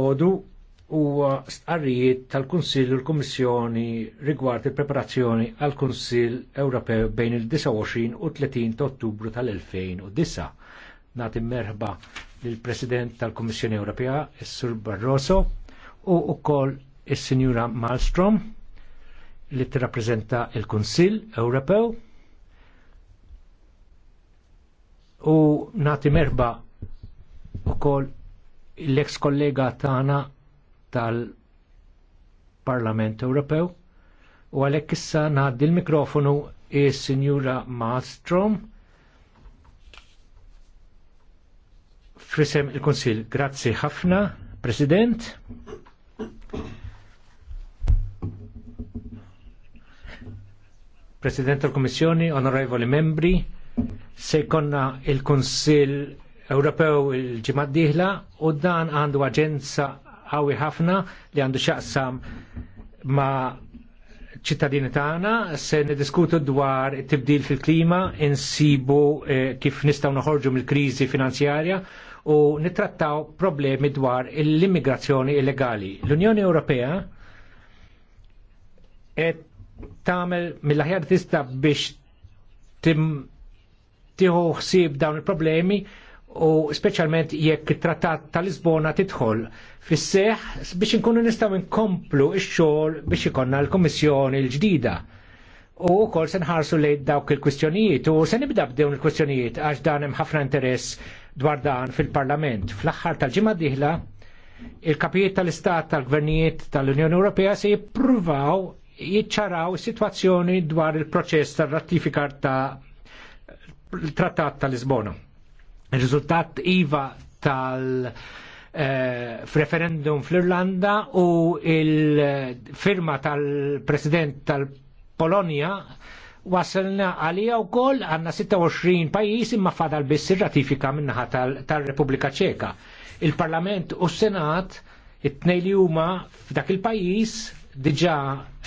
Odu huwa stqarrijiet tal-Kunsill u l-Kummissjoni rigward il-preparazzjoni għal kunsill Ewropew bejn il-29 u 30 ta' Ottubru tal-2009. Nati merħba lill-President tal-Kummissjoni Ewropea, sur Barroso, u wkoll is-Sinjura Malmstrom li tirrappreżenta il-Kunsill Ewropew. U nati merħba wkoll l ex kollega tagħna tal-Parlament Ewropew u għalhekk issa ngħaddi l-mikrofonu is-Sinjura Malmstrom. frisem il-Konsil. Grazzi ħafna, President. President tal-Kommissjoni, onorevoli membri, se il-Konsil Ewropew il ġimgħat d-dieħla u dan għandu aġenza qawwi ħafna li għandu x'jaqsam ma' ċittadini tagħna se niddiskutu dwar it tibdil fil-klima, insibu eh, kif nistgħu noħorġu mill-kriżi finanzjarja u nittrattaw problemi dwar l-immigrazzjoni illegali. L-Unjoni Ewropea qed tagħmel mill-aħjar tista' biex tim tieħu ħsieb dawn il-problemi u speċjalment jekk trattat tal-Lisbona tidħol fis seħħ biex inkunu nistgħu nkomplu x-xogħol biex ikonna l-Kummissjoni l-ġdida. U wkoll se nħarsu lejn dawk il-kwistjonijiet u se nibda b'dewn il-kwistjonijiet għax dan hemm ħafna interess dwar dan fil-Parlament. Fl-aħħar tal-ġimgħa d-dieħla il-kapijiet tal-Istat tal-Gvernijiet tal-Unjoni Ewropea se jippruvaw jiċċaraw is-sitwazzjoni dwar il-proċess tar-rattifikar ta' trattat tal-Lisbona riżultat iva tal- Uh, f'referendum fl-Irlanda u il-firma tal-President tal-Polonja wasalna għalija u koll għanna 26 pajis imma fadal biss ratifika minnaħa tal-Repubblika -tal Ċeka. Il-Parlament u s-Senat it-tnej li huma f'dak il-pajis diġa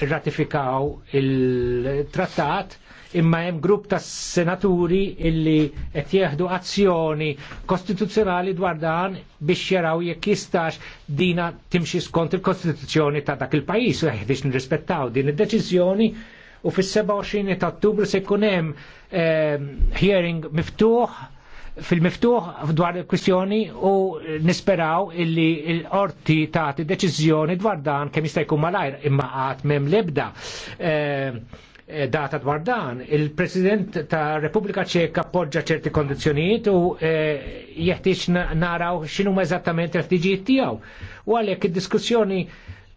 ratifikaw il-trattat imma hemm grupp ta' senaturi illi qed jieħdu azzjoni kostituzzjonali dwar dan biex jaraw jekk jistax dina timxi skont il-kostituzzjoni ta' dak il-pajjiż u jeħdix nirrispettaw din id-deċiżjoni u fis-27 ta' Ottubru se jkun hemm ehm, hearing miftuħ fil-miftuħ dwar il-kwistjoni u nisperaw illi l-orti ta' deċizjoni dwar dan kemm jista' jkun malajr imma għat mem lebda. Ehm, Eh, data dwar dan. Il-President ta' Repubblika Ċeka poġġa ċerti kondizjonijiet u eh, jeħtieġ naraw x'inhu eżattament il-ħtiġijiet tiegħu. U għalhekk id-diskussjoni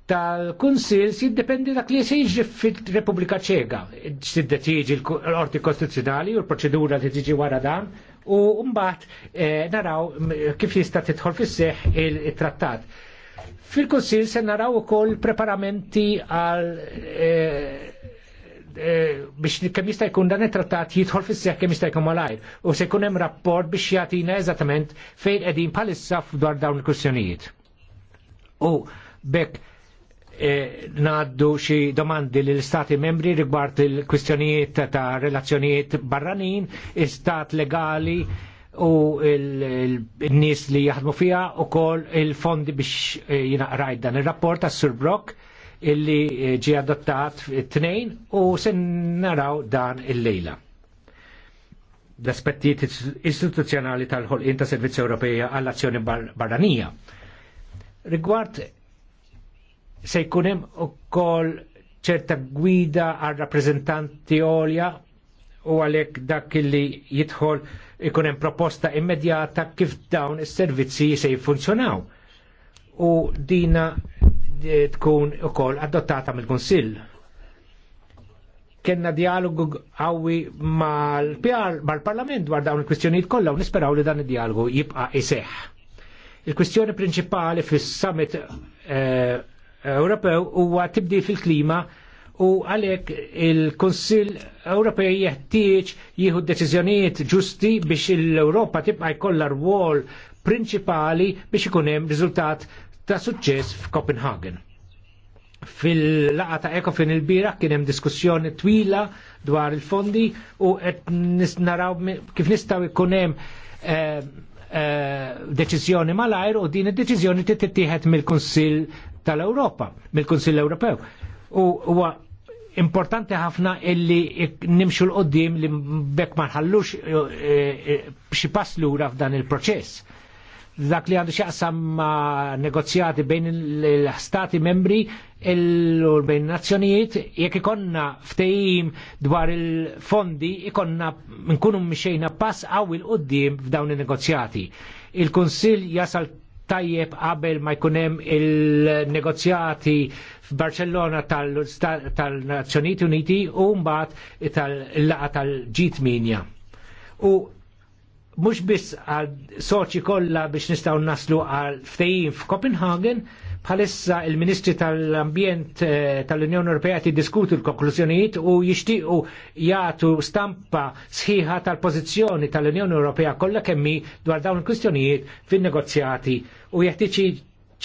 tal-Kunsil jiddependi dak li se jiġri fil-Repubblika Ċeka. Sidda l-Orti Kostituzzjonali u l-proċedura li tiġi wara dan u mbagħad eh, naraw kif jista' tidħol fis seħ il-trattat. Fil-Kunsil se naraw ukoll preparamenti għal Eh, biex kemm jista' jkun dan it-trattat jidħol fis-seħħ kemm jista' jkun malajr. U se jkun hemm rapport biex jagħtina eżattament fejn qegħdin bħalissa f'dwar dawn il-kwistjonijiet. U bekk eh, ngħaddu xi domandi lill istati membri rigward il-kwistjonijiet ta' relazzjonijiet barranin, istat legali u n nies li jaħdmu fiha u kol il-fondi biex eh, jinaqrajt dan ir rapport tas Sur Brock illi eh, ġi adottat t tnejn u sen naraw dan il-lejla. L-aspettijiet istituzzjonali tal-ħolqien ta' Servizzi Ewropeja għall-azzjoni barranija. Rigward se jkunem u kol ċerta gwida għal rappresentanti olja u għalek dak li jidħol ikunem proposta immedjata kif dawn is-servizzi se jifunzjonaw. U dina tkun ukoll adottata mill-Kunsill. Kenna dialogu għawi mal-Parlament dwar dawn il-kwistjonijiet kollha u nisperaw li dan id-dialogu jibqa' iseħħ. Il-kwistjoni prinċipali fis-summit eh, Ewropew huwa tibdi fil-klima u għalek il-Konsil Ewropej jeħtieġ jieħu deċiżjonijiet ġusti biex l-Ewropa tibqa' jkollha rwol prinċipali biex ikun hemm riżultat ta' suċċess f'Copenhagen. Fil-laqa ta' Ecofin il-bira kien hemm diskussjoni twila dwar il-fondi u qed naraw kif nistgħu jkun hemm eh, eh, deċiżjoni malajr u din id-deċiżjoni titieħed mill-Kunsill tal-Ewropa, mill-Kunsill Ewropew. U huwa importanti ħafna illi nimxu l-qoddim li bekk ma nħallux eh, xi pass lura f'dan il-proċess dak li għandu xaqsam negozjati bejn l-stati membri il-bejn nazzjonijiet, jekk ikonna ftejim dwar il-fondi, ikonna nkunu mxejna pass għaw il-qoddim f'dawn il-negozjati. Il-Konsil jasal tajjeb qabel ma jkunem il-negozjati f'Barcellona tal-Nazzjonijiet Uniti u mbagħad tal-laqa tal-G8. U mux biss għal soċi kolla biex nistaw naslu għal ftejin f'Kopenhagen, bħalissa il-Ministri tal-Ambjent eh, tal-Unjoni Ewropea diskutu l-konklużjonijiet u jixtiequ jagħtu stampa sħiħa tal-pożizzjoni tal-Unjoni Ewropea kollha kemmi dwar dawn il-kwistjonijiet fin-negozjati u jeħtieġ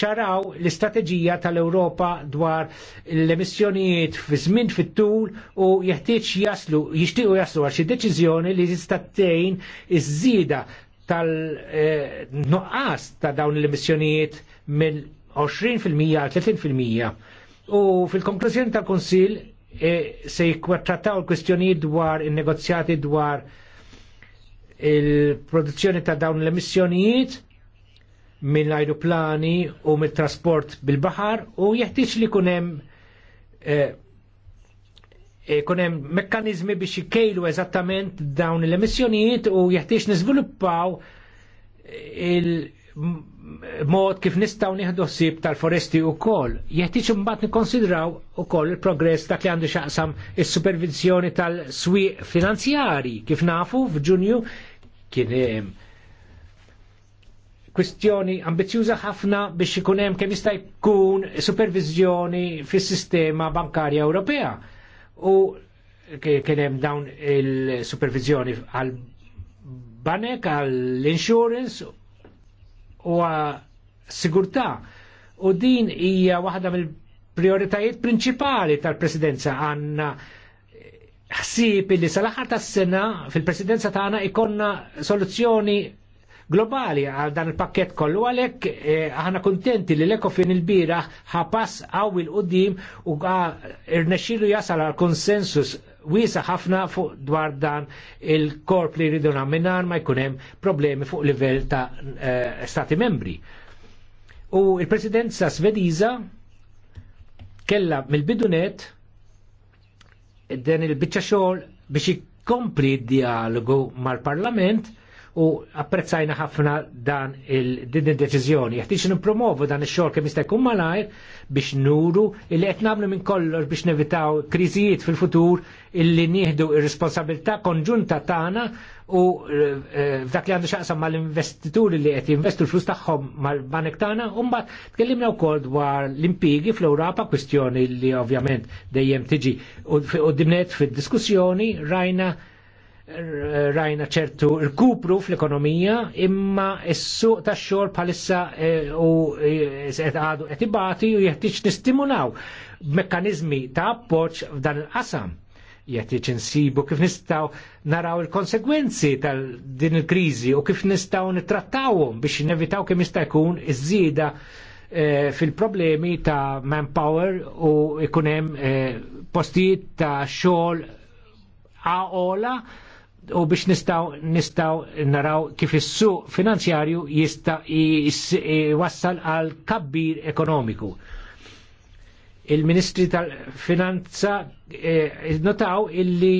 ċaraw l-istrateġija tal-Ewropa dwar l-emissjonijiet fi żmien fit-tul u jeħtieġ jaslu, jixtiequ jaslu għal xi deċiżjoni li tista' tgħin iż-żieda tal-nuqqas eh, ta' dawn l-emissjonijiet mill 20% għal 30%. U fil-konklużjoni tal-Konsil eh, se jikwattrataw l-kwestjonijiet dwar in-negozjati dwar il-produzzjoni ta' dawn l-emissjonijiet mill-ajruplani u mit trasport bil-bahar u jeħtieġ li kunem eh, eh kunem mekkanizmi biex jkejlu eżattament dawn l-emissjonijiet u jeħtieġ niżviluppaw il-mod kif nistaw nieħdu ħsieb tal-foresti u kol. Jeħtieġ imbagħad nikkonsidraw ukoll il-progress dak li għandu xaqsam is-supervizjoni tal-swieq finanzjari. Kif nafu f'Ġunju kien kwistjoni ambizjuża ħafna biex ikun hemm kemm jista' jkun supervizjoni fis-sistema bankarja Ewropea. U kien hemm dawn il-supervizjoni għal banek għall insurance u sigurtà. U din hija waħda mill-prioritajiet prinċipali tal-Presidenza għandna ħsieb li sal-aħħar tas-sena fil-Presidenza tagħna ikonna soluzzjoni globali għal dan il-pakket kollu għalek ħana eh, kontenti li l-ekofin il-bira ħapass għaw il-qoddim u irnexilu jasal għal konsensus wisa ħafna fuq dwar dan il-korp li rridu minar ma jkunem problemi fuq livell ta' eh, stati membri. U il-presidenza svediza kella mill-bidunet den il-bicċa xogħol biex ikompli d-dialogu mal-parlament u apprezzajna ħafna dan il-din il-deċizjoni. n-promovu dan il xor kemm jista' jkun malajr biex nuru li qed nagħmlu minn kollox biex nevitaw kriżijiet fil-futur illi nieħdu il-responsabilta konġunta tagħna u eh, eh, f'dak li għandu xaqsam mal-investituri li qed jinvestu l-flus tagħhom mal-banek tagħna, u mbagħad tkellimna wkoll dwar l-impigi fl-Ewropa, kwistjoni li ovvjament dejjem tiġi u dimnet fil diskussjoni rajna rajna ċertu rkupru fl-ekonomija imma s-suq ta' xor palissa eh, u eh, għadu etibati u jeħtieġ nistimulaw mekkaniżmi ta' appoċ f'dan il-qasam. Jeħtieġ insibu kif nistaw naraw il-konsegwenzi tal din il-kriżi u kif nistaw nittrattawhom biex nevitaw kemm jista' jkun iż-żieda eh, fil-problemi ta' manpower u ikunem postijiet ta' xogħol għaola u biex nistaw, nistaw naraw kif is-suq finanzjarju jista' jwassal għal kabbir ekonomiku. Il-Ministri tal-Finanza eh, notaw illi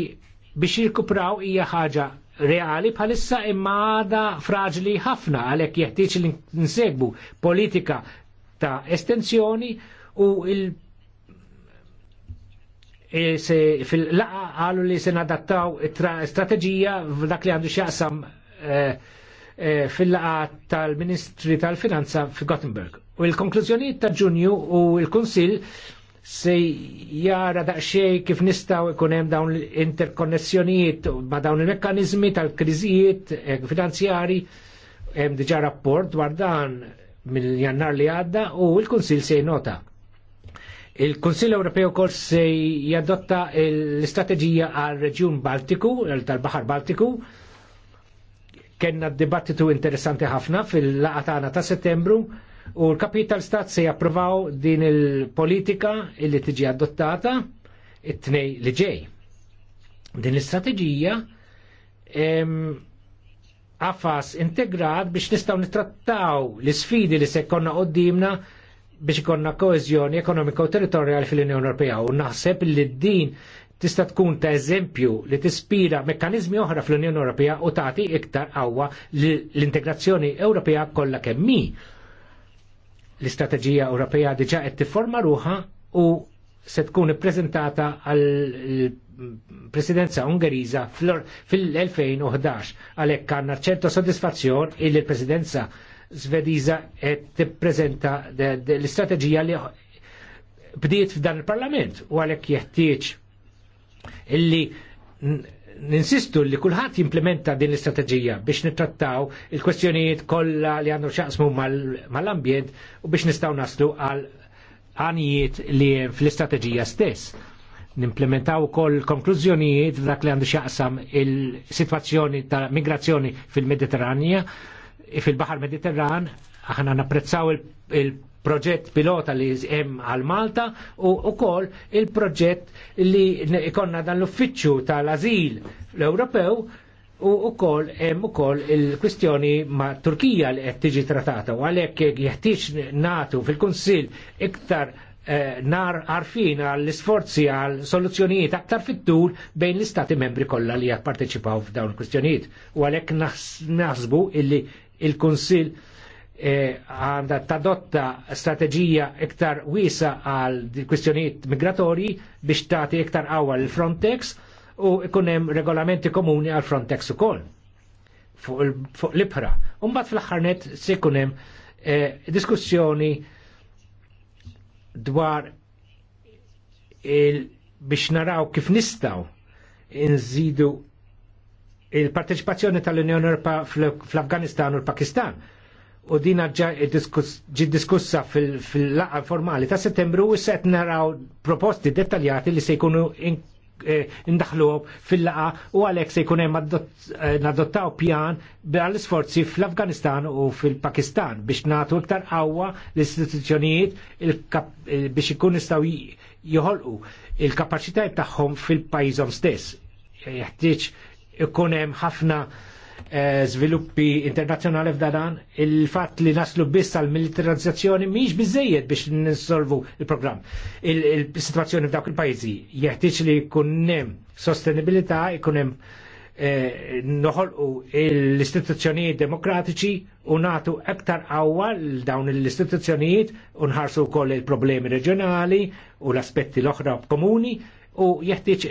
biex jirkupraw hija ħaġa reali bħalissa imma għada fraġli ħafna għalhekk jeħtieġ li nsegbu politika ta' estensjoni u il E fil-laqa għalu li se nadattaw strategija f'dak li għandu xjaqsam e, e, fil-laqa tal-Ministri tal-Finanza fi Gothenburg. U l-konklużjoni ta' ġunju u l konsil se jara daqxej kif nistaw ikunem dawn l-interkonnessjonijiet ma dawn il-mekkanizmi tal krizijiet finanzjari hemm diġà rapport dwar dan mill-jannar li għadda u l konsil se jnota. Il-Konsil Ewropew kol se jadotta l-istrateġija għal reġjun Baltiku, tal-Bahar Baltiku, kenna dibattitu interessanti ħafna fil-laqatana ta' settembru u l-kapital stat se japprovaw din il-politika illi tiġi adottata it-tnej li ġej. Din l-istrateġija għafas integrat biex nistaw nitrattaw l-sfidi li se konna qoddimna biex ikonna koezjoni ekonomika u territorjali fil-Unjoni Ewropea u naħseb li din tista' tkun ta' eżempju li tispira mekkanizmi oħra fl-Unjoni Ewropea u tagħti iktar qawwa l-integrazzjoni Ewropea kollha kemm mi. L-istrateġija Ewropea diġà qed tifforma ruha u se tkun ippreżentata għal presidenza Ungeriża fil-2011 għalhekk għandna ċerta sodisfazzjon il-presidenza il presidenza Svediża qed tippreżenta l-istrateġija li bdiet f'dan il-Parlament u għalhekk jeħtieġ illi ninsistu li kulħadd jimplementa din l-istrateġija biex nittrattaw il-kwestjonijiet kollha li għandu xaqsmu mal-ambjent u biex nistgħu naslu għal għanijiet li fl-istrateġija stess. Nimplementaw ukoll konklużjonijiet dak li għandu xaqsam il-sitwazzjoni ta' migrazzjoni fil-Mediterranja fil-Bahar Mediterran aħna napprezzaw il-proġett pilota li hemm għal Malta u wkoll il-proġett li ikonna dan l-uffiċċju tal-azil l-Ewropew u wkoll hemm ukoll il-kwistjoni ma' Turkija li qed tiġi trattata u għalhekk jeħtieġ natu fil-Kunsill iktar eh, nar arfin għall isforzi għal soluzzjonijiet aktar fit-tul bejn l-istati membri kollha li japparteċipaw f'dawn il-kwistjonijiet. U għalhekk naħsbu illi il-Kunsill eh, għanda eh, tadotta strateġija iktar wisa għal kwistjonijiet migratorji biex tagħti iktar qawwa l Frontex u ikun hemm regolamenti komuni għal Frontex ukoll fuq fu l-ibħra. Umbat fl-aħħar net se jkun hemm eh, diskussjoni dwar biex naraw kif nistaw inżidu il-parteċipazzjoni tal-Unjoni Ewropea fl-Afganistan u l-Pakistan. U din ġi diskussa fil-laqa formali ta' settembru u set naraw proposti dettaljati li se jkunu eh, indaħluhom fil-laqa u għalhekk se jkun hemm eh, nadottaw pjan għall isforzi fl-Afganistan u fil-Pakistan biex nagħtu iktar qawwa l-istituzzjonijiet eh, biex ikun jistgħu joħolqu il kapacitajt tagħhom fil-pajjiżhom stess. Jeħtieġ ikun hemm ħafna żviluppi eh, internazzjonali f'dadan, il-fatt li naslu biss għal militarizzazzjoni mhix biżejjed biex nissolvu il-programm. Il-sitwazzjoni f'dawk il-pajjiżi jeħtieġ li jkun hemm sostenibilità, jkun hemm eh, noħolqu l-istituzzjonijiet demokratiċi u natu aktar l dawn l-istituzzjonijiet u nħarsu wkoll il-problemi reġjonali u l-aspetti l-oħra komuni u jeħtieġ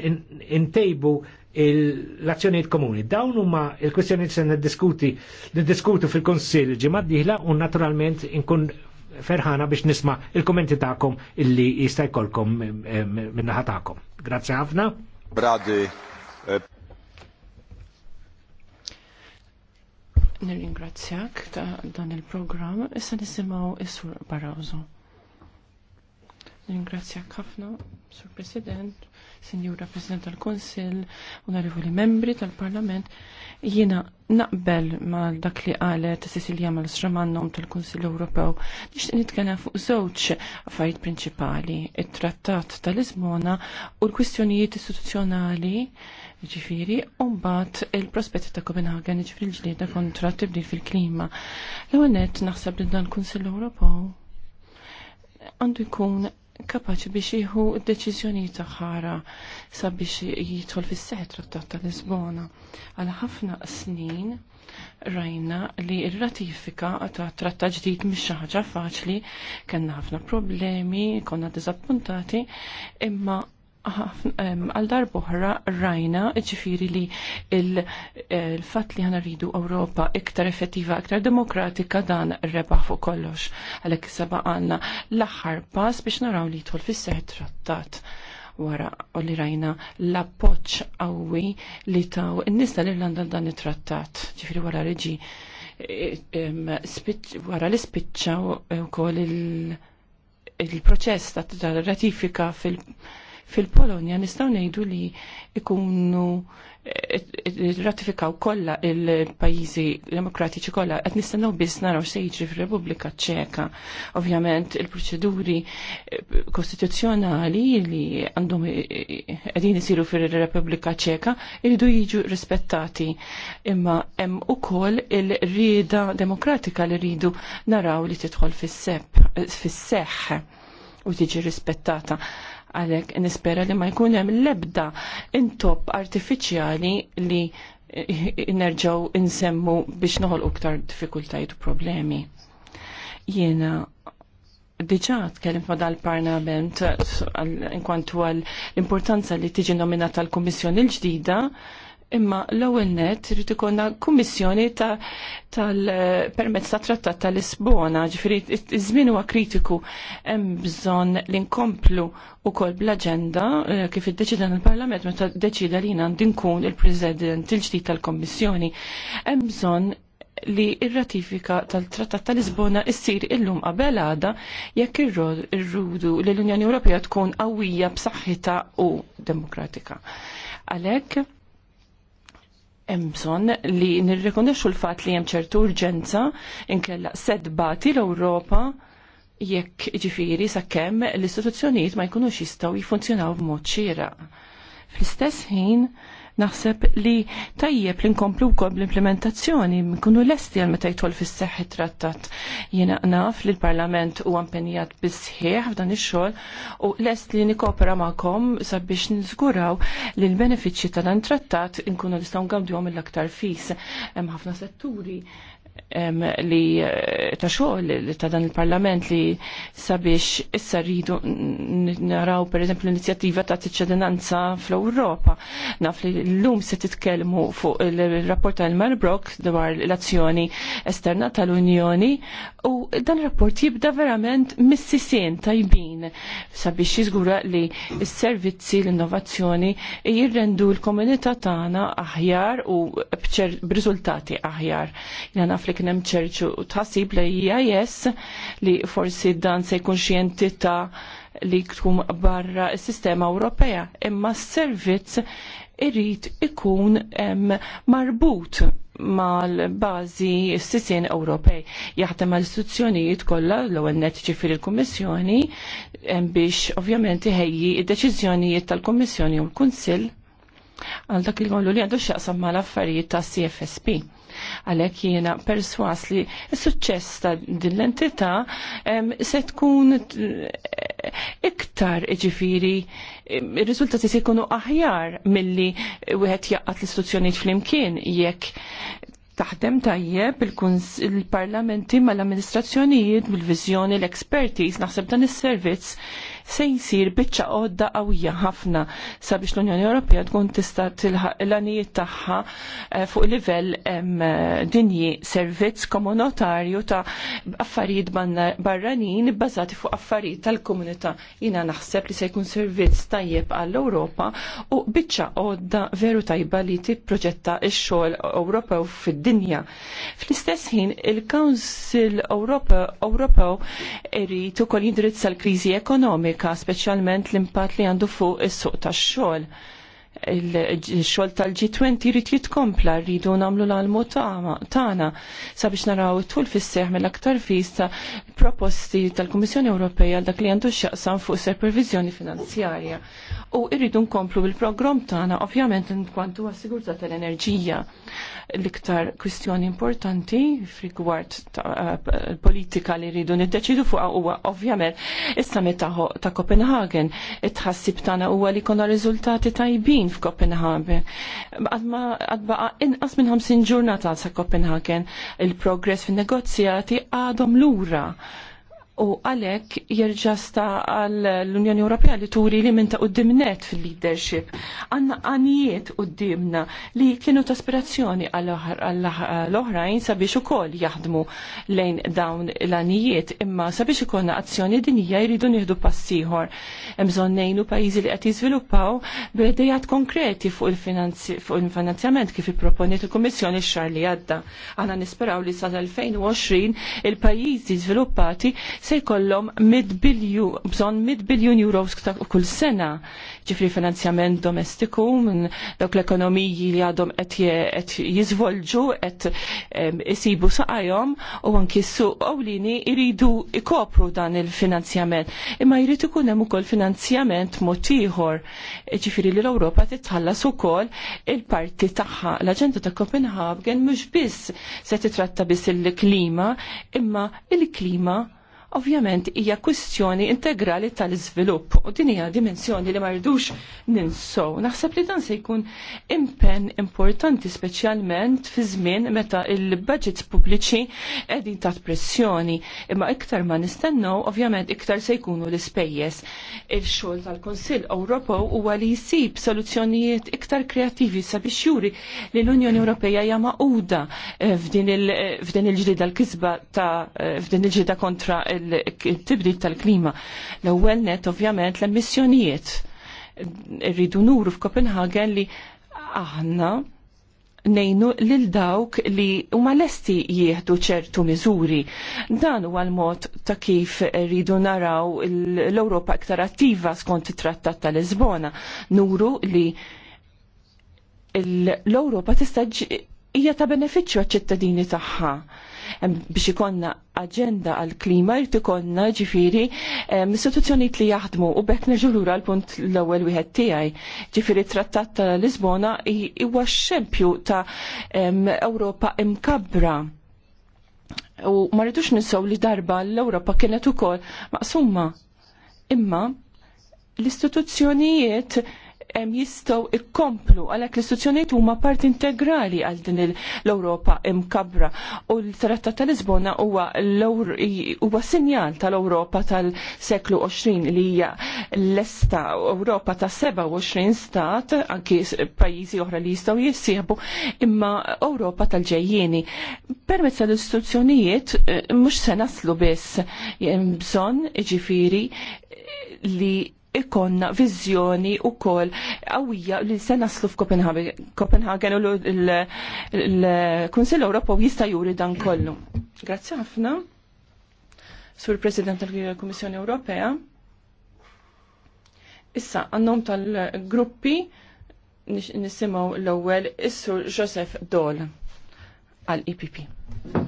intejbu in l-azzjonijiet komuni. Dawn huma il-kwestjonijiet se niddiskuti niddiskutu fil-Konsil ġimgħa diħla u naturalment inkun ferħana biex nisma' il-kommenti tagħkom illi jista' jkollkom eh, eh, minnaħa tagħkom. Grazzi ħafna. Bradi. Eh. Nirringrazzjak ta' dan il-programm. Issa nisimgħu is-Sur Barawżu. Nirringrazzjak ħafna, Sur President Sinjura President tal-Konsil, onorevoli membri tal-Parlament, jiena naqbel ma dak li qalet Cecilia Malsramannom tal-Konsil Ewropew nixtieq nitkellem fuq żewġ affarijiet prinċipali, it-Trattat tal-Lisbona u l-kwistjonijiet istituzzjonali ġifiri, mbagħad il-prospetti ta' Copenhagen ġifiri l-ġlieda kontra tibdil fil-klima. L-għonet naħseb li dan kunsill Ewropew għandu jkun kapaċi biex jieħu d taħħara sabiex jidħol fis seħħ trattat ta' Lisbona. Għal ħafna snin rajna li r-ratifika ta' trattat ġdid mhix xi ħaġa faċli, kellna ħafna problemi, konna diżappuntati, imma għal darbohra rajna ċifiri li eh, il-fat li għana ridu Ewropa iktar effettiva, iktar demokratika dan rebaħ fuq kollox. Għalek seba għanna l-axar pass biex naraw li tħol fis-seħ trattat wara u li rajna l-appoċ għawi li taw n-nista l-Irlanda dan it-trattat, ċifiri wara reġi wara li spiċċaw u koll il-proċess ta' ratifika fil- fil-Polonja nistgħu ngħidu li ikunu eh, eh, ratifikaw kollha il-pajjiżi demokratiċi kollha qed nistanaw biss naraw se fil fir-Repubblika Ċeka. Ovvjament il-proċeduri eh, kostituzzjonali li għandhom qegħdin isiru fir-Repubblika Ċeka iridu jiġu rispettati. Imma hemm ukoll il-rieda demokratika li rridu naraw li tidħol fis seħ fis-seħħ u tiġi rispettata. Għalek nispera li ma jkun hemm l-ebda intop artifiċjali li nerġaw insemmu biex noħol uktar diffikultajiet u problemi. Jiena diġa tkellimt ma dal-parlament inkwantu għal l-importanza li tiġi nominata l-Kummissjoni l-ġdida imma l-ewwel net irid ikolna kummissjoni tal-permezz ta' trattat tal-Lisbona, ġifieri iż-żmien huwa kritiku hemm bżonn li nkomplu wkoll bl-aġenda eh, kif iddeċida il-Parlament meta deċida li jiena nkun il-President il-ġdid tal-Kommissjoni. Hemm bżonn li ir-ratifika tal-Trattat tal-Lisbona issir illum qabel għada jekk irrudu li l-Unjoni Ewropea tkun qawwija b'saħħitha u demokratika. Għalhekk Emson li nirrikonoxxu l-fatt li hemm ċertu urġenza inkella sedbati l-Ewropa jekk ġifiri sakemm l-istituzzjonijiet ma jkunux jistgħu jiffunzjonaw b'mod xieraq. Fl-istess ħin Naħseb li tajjeb li nkomplu wkoll bl-implementazzjoni nkunu lesti għal meta jtol fis-seħħ trattat. Jiena naf li l-Parlament huwa bis bisħieħ f'dan ix-xogħol u lest li nikopera magħkom sabiex nizguraw li l-benefiċċji ta' dan trattat nkunu għamdu għom mill-aktar fis. Hemm ħafna setturi li eh, ta' xogħol ta' dan il-Parlament li sabiex issa rridu naraw per eżempju l-inizjattiva ta' t-ċedinanza fl-Ewropa. Naf li l-lum se titkellmu fuq il-rapport tal Brock dwar l-azzjoni esterna tal-Unjoni u dan rapport jibda verament mis-sisien tajbin sabiex jiżgura li s-servizzi l-innovazzjoni jirrendu l-komunità tagħna aħjar u b'riżultati aħjar. Jena naf li kienem ċerċu tħassib li e IIS li forsi dan se jkun xientita entità li tkun barra s-sistema Ewropea, imma s-servizz irrit ikun marbut mal-bazi s-sisin Ewropej. Jaħdem għal istituzzjonijiet kollha l-ewwel net il-Kummissjoni biex ovvjament ħejji id-deċiżjonijiet tal-Kummissjoni u l-Kunsill għal dak il li għandu xaqsam mal affarijiet ta' CFSP. Għalhekk jiena perswas li s-suċċess ta' din l-entità se tkun eh, iktar iġifiri il-riżultati se jkunu aħjar milli wieħed jaqqat l-istituzzjonijiet flimkien jekk taħdem tajjeb il-parlamenti mal-amministrazzjonijiet bil-vizjoni l-expertise naħseb dan is-servizz se jsir biċċa għodda qawwija ħafna sabiex l-Unjoni Ewropea tkun tista' tilħaq l-għanijiet tagħha eh, fuq livell dinji servizz komunitarju ta' affarijiet barranin bbażati fuq affarijiet tal-komunità. Jiena naħseb li se jkun servizz tajjeb għall-Ewropa u biċċa għodda veru tajba li tipproġetta x-xogħol Ewropew fid-dinja. Fl-istess ħin il-Council Ewropew irid ukoll jindirizza l-kriżi ekonomika Amerika, speċjalment l-impatt li għandu fuq is-suq tax-xogħol il-xol tal-G20 jrid jitkompla rridu namlu l-almu tagħna sabiex naraw it-tul fis-seħ mill-aktar fis proposti tal-Kummissjoni Ewropea għal dak li għandu x'jaqsam fuq supervizjoni finanzjarja. U rridu nkomplu bil-programm tagħna ovvjament kwantu għas tal-enerġija. L-iktar kwistjoni importanti f'rigward politika li rridu niddeċidu fuq huwa ovvjament is-summit ta' Copenhagen. It-ħassib tagħna huwa li jkollna riżultati tajbin f'Kopenhagen. Għadbaqa inqas minn 50 ġurnata sa' Kopenhagen il-progress fin negozjati għadhom lura. U għalek jirġasta għal l-Unjoni Ewropea li turi li minn ta' net fil-leadership. Għanna għanijiet qoddimna li kienu ta' aspirazzjoni għall-oħrajn sabiex ukoll jaħdmu lejn dawn l-għanijiet imma sabiex ikonna azzjoni dinija jridu nieħdu passiħor. Mżon nejnu pajizi li qed jiżviluppaw b'idejat konkreti fuq il-finanzjament kif proponiet il-Kummissjoni x-xar li għadda. Għanna nisperaw li sa' 2020 il-pajjiżi żviluppati se jkollhom bżonn mid biljun euros kull sena ġifri finanzjament domestiku minn dawk l-ekonomiji li għadhom qed jiżvolġu qed isibu saqajhom u anki s-suq ewlieni jridu ikopru dan il-finanzjament. Imma jrid ikun hemm ukoll finanzjament mod ieħor ġifieri li l-Ewropa titħallas ukoll il-parti tagħha. L-aġenda ta' Copenhagen mhux biss se titratta biss il-klima, imma il-klima Ovvjament hija kwistjoni integrali tal-iżvilupp u din hija dimensjoni li ma ninsow. Naħseb li dan se jkun impenn importanti speċjalment fi żmien meta il-budgets pubbliċi qegħdin ta' pressjoni. Imma iktar ma nistennew ovvjament iktar se jkunu l-ispejjeż. Il-xogħol tal-Kunsill Ewropew huwa li jsib soluzzjonijiet iktar kreattivi sabiex juri li l-Unjoni Ewropea hija maquda eh, f'din il ġdida l-kisba ta' eh, f'din il ġdida kontra il il-tibdil tal-klima. L-ewwel net ovvjament l-emissjonijiet. Rridu nuru f'Kopenhagen li aħna nejnu lil dawk li huma lesti jieħdu ċertu miżuri. Dan huwa l-mod ta' kif rridu naraw l-Ewropa aktar attiva skont it-Trattat ta' Lisbona. Nuru li l-Ewropa tista' hija ta' benefiċċju għaċ-ċittadini tagħha biex ikonna agenda għal-klima jrid ikonna ġifiri istituzzjonijiet li jaħdmu u bekk neġu lura l-punt l-ewwel wieħed tiegħi. Ġifiri trattat ta' Lisbona huwa xempju ta' Ewropa imkabbra. U ma rridux li darba l-Ewropa kienet ukoll maqsuma. Imma l-istituzzjonijiet jistgħu jkomplu għalhekk l-istituzzjonijiet huma parti integrali għal din l-Ewropa imkabbra u l-Trattat ta' Lisbona huwa huwa sinjal tal-Ewropa tal-seklu 20 li hija l-esta Ewropa ta' 27 stat anki pajjiżi oħra li jistgħu jissieħbu imma Ewropa tal-ġejjieni. Permezz tal-istituzzjonijiet eh, mhux se naslu biss bżonn ġifiri li ikonna vizjoni u kol għawija li se naslu f'Kopenhagen u l-Kunsill Ewropew jista' juri dan kollu. Grazzi ħafna. Sur President tal-Kummissjoni Ewropea. Issa, għannom tal-gruppi nisimaw l-ewwel is-Sur Joseph Dole għal-IPP. E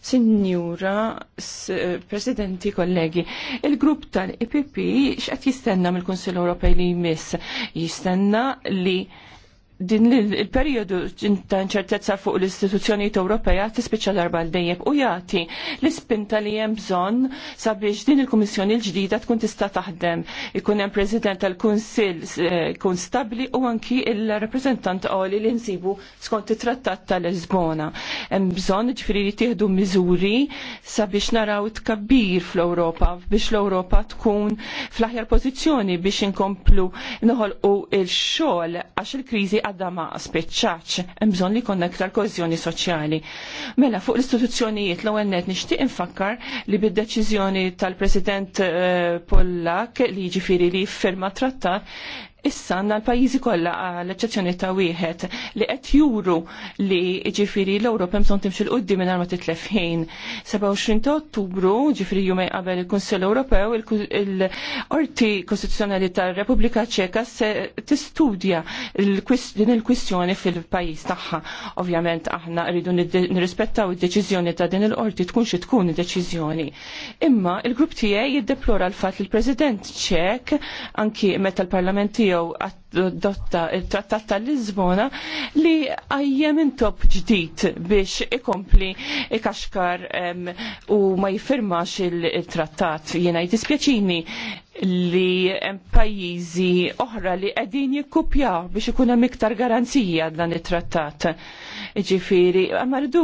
Signora, eh, Presidenti, kollegi, il-grupp tal-IPP x'qed jistenna mill-Kunsill Ewropej li jmiss jistenna li din il-periodu ta' inċertezza fuq l-istituzzjonijiet Ewropea tispiċċa darba l dejjeb u jagħti l-ispinta li hemm bżonn sabiex din il-Kummissjoni l-ġdida tkun tista' taħdem. Ikun hemm President tal-Kunsill eh, kun stabbli u anki il-rappreżentant għoli li nsibu skont it-Trattat tal-Lisbona. Hemm bżonn ġifieri li tieħdu miżuri sabiex naraw tkabbir fl-Ewropa biex l-Ewropa tkun fl-aħjar pożizzjoni biex inkomplu noħolqu il-xogħol għax il-kriżi għadda ma spiċċaċ, imżon li konna iktar kozjoni soċjali. Mela, fuq l-istituzzjonijiet l għennet nishtiq infakkar li bid-deċizjoni tal-President eh, Pollak li ġifiri li firma trattat Issa għanna l-pajizi kolla ah, l eċċezzjoni ta' wieħed li qed juru li ġifiri l-Ewropa mson timxi l qoddi minn ma titlef ħin. 27 ta' Ottubru, ġifiri jume qabel il-Kunsill Ewropew, il-Qorti Kostituzzjonali tar-Repubblika Ċeka se tistudja din il-kwistjoni fil-pajjiż tagħha. Ovvjament aħna rridu nirrispettaw id-deċiżjoni ta' din il-qorti tkun xi tkun id-deċiżjoni. Imma il-grupp tiegħi jiddeplora l-fatt il l-President Ċek anki meta l-Parlament tiegħu Jew adotta il-Trattat tal-Lisbona li għajjem intop ġdid biex ikompli ikaxkar u ma jifirmax il-trattat. Jena jtispieċini li pajjiżi oħra li qegħdin jikkupjaw biex ikun hemm iktar garanzija dan it-trattat Ġifiri, ma noqdu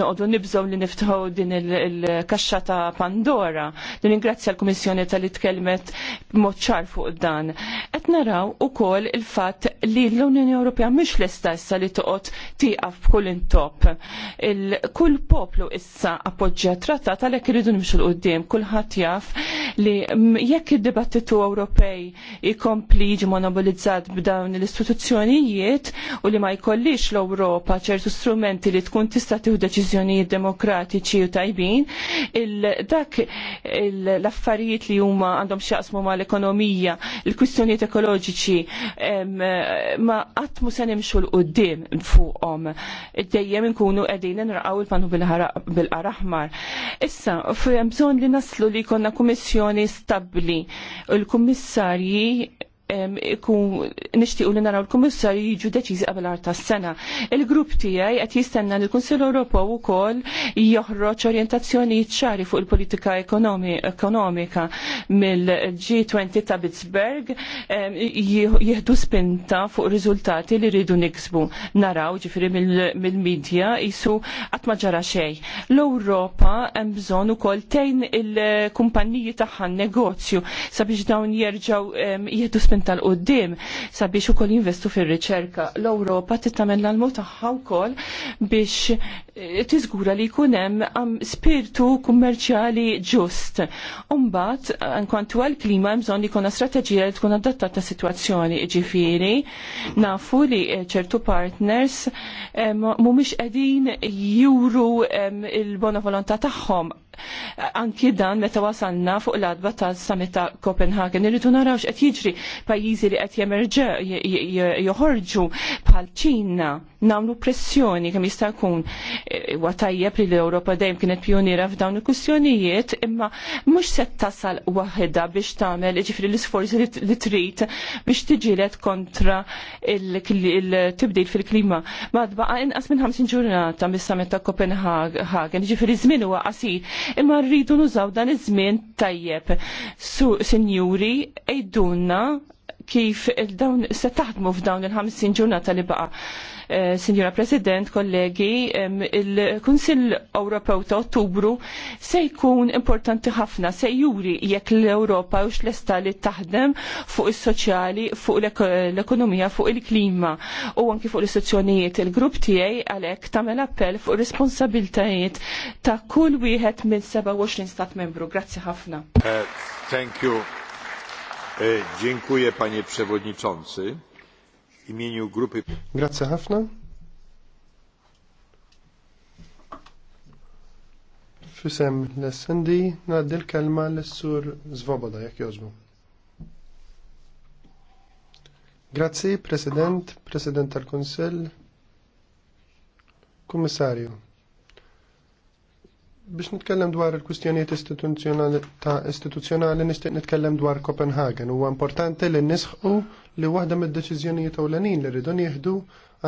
noqogħdu nibżgħu li niftħu din il-kaxxa ta' Pandora. Ningrazzja l-Kummissjoni tal tkellmet b'mod ċar fuq dan. Qed naraw ukoll il-fatt li l-Unjoni Ewropea mhix l-istessa li toqgħod tieqaf b'kull intop. Kull poplu issa appoġġja trattat għalhekk iridu nimxu l-qudiem, kulħadd jaf li jekk id-dibattitu Ewropej ikompli jiġi monopolizzat b'dawn l-istituzzjonijiet u li ma jkollix l fl-Ewropa ċertu strumenti li tkun tista' tieħu deċiżjonijiet demokratiċi u tajbin, il dak l-affarijiet li huma għandhom x'jaqsmu mal-ekonomija, il-kwistjonijiet ekoloġiċi ma qatt mu se nimxu l qudiem fuqhom. Dejjem inkunu qegħdin nraqgħu l panu bil-qaraħmar. Issa, hemm bżonn li naslu li jkollna kummissjoni stabbli, il-kummissarji ikun nixtiequ li naraw l-Kummissar jiġu deċiżi qabel għar tas-sena. Il-grupp tiegħi qed jistenna li l-Kunsill Ewropew ukoll joħroġ orjentazzjonijiet ċari fuq il-politika ekonomika mill-G20 ta' Pittsburgh jieħdu spinta fuq riżultati li rridu niksbu. Naraw ġifieri mill-medja jisu qatt ma ġara xejn. L-Ewropa hemm bżonn ukoll tejn il-kumpanniji tagħha negozju sabiex dawn jerġgħu jieħdu investment tal-qoddim sabiex ukoll jinvestu fir-riċerka. L-Ewropa tittamel l-almu tagħha wkoll biex eh, tiżgura li jkun hemm spiritu kummerċjali ġust. Umbagħad eh, kwantu għall-klima hemm bżonn li kuna strateġija li tkun adattata sitwazzjoni ġifieri. Nafu li eh, ċertu partners mhumiex qegħdin juru il-bona volontà tagħhom anki dan meta wasalna fuq l-adba ta' samita ta' Copenhagen. Irridu naraw x'qed jiġri pajjiżi li qed jemerġa joħorġu bħal ċina nagħmlu pressjoni kemm jista' jkun e, huwa tajjeb li l-Ewropa dejjem kienet pjoniera f'dawn il-kwistjonijiet imma mhux se tasal waħda biex tagħmel ġifri l-isforzi li trid biex tiġilet kontra il-tibdil fil-klima. Madba inqas minn 50 ġurnata mis samita ta' Copenhagen, ġifri żmien huwa qasir imma rridu nużaw dan iż-żmien tajjeb. Su sinjuri, ejdunna kif dawn se taħdmu f'dawn il ħamsin ġurnata li baqa' eh, Signora President, kollegi, il-Kunsill Ewropew ta' Ottubru se jkun importanti ħafna, se juri jekk l-Ewropa u xlesta li taħdem fuq is-soċjali, fuq l-ekonomija, fuq il-klima u anki fuq l-istituzzjonijiet. Il-grupp tiegħi għalhekk tagħmel appell fuq responsabiltajiet ta' kull wieħed minn 27 stat membru. Grazzi ħafna. Uh, thank you. Eh, dziękuję panie przewodniczący imieniu grupy. Grazie ħafna. Fisem l-SND naddi l-kelma l-sur Zvoboda, jak jozbu. Grazie, President, President tal-Konsell, Kummissarju. Biex nitkellem dwar il-kustjonijiet istituzzjonali nixtieq nitkellem dwar Copenhagen. Huwa importanti li nisħu li waħda mid-deċiżjonijiet ewlenin li rridu nieħdu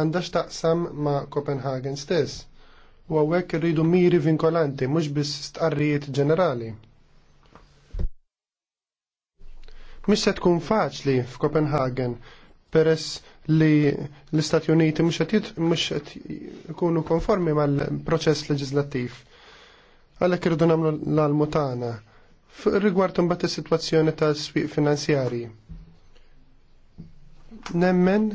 għandha x'taqsam ma' Copenhagen stess. U hawnhekk irridu miri vinkolanti mhux biss stqarrijiet ġenerali. Mhix se tkun faċli f'Copenhagen peress li l-Istati Uniti mhux qed ikunu konformi mal-proċess leġislattiv Għalhekk irridu nagħmlu l-almu tagħna rigward imbagħad is-sitwazzjoni tas-swieq finanzjarji. Nemmen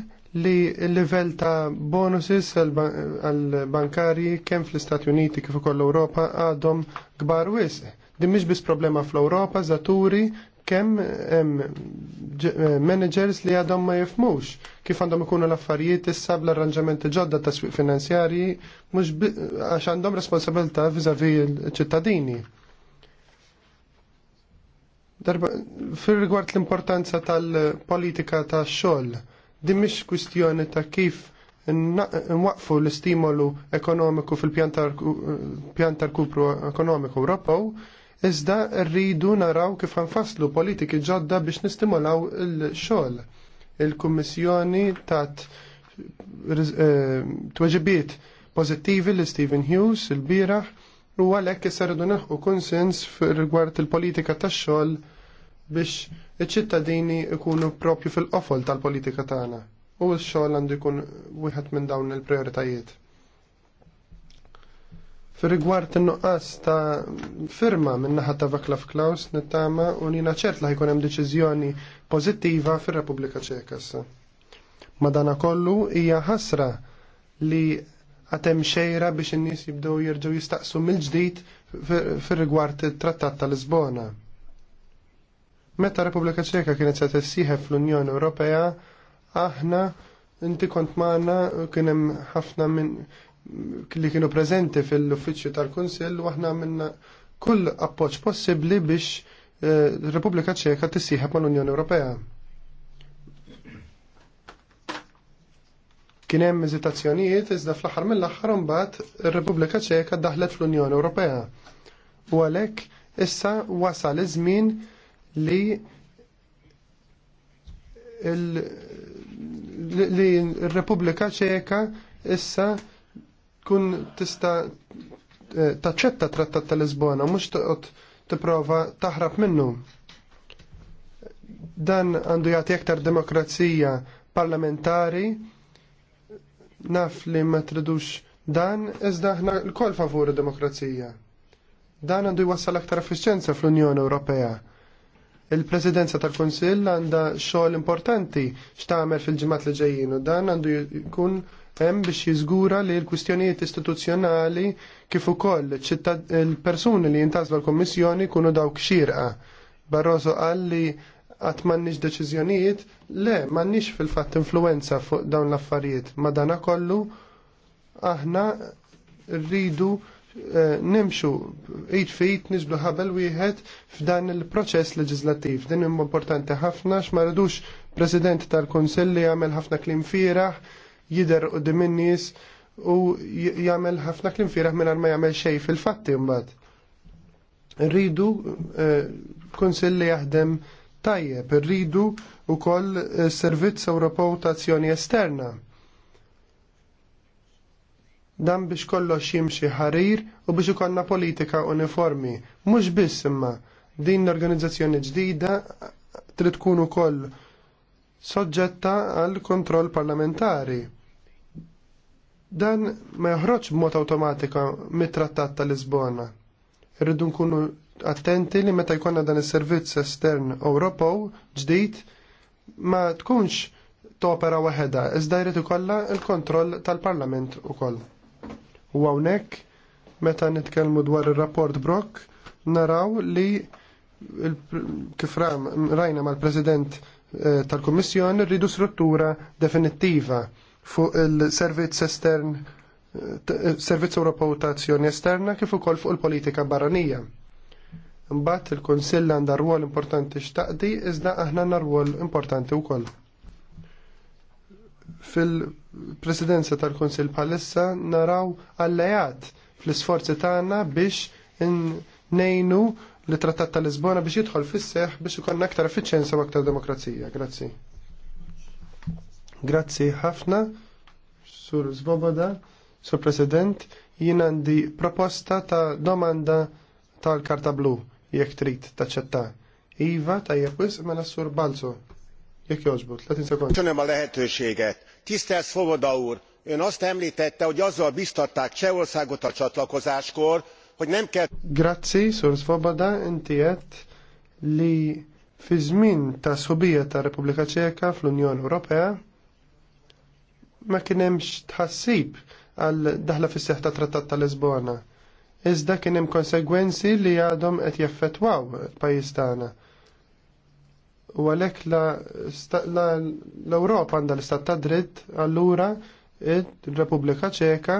li l-level ta' bonuses għal-bankari kemm fl-Istati Uniti kif ukoll l-Ewropa għadhom kbar wisq. Din mhix biss problema fl-Ewropa, żaturi kemm eh, managers li għadhom ma jifmux kif għandhom ikunu l-affarijiet issa bl-arranġamenti ġodda ta' swieq finanzjarji mhux għax għandhom responsabilità viżavi l-ċittadini. Darba, fil rigward l-importanza tal-politika ta' xogħol, din mhix kwistjoni ta' kif nwaqfu l-istimolu ekonomiku fil-pjan tal-kupru eh, ekonomiku Ewropew, Iżda rridu naraw kif nfasslu politiki ġodda biex nistimulaw il-xogħol. Il-Kummissjoni tat eh, tweġibiet pożittivi li Stephen Hughes il-bieraħ u għalhekk issa rridu neħu konsens rigward il-politika tax-xogħol biex iċ-ċittadini ikunu propju fil-qofol tal-politika tagħna u x-xogħol għandu jkun wieħed minn dawn il-prioritajiet. Fir-rigward in-nuqqas ta' firma minn naħa ta' Vaklav Klaus nittama u nina ċert li ħajkun hemm deċiżjoni pożittiva fir-Repubblika Ċeka issa. Madana kollu hija ħasra li għatem xejra biex in-nies jibdew jerġgħu jistaqsu mill-ġdid fir-rigward it-Trattat ta' Lisbona. Meta Repubblika Ċeka kienet se tissieħeb fl-Unjoni Ewropea, aħna inti kont maħna kienem ħafna minn li kienu prezenti fil-uffiċċju tal-Kunsill u aħna minna kull appoġġ possibbli biex r-Repubblika eh, Ċeka tissieħab mal-Unjoni Ewropea. Kien hemm eżitazzjonijiet iżda fl-aħħar mill-aħħar imbagħad ir-Repubblika Ċeka daħlet fl-Unjoni Ewropea. U għalhekk issa wasal iż-żmien li li r-Repubblika Ċeka issa tkun tista' eh, taċċetta trattat ta' Lisbona, mhux toqgħod tipprova taħrab minnu. Dan għandu jagħti aktar demokrazija parlamentari naf li ma tridux dan iżda aħna l-kol favur demokrazija. Dan għandu jwassal aktar effiċenza fl-Unjoni Ewropea. Il-Presidenza tal-Kunsill għandha xogħol importanti x'tagħmel fil-ġimgħat li ġejjin u dan għandu jkun hemm biex jiżgura li l-kwistjonijiet istituzzjonali kif ukoll il-persuni li jintazlu l-Kommissjoni kunu dawk xirqa. Barroso qal li għat mannix deċiżjonijiet, le mannix fil-fatt influenza fuq dawn l-affarijiet. Madana kollu aħna rridu eh, nimxu id fit nisblu ħabel wieħed f'dan il-proċess leġislattiv. Din importanti ħafna x'ma rridux President tal-Kunsill li ħafna klim firaħ jider u diminnis u jagħmel ħafna klim firaħ minn ma jagħmel xej fil-fatti mbad. Rridu eh, konsil li jaħdem tajjeb, rridu wkoll eh, servizz Ewropew ta' azzjoni esterna. Dan biex kollox jimxi ħarir u biex ikollna politika uniformi. Mhux biss imma din l-organizzazzjoni ġdida trid tkun ukoll soġġetta għal kontroll parlamentari Dan ma joħroġ b'mod awtomatika mit-trattat ta' Lisbona. Irridu nkunu attenti li meta jkollna dan is-servizz estern Ewropew ġdid ma tkunx topera waħedha, iżda jrid ikollha l-kontroll tal-Parlament ukoll. U hawnhekk meta nitkellmu dwar ir-rapport Brock naraw li kif rajna mal-President eh, tal-Kummissjoni rridu struttura definittiva fuq il-servizz estern eh, Servizz Ewropew ta' Azzjoni Esterna kif ukoll fuq il-politika barranija. Imbagħad il-Kunsill għandha rwol importanti x'taqdi iżda aħna għandna rwol importanti wkoll. Fil-Presidenza tal-Kunsill bħalissa naraw allejat fl-isforzi tagħna biex nejnu li trattat tal-Lisbona biex jidħol fis-seħħ biex ikollna aktar effiċjenza u aktar demokrazija. Grazzi. Grazzi ħafna, Sur Zvoboda, Sur President, jina di proposta ta' domanda tal-karta blu, jek trit ta' ċetta. Iva, tajjeb wisq mela Sur Balzo. Jekk jożbut, 30 sekund. Köszönöm a lehetőséget. Tisztelt Svoboda úr, ön azt említette, hogy azzal biztatták Csehországot a csatlakozáskor, hogy nem kell... Grazzi, Sur Svoboda, inti li fizmin ta' subija ta' Republika Ċeka fl unjon Europea, ma kien hemmx tħassib għal daħla fis seħħ Trattat tal Lisbona. Iżda kien hemm konsegwenzi li għadhom qed jaffettwaw il-pajjiż tagħna. U għalhekk l-Ewropa għandha l-istat ta' dritt allura il-Repubblika Ċeka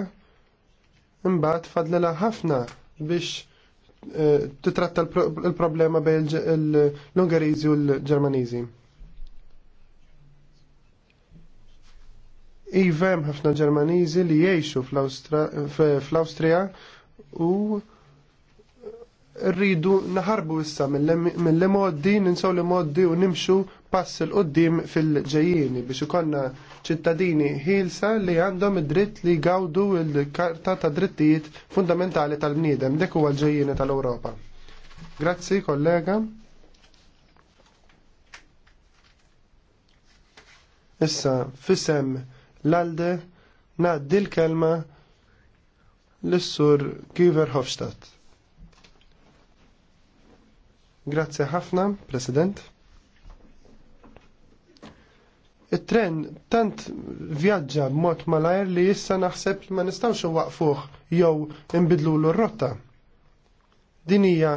imbagħad fadlilha ħafna biex eh, titratta l-problema bejn l-Ungeriżi u l-Ġermaniżi. Ivem ħafna Ġermaniżi li jgħixu fl-Awstrija u rridu naħarbu issa mill-modi, ninsaw li modi u nimxu pass il qoddim fil-ġejjini biex ikonna ċittadini ħilsa li għandhom id-dritt li gawdu il-karta ta' drittijiet fundamentali tal-bniedem, dek huwa l-ġejjini tal-Ewropa. Grazzi, kollega. Issa, fissem l-alde naddi l-kelma l-sur Giver Hofstadt. Grazie ħafna, President. Il-tren tant vjaġġa b'mod malajr li jissa naħseb ma nistawx waqfuħ jew imbidlu l-rotta. Din hija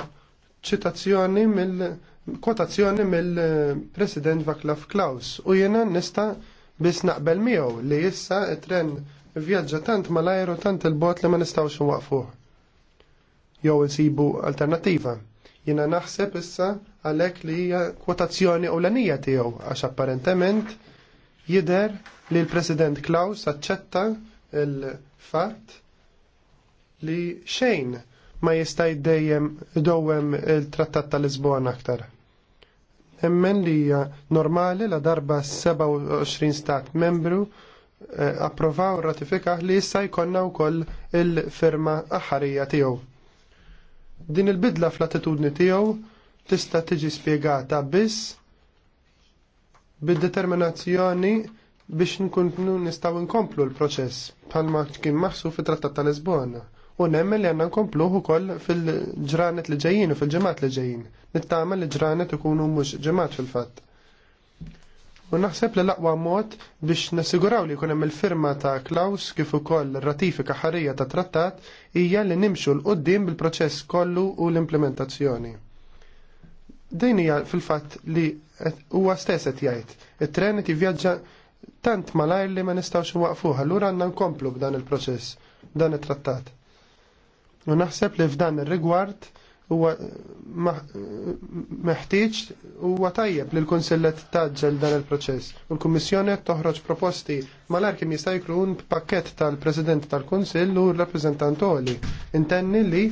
ċitazzjoni mill-kotazzjoni mill-President Vaclav Klaus u jena nista' Biss naqbel miegħu li issa it-tren vjaġġa tant malajru tant il-bot li ma nistgħux nwaqfuh. Jew insibu alternattiva. Jiena naħseb issa għalhekk li hija kwotazzjoni ewlenija tiegħu għax apparentement jidher li l-President Klaus aċċetta il-fatt li xejn ma jista' jdejjem dowem il-Trattat tal-Lisbona aktar. Emmen li hija normali la darba 27 stat membru approvaw ratifika li issa jkollna wkoll il-firma aħarija tiegħu. Din il-bidla fl-attitudni tiegħu tista' tiġi spjegata biss bid-determinazzjoni biex nkunu nistgħu nkomplu l-proċess bħalma kien maħsu fit-Trattat tal Lisbona u nemmen li għanna nkompluħu kol fil-ġranet li ġejjin u fil-ġemat li ġejjin. Nittama li ġranet ikunu mux ġemat fil-fat. U naħseb li laqwa mod biex nasiguraw li kunem il-firma ta' Klaus kif ukoll ratifika ħarija ta' trattat hija li nimxu l-qoddim bil-proċess kollu u l-implementazzjoni. Din hija fil-fatt li huwa stess qed jgħid. It-tren qed jivvjaġġa tant malajr li ma nistgħux waqfuh, allura għandna nkomplu b'dan il-proċess, dan it-trattat. U naħseb li f'dan ir-rigward huwa meħtieġ huwa tajjeb li l-Kunsill qed taġġel dan il-proċess. U l-Kummissjoni qed toħroġ proposti malar kien jista' jkun pakkett tal-President tal-Kunsill u r-rappreżentant oli. Intenni li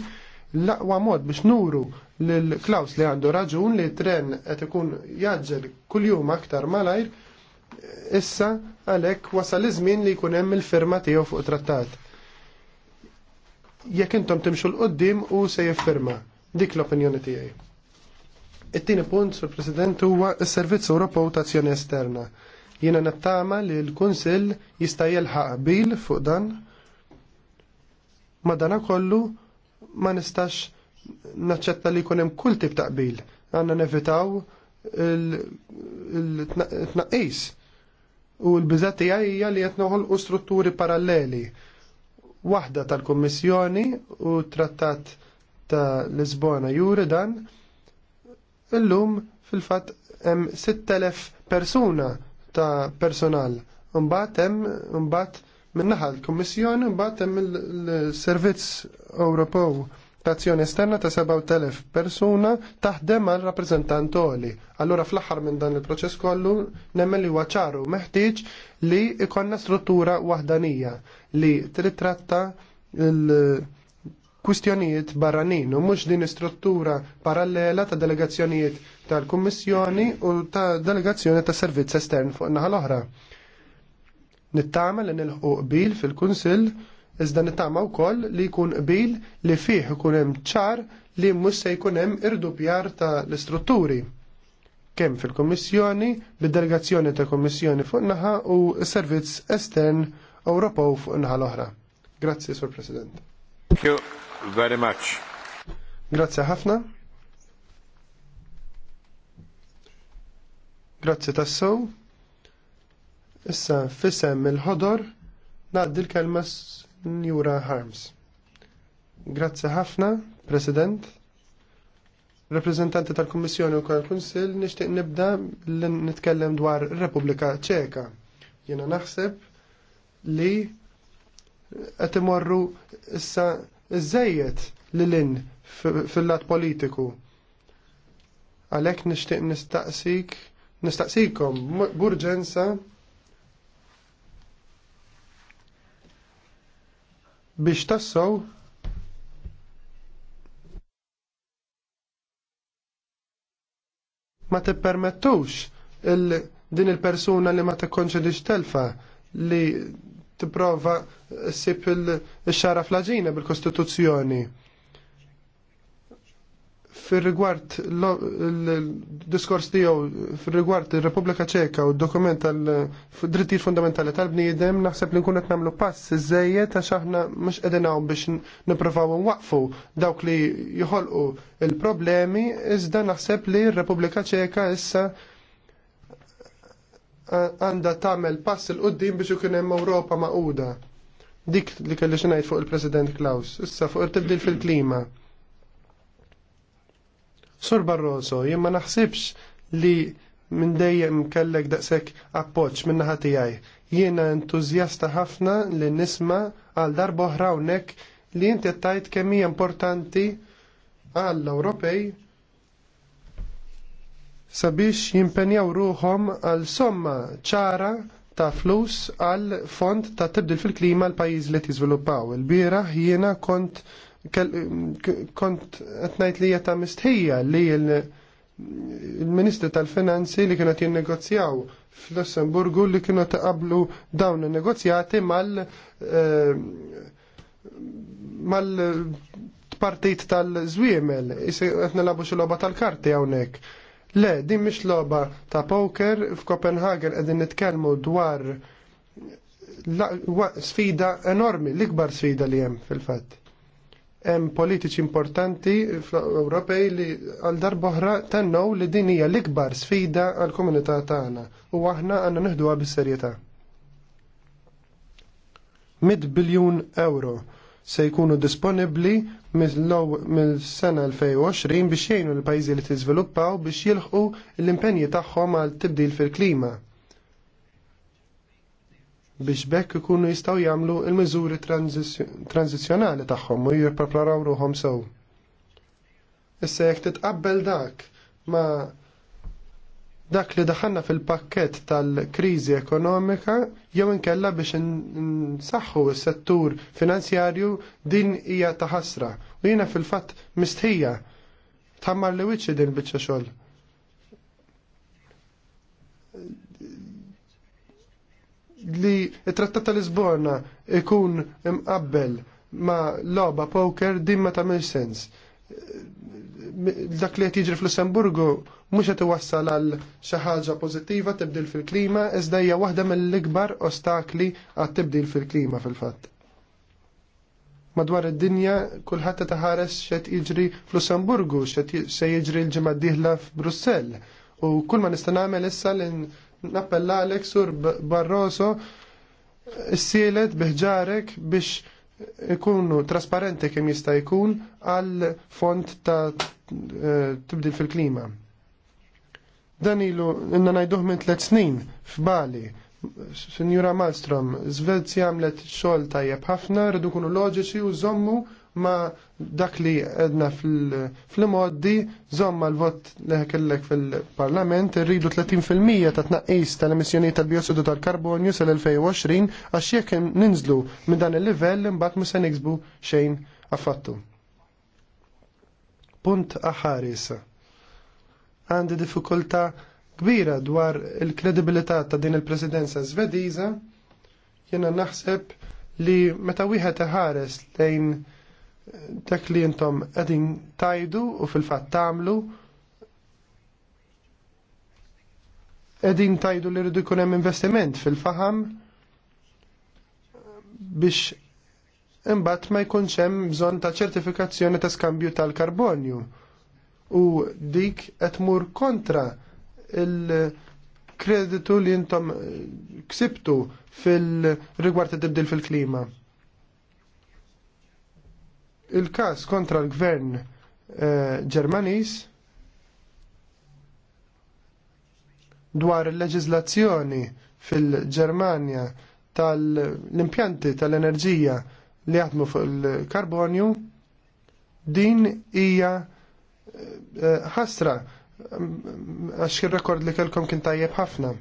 l-aqwa mod biex nuru l-Klaus li għandu raġun li tren qed ikun jaġġel kuljum aktar malajr issa għalhekk wasal iż-żmien li jkun hemm il-firma tiegħu fuq trattat jekk intom timxu l-qoddim u se jiffirma dik l-opinjoni tiegħi. It-tieni punt sur President huwa s-Servizz Ewropew ta' Azzjoni Esterna. Jiena nattama li l-Kunsill jista' jilħaq bil fuq dan madana kollu ma nistax naċċetta li jkun hemm kull tip ta' qbil. Għandna nevitaw il-tnaqqis u l-biżat tiegħi hija li qed noħolqu strutturi paralleli waħda tal-Kummissjoni u trattat ta' Lisbona juri dan illum fil-fatt hemm 6000 persuna ta' personal. Mbagħad hemm mbagħad minnaħa l-Kummissjoni mbagħad hemm il-Servizz Ewropew ta' azzjoni esterna ta' 7000 persuna taħdem għal rappresentantoli. Allura fl-aħħar minn dan il-proċess kollu nemmen li huwa ċaru meħtieġ li ikonna struttura waħdanija li tritratta il-kustjonijiet barranin u mhux din struttura parallela ta' delegazzjonijiet tal-Kummissjoni u ta' delegazzjoni ta' servizz estern fuq naħa l-oħra. Nittama li nilħu qbil fil-Kunsill iżda nittama wkoll li jkun qbil li fih ikun hemm ċar li mhux se jkun hemm irdupjar ta' l-istrutturi kemm fil-Kommissjoni, bid-delegazzjoni ta' Kommissjoni fuq naħa u s-servizz estern u fuq in l-oħra. Grazzi, Sur President. Thank you very much. Grazzi ħafna. Grazzi tassew. Issa fisem il-ħodor naddi l-kelma Njura Harms. Grazzi ħafna, President. Rappresentanti tal-Kommissjoni u tal-Kunsil nixtieq nibda l nitkellem dwar Repubblika Ċeka. Jena naħseb li qed imorru issa żejjed lilin fil-lat politiku. Għalhekk nixtieq nistaqsik nistaqsikom burġenza biex tassow ma tippermettux il din il-persuna li ma t-konċedix telfa li tipprova ssib il-xara flagġina bil-Kostituzzjoni. Fir-rigward il-diskors tiegħu fil rigward ir-Repubblika Ċeka u d-dokument tal-drittijiet fundamentali tal-bniedem naħseb li nkun qed nagħmlu pass iżejjed għax aħna mhux qegħdin hawn biex nippruvaw nwaqfu dawk li joħolqu il-problemi iżda naħseb li r-Repubblika Ċeka issa għandha tagħmel pass il qoddim biex ikun hemm Ewropa maquda. Dik li kelli xinajt ngħid fuq il-President Klaus, issa fuq il-tibdil fil-klima. Sur Barroso, jien ma naħsibx li minn dejjem kellek daqshekk appoġġ minna naħa tiegħi. Jiena entużjasta ħafna li nisma għal darba oħra hawnhekk li inti tajt kemm hija importanti għall-Ewropej sabiex jimpenjaw ruhom għal somma ċara ta' flus għal fond ta' tibdil fil-klima l pajjiż li tiżviluppaw. Il-bira jiena kont kont għatnajt li jeta mistħija li il-Ministru tal-Finanzi li kienu jinnegozjaw fl-Lussemburgu li kienu taqablu dawn il-negozjati mal eh, mal partit tal-Zwiemel, jisi għetna labu xiloba tal-karti għawnek. Le, din mish loba ta' poker f'Kopenhagen qegħdin nitkellmu dwar sfida enormi, l-ikbar sfida li hemm fil-fatt hemm politiċi importanti fl-Ewropej li għal darboħra tennow li din hija l-ikbar sfida għall komunità tagħna u aħna għandna neħduha bis-serjetà. Mid biljun euro se jkunu disponibbli mill-sena 2020 biex jgħinu l-pajjiżi li tiżviluppaw biex jilħqu l-impenji tagħhom għal tibdil fil-klima biex bekk ikunu jistaw jagħmlu l-miżuri tranzizjonali tagħhom u jippreparaw ruhom sew. Issa jekk titqabbel dak ma' dak li daħanna fil-pakket tal-krizi ekonomika jew inkella biex nsaħħu s-settur finanzjarju din hija taħasra. U jiena fil-fatt mistħija tħammar li wiċċi din biċċa xogħol. Li it-Trattat tal-Lisbona ikun imqabbel ma' loba poker din ma tagħmel sens. Dak li qed jiġri fl-Lussemburgu mhux qed iwassal għal xi ħaġa pożittiva tibdil fil-klima iżda hija waħda mill-ikbar ostakli għat tibdil fil-klima fil-fatt. Madwar id-dinja kulħadd ta'ħares iħares x'qed jiġri f'Lussemburgu, x'qed se jiġri l-ġimgħa d-dieħla f'Brussell. U kull ma nista' nagħmel issa li nappella għalek sur Barroso s-sielet biħġarek biex ikunu trasparenti kemm jista' jkun għal font ta' eh, tibdil fil-klima. Dan ilu inna najduh minn tliet snin f'Bali. Sinjura Malmstrom, Svezja għamlet xogħol tajjeb ħafna, rridu kunu loġiċi u żommu ma dak li edna fl-modi, zomma l-vot li kellek fil-parlament, rridu 30% ta' tnaqqis tal-emissjoni tal-biossidu tal-karbonju sal-2020, għax jekk ninżlu minn dan il-livell mbagħad musa nixbu xejn affattu. Punt aħar issa għandi diffikultà kbira dwar il-kredibilità ta' din il-presidenza svediża. Jena naħseb li meta wieħed iħares lejn dak li intom qegħdin tajdu u fil-fatt tagħmlu qegħdin tajdu li rridu jkun hemm investiment fil-faham biex imbagħad ma jkunx hemm bżonn ta' ċertifikazzjoni ta' skambju tal-karbonju u dik qed tmur kontra il-kreditu li intom eh, ksibtu fil-rigward tibdil fil-klima. Il-kas kontra l-gvern eh, Ġermanis dwar il-leġizlazzjoni fil-Ġermanja tal-impjanti tal-enerġija li jaħdmu fuq il-karbonju din hija ħasra għax il-rekord li kelkom kien tajjeb ħafna.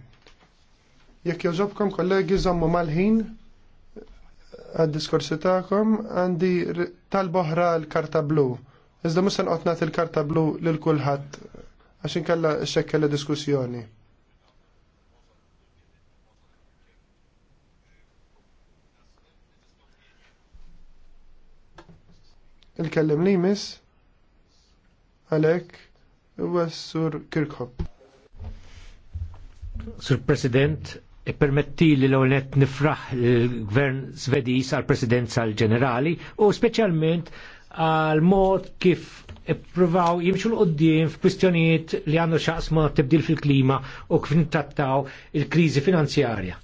Jekk jogħġobkom kollegi żommu mal-ħin għad-diskorsi tagħkom għandi tal-boħra l-karta blu. Iżda musan qotnat il-karta blu lil kulħadd għax inkella xekkella diskussjoni. Il-kellim li miss Għalek, huwa Sur Kirkhop. Sur President, e permetti li l net nifraħ l-Gvern Svedis għal presidenza l-ġenerali u speċjalment għal mod kif ippruvaw jimxu l-qoddim f'kwistjonijiet li għandu xaqsma tibdil fil-klima u kif nittattaw il-kriżi finanzjarja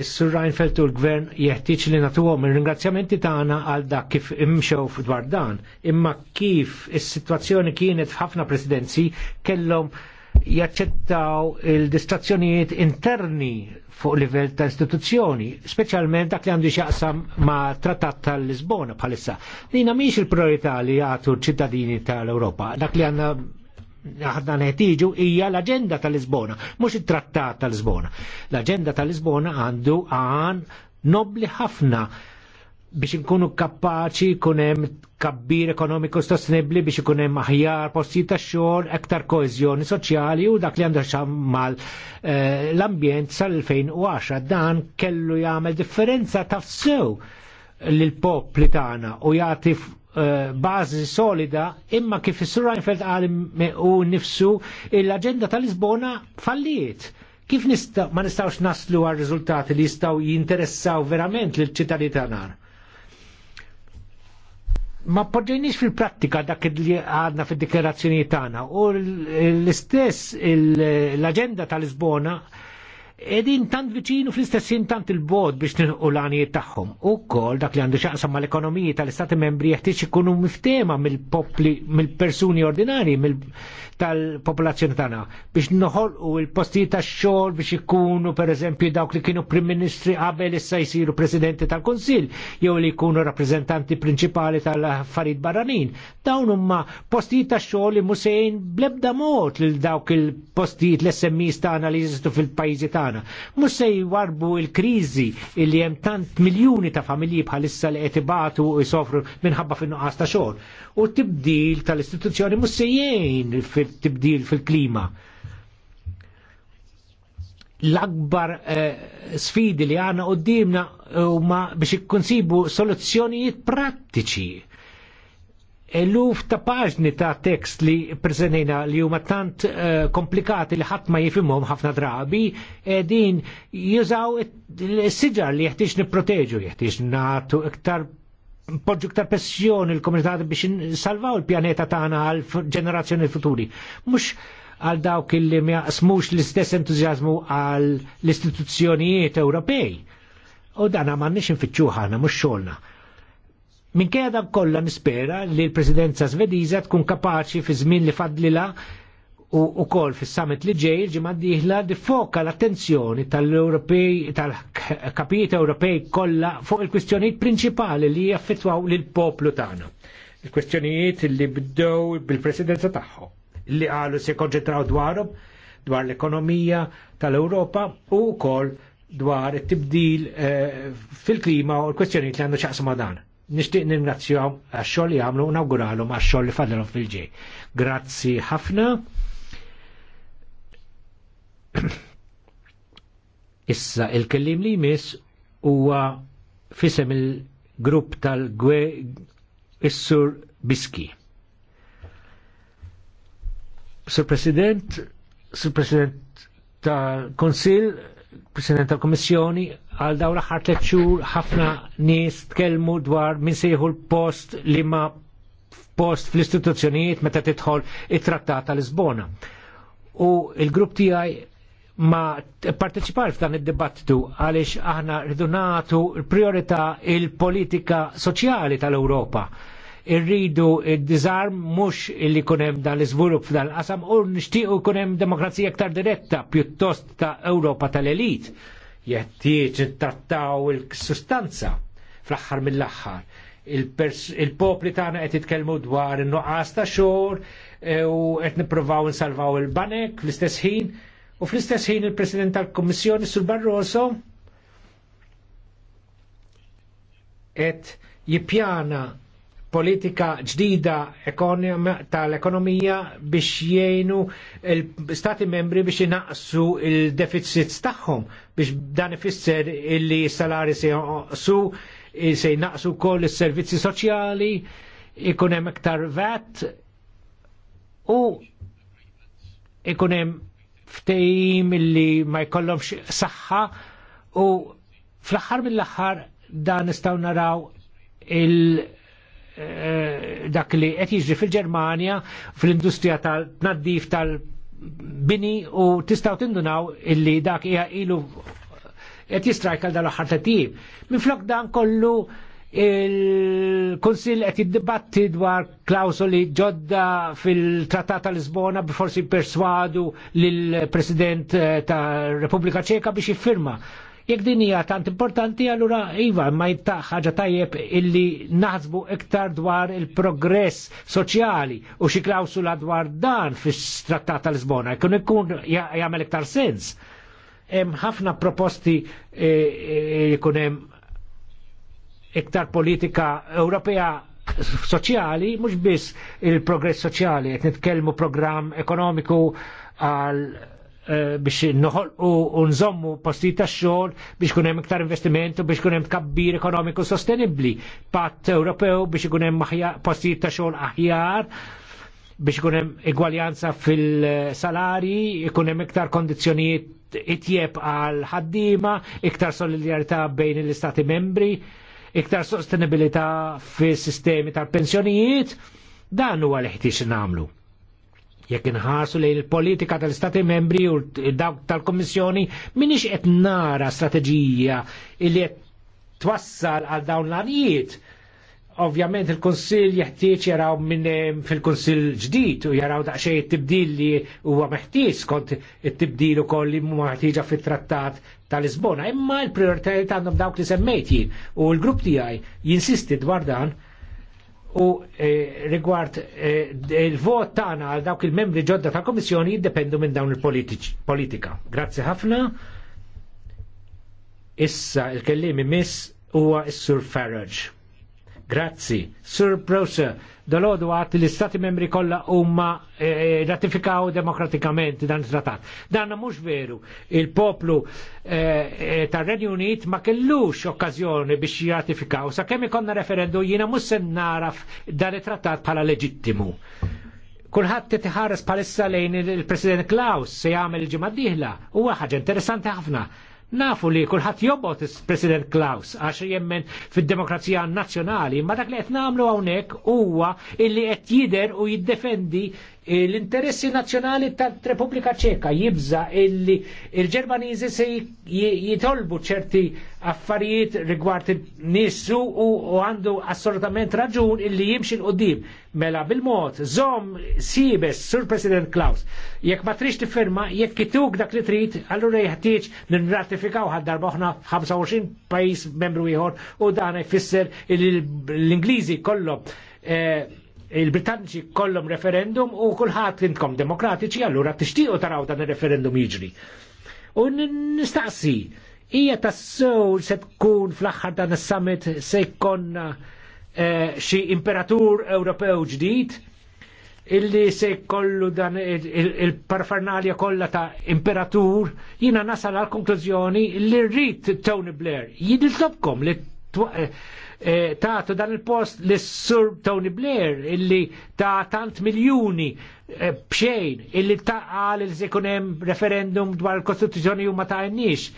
Is-Sur Reinfeldt u l-Gvern jeħtieġ li nagħtuhom ir-ringrazzjamenti tagħna għal dak kif imxew dwar dan, imma kif is-sitwazzjoni kienet f'ħafna presidenzi kellhom jaċċettaw il-distrazzjonijiet interni fuq livell ta' istituzzjoni, speċjalment dak li għandu xaqsam ma' trattat tal-Lisbona bħalissa. Lina miex il-priorità li jagħtu ċittadini tal-Ewropa, dak li għandna aħna netiġu hija l-aġenda tal-Lisbona, mhux it-trattat tal-Lisbona. L-aġenda tal-Lisbona għandu għan nobli ħafna biex nkunu kapaċi hemm kabbir ekonomiku sostenibli biex ikun hemm aħjar postijiet ta' xogħol, aktar koeżjoni soċjali u dak li għandu mal eh, l-ambjent sal-2010 dan kellu jagħmel differenza ta' sew lill popli tagħna u jagħti Eh, bażi solida imma kif is-Surajnfeld qal u nifsu l-aġenda tal-Lisbona falliet kif nista, ma nistawx naslu għal riżultati li jistaw jinteressaw verament lil ċittadi tanar? Ma poġġejniex fil-prattika dak li għadna fil-dikjerazzjoni tagħna u l-istess l-aġenda tal-Lisbona edin tant viċinu fl-istessin tant il-bod biex nilqu l-għanijiet tagħhom. U kol dak li għandu xaqsam mal ekonomiji tal-istati membri jeħtieġ ikunu miftema mill-popli, mill-persuni ordinari, tal-popolazzjoni tagħna biex noħolqu il-postijiet tax-xogħol biex ikunu pereżempju dawk li kienu Prim Ministri qabel issa jsiru Presidenti tal-Kunsill jew li jkunu rappreżentanti prinċipali tal-affarijiet barranin. Dawn huma postijiet tax-xogħol li musejn blebda mod lil dawk il-postijiet l smis tagħna li jeżistu fil-pajjiżi tagħna. Mhux se jwarbu l-kriżi li hemm tant miljuni ta' familji bħalissa li qed ibatu u jsofru minħabba fin-nuqqas ta' xogħol. U tibdil tal-istituzzjoni mhux jgħin fil tibdil fil-klima. L-akbar eh, sfidi li għana qoddimna huma biex ikkonsibu soluzzjonijiet prattiċi. Eluf ta' paġni ta' tekst li prezenina li huma tant eh, komplikati li ħadd ma jifimhom ħafna drabi, din jużaw is-siġar li jeħtiex nipproteġu, jeħtiex natu iktar poġġu ktar pressjoni l-komunità biex salvaw il-pjaneta tagħna għal ġenerazzjoni futuri. Mhux għal dawk illi ma jaqsmux l-istess entużjażmu għal l-istituzzjonijiet Ewropej. U dan m'għandniex nfittxu ħana mhux xogħolna. Minkejja dan kollha nispera li l-Presidenza Svediża tkun kapaċi fi żmien li fadlila u kol fis-summit li ġej il-ġimgħa d-dieħla diffoka l-attenzjoni tal-Ewropej tal-kapijiet Ewropej kollha fuq il-kwistjonijiet prinċipali li jaffettwaw l poplu tagħna. Il-kwistjonijiet li bdew bil-presidenza tagħhom li qalu se konċentraw dwarhom dwar l-ekonomija tal-Ewropa u wkoll dwar it-tibdil eh, fil-klima u l-kwistjonijiet li għandu xaqsma dan nishtiq ningrazzjawm għax-xogħol li għamlu u nawguralhom għax-xogħol li fadlhom fil-ġej. Grazzi ħafna. Issa il-kellim li jmiss huwa fisem il-grupp tal-Gwe Issur Biski. Sur President, Sur President tal-Konsil, President tal-Komissjoni, għal dawra ħartleċur ħafna nies tkellmu dwar min sejħu l-post li ma post fl-istituzzjonijiet meta titħol it-trattat l lisbona U il-grupp tijaj ma parteċipar f'dan id-dibattitu għaliex aħna rridu nagħtu priorità il-politika soċjali tal-Ewropa. Irridu id-dizarm mhux illi hemm dan l-iżvilupp f'dan qasam u nixtiequ jkun hemm demokrazija aktar diretta pjuttost ta' Ewropa tal-elit. Jettieġ trattaw il-sustanza fl-aħħar mill-aħħar. Il-popli tagħna qed jitkellmu dwar in-nuqqas ta' xogħol e, u qed nippruvaw insalvaw il-banek fl-istess ħin U fl-istess ħin il-President tal-Kommissjoni Sur Barroso et jippjana politika ġdida tal-ekonomija biex jgħinu l-Stati membri biex jinaqsu il-deficits tagħhom biex dan ifisser illi s-salari se jnaqsu se jnaqsu wkoll is-servizzi soċjali ikun hemm iktar vat u ikun hemm ftejim illi ma jkollhomx saħħa u fl-aħħar mill-aħħar dan nistgħu naraw il- eh, dak li qed jiġri fil-Ġermanja fl-industrija tal-tnaddif tal-bini u tistgħu tindunaw illi dak hija ilu qed jistrajka dal-aħħar tatib. Minflok dan kollu il-Konsil qed jiddibatti dwar klawsoli ġodda fil trattata tal-Lisbona forsi perswadu lill-President eh, ta' Repubblika Ċeka biex jiffirma. Jekk din hija tant importanti, allura iva ma jitta ħaġa tajjeb illi naħsbu iktar dwar il-progress soċjali u xi klawsula dwar dan fis trattata tal-Lisbona. Jkun ikun jagħmel iktar sens. Hemm ħafna proposti eh, eh, jkun hemm iktar politika Ewropea soċjali, mhux biss il-progress soċjali, qed nitkellmu programm ekonomiku għal eh, biex noħolqu u nżommu postijiet ta' xogħol biex kun hemm iktar investiment u biex kun hemm tkabbir ekonomiku sostenibbli. Patt Ewropew biex ikun hemm postijiet ta' xogħol aħjar biex ikun hemm egwaljanza fil-salari, ikun hemm iktar kondizzjonijiet itjeb għal ħaddiema, iktar solidarjetà bejn l-istati membri iktar sostenibilità fis sistemi tal-pensjonijiet, dan huwa li ħtiex nagħmlu. Jekk inħarsu lejn il-politika tal-Istati membri u dawk tal-Kommissjoni minix qed nara strateġija li qed twassal għal dawn l arijiet Ovvjament il-Konsil jeħtieġ jaraw minn fil-Konsil ġdid u jaraw daqsxejn it-tibdil li huwa meħtieġ skont it-tibdil ukoll li huma meħtieġa fit-trattat tal-Lisbona, imma l-prioritajiet għandhom dawk li semmejt jien u l-grupp tiegħi jinsisti dwar dan u eh, rigward eh, il-vot tagħna għal dawk il-membri ġodda tal-Komissjoni jiddependu minn dawn il-politika. Grazzi ħafna. Issa il kellimi miss huwa s-Sur Farage. Grazzi. Sir Bruce, dal-ħodu għat l-istati membri kolla umma eh, eh, ratifikaw demokratikament dan il-trattat. Dan mux veru, il-poplu e, e, tar renju Unit ma kellux okkazjoni biex jirratifikaw. Sa' kemmi konna referendu jina mus naraf dan il-trattat bħala leġittimu. Kulħadd titħares palissa lejn il-President Klaus se jagħmel il-ġimgħa d Huwa ħaġa interessanti ħafna Nafu li kulħadd jobot is-President Klaus għax jemmen fid-demokrazija nazzjonali, ma dak li qed nagħmlu hawnhekk huwa illi qed jider u jiddefendi l-interessi nazjonali tal-Repubblika Ċeka jibza illi il-Ġermaniżi se jitolbu ċerti affarijiet rigward nissu u għandu assolutament raġun illi jimxi l-qoddim. Mela bil-mod, zom sibes, Sur President Klaus, jekk ma trix tifferma, jekk kitug dak li trid, allura jħtieġ nirratifikaw għal darba oħna 25 pajis membru ieħor u dan jfisser l-Ingliżi kollu. Eh, il-Britanniċi kollom referendum u kulħadd intkom demokratiċi allura tixtiequ taraw dan ir referendum jiġri. U nistaqsi, hija tassew se tkun fl-aħħar dan is-summit se jkollna eh, xi imperatur Ewropew ġdid illi se jkollu dan il-parfarnalja kollha ta' imperatur jiena nasal għal konklużjoni li rrid Tony Blair. Jidiltobkom li eh, Eh, tagħtu dan il-post lis sur Tony Blair illi ta' tant miljuni eh, bxejn illi ta' għal il-zikunem referendum dwar il-Kostituzzjoni u ma ta' jennix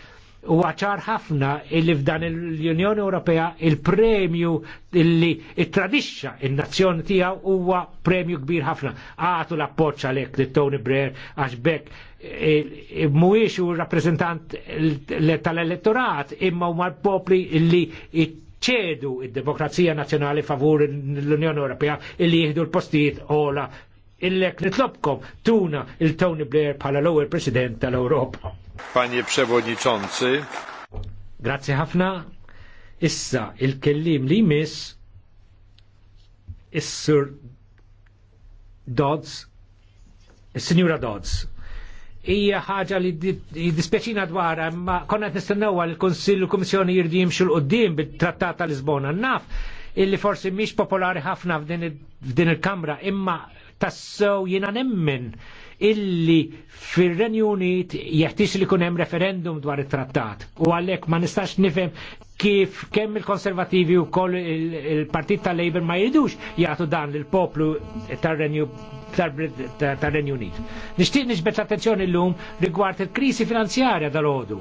u għacħar ħafna illi f'dan l-Unjoni Ewropea il-premju illi tradixxa il-nazzjoni tiegħu huwa premju kbir ħafna. Għatu l-appoċ għalek li Tony Blair għaxbek bekk eh, mhuwiex u rappreżentant tal-elettorat imma u mal popli illi ċedu id-demokrazija nazjonali favur l-Unjoni Ewropea illi jihdu l-postijiet ola illek nitlobkom tuna il-Tony Blair bħala l-ewwel President tal-Ewropa. Panie Przewodniczący. Grazie ħafna. Issa il-kellim li miss is-Sur Dodds, is-Sinjura Dodds hija ħaġa li dispeċina dwarha, ma konna nistennewha l kunsill u Kummissjoni jirdi jimxu l-qoddim bit-Trattat ta' Lisbona. Naf illi forsi mhix popolari ħafna f'din il-Kamra, imma tassew jiena nemmen illi fir-Renju Unit jeħtieġ li jkun hemm referendum dwar it-trattat. U għalhekk ma nistax nifhem kif kemm il-konservativi u koll il-partit il tal-Labor ma jidux jgħatu dan l-poplu tal-Renju tal-Renju Unit. Nishtiq nixbet l-attenzjoni l-lum rigward il-krisi finanzjarja dal-ħodu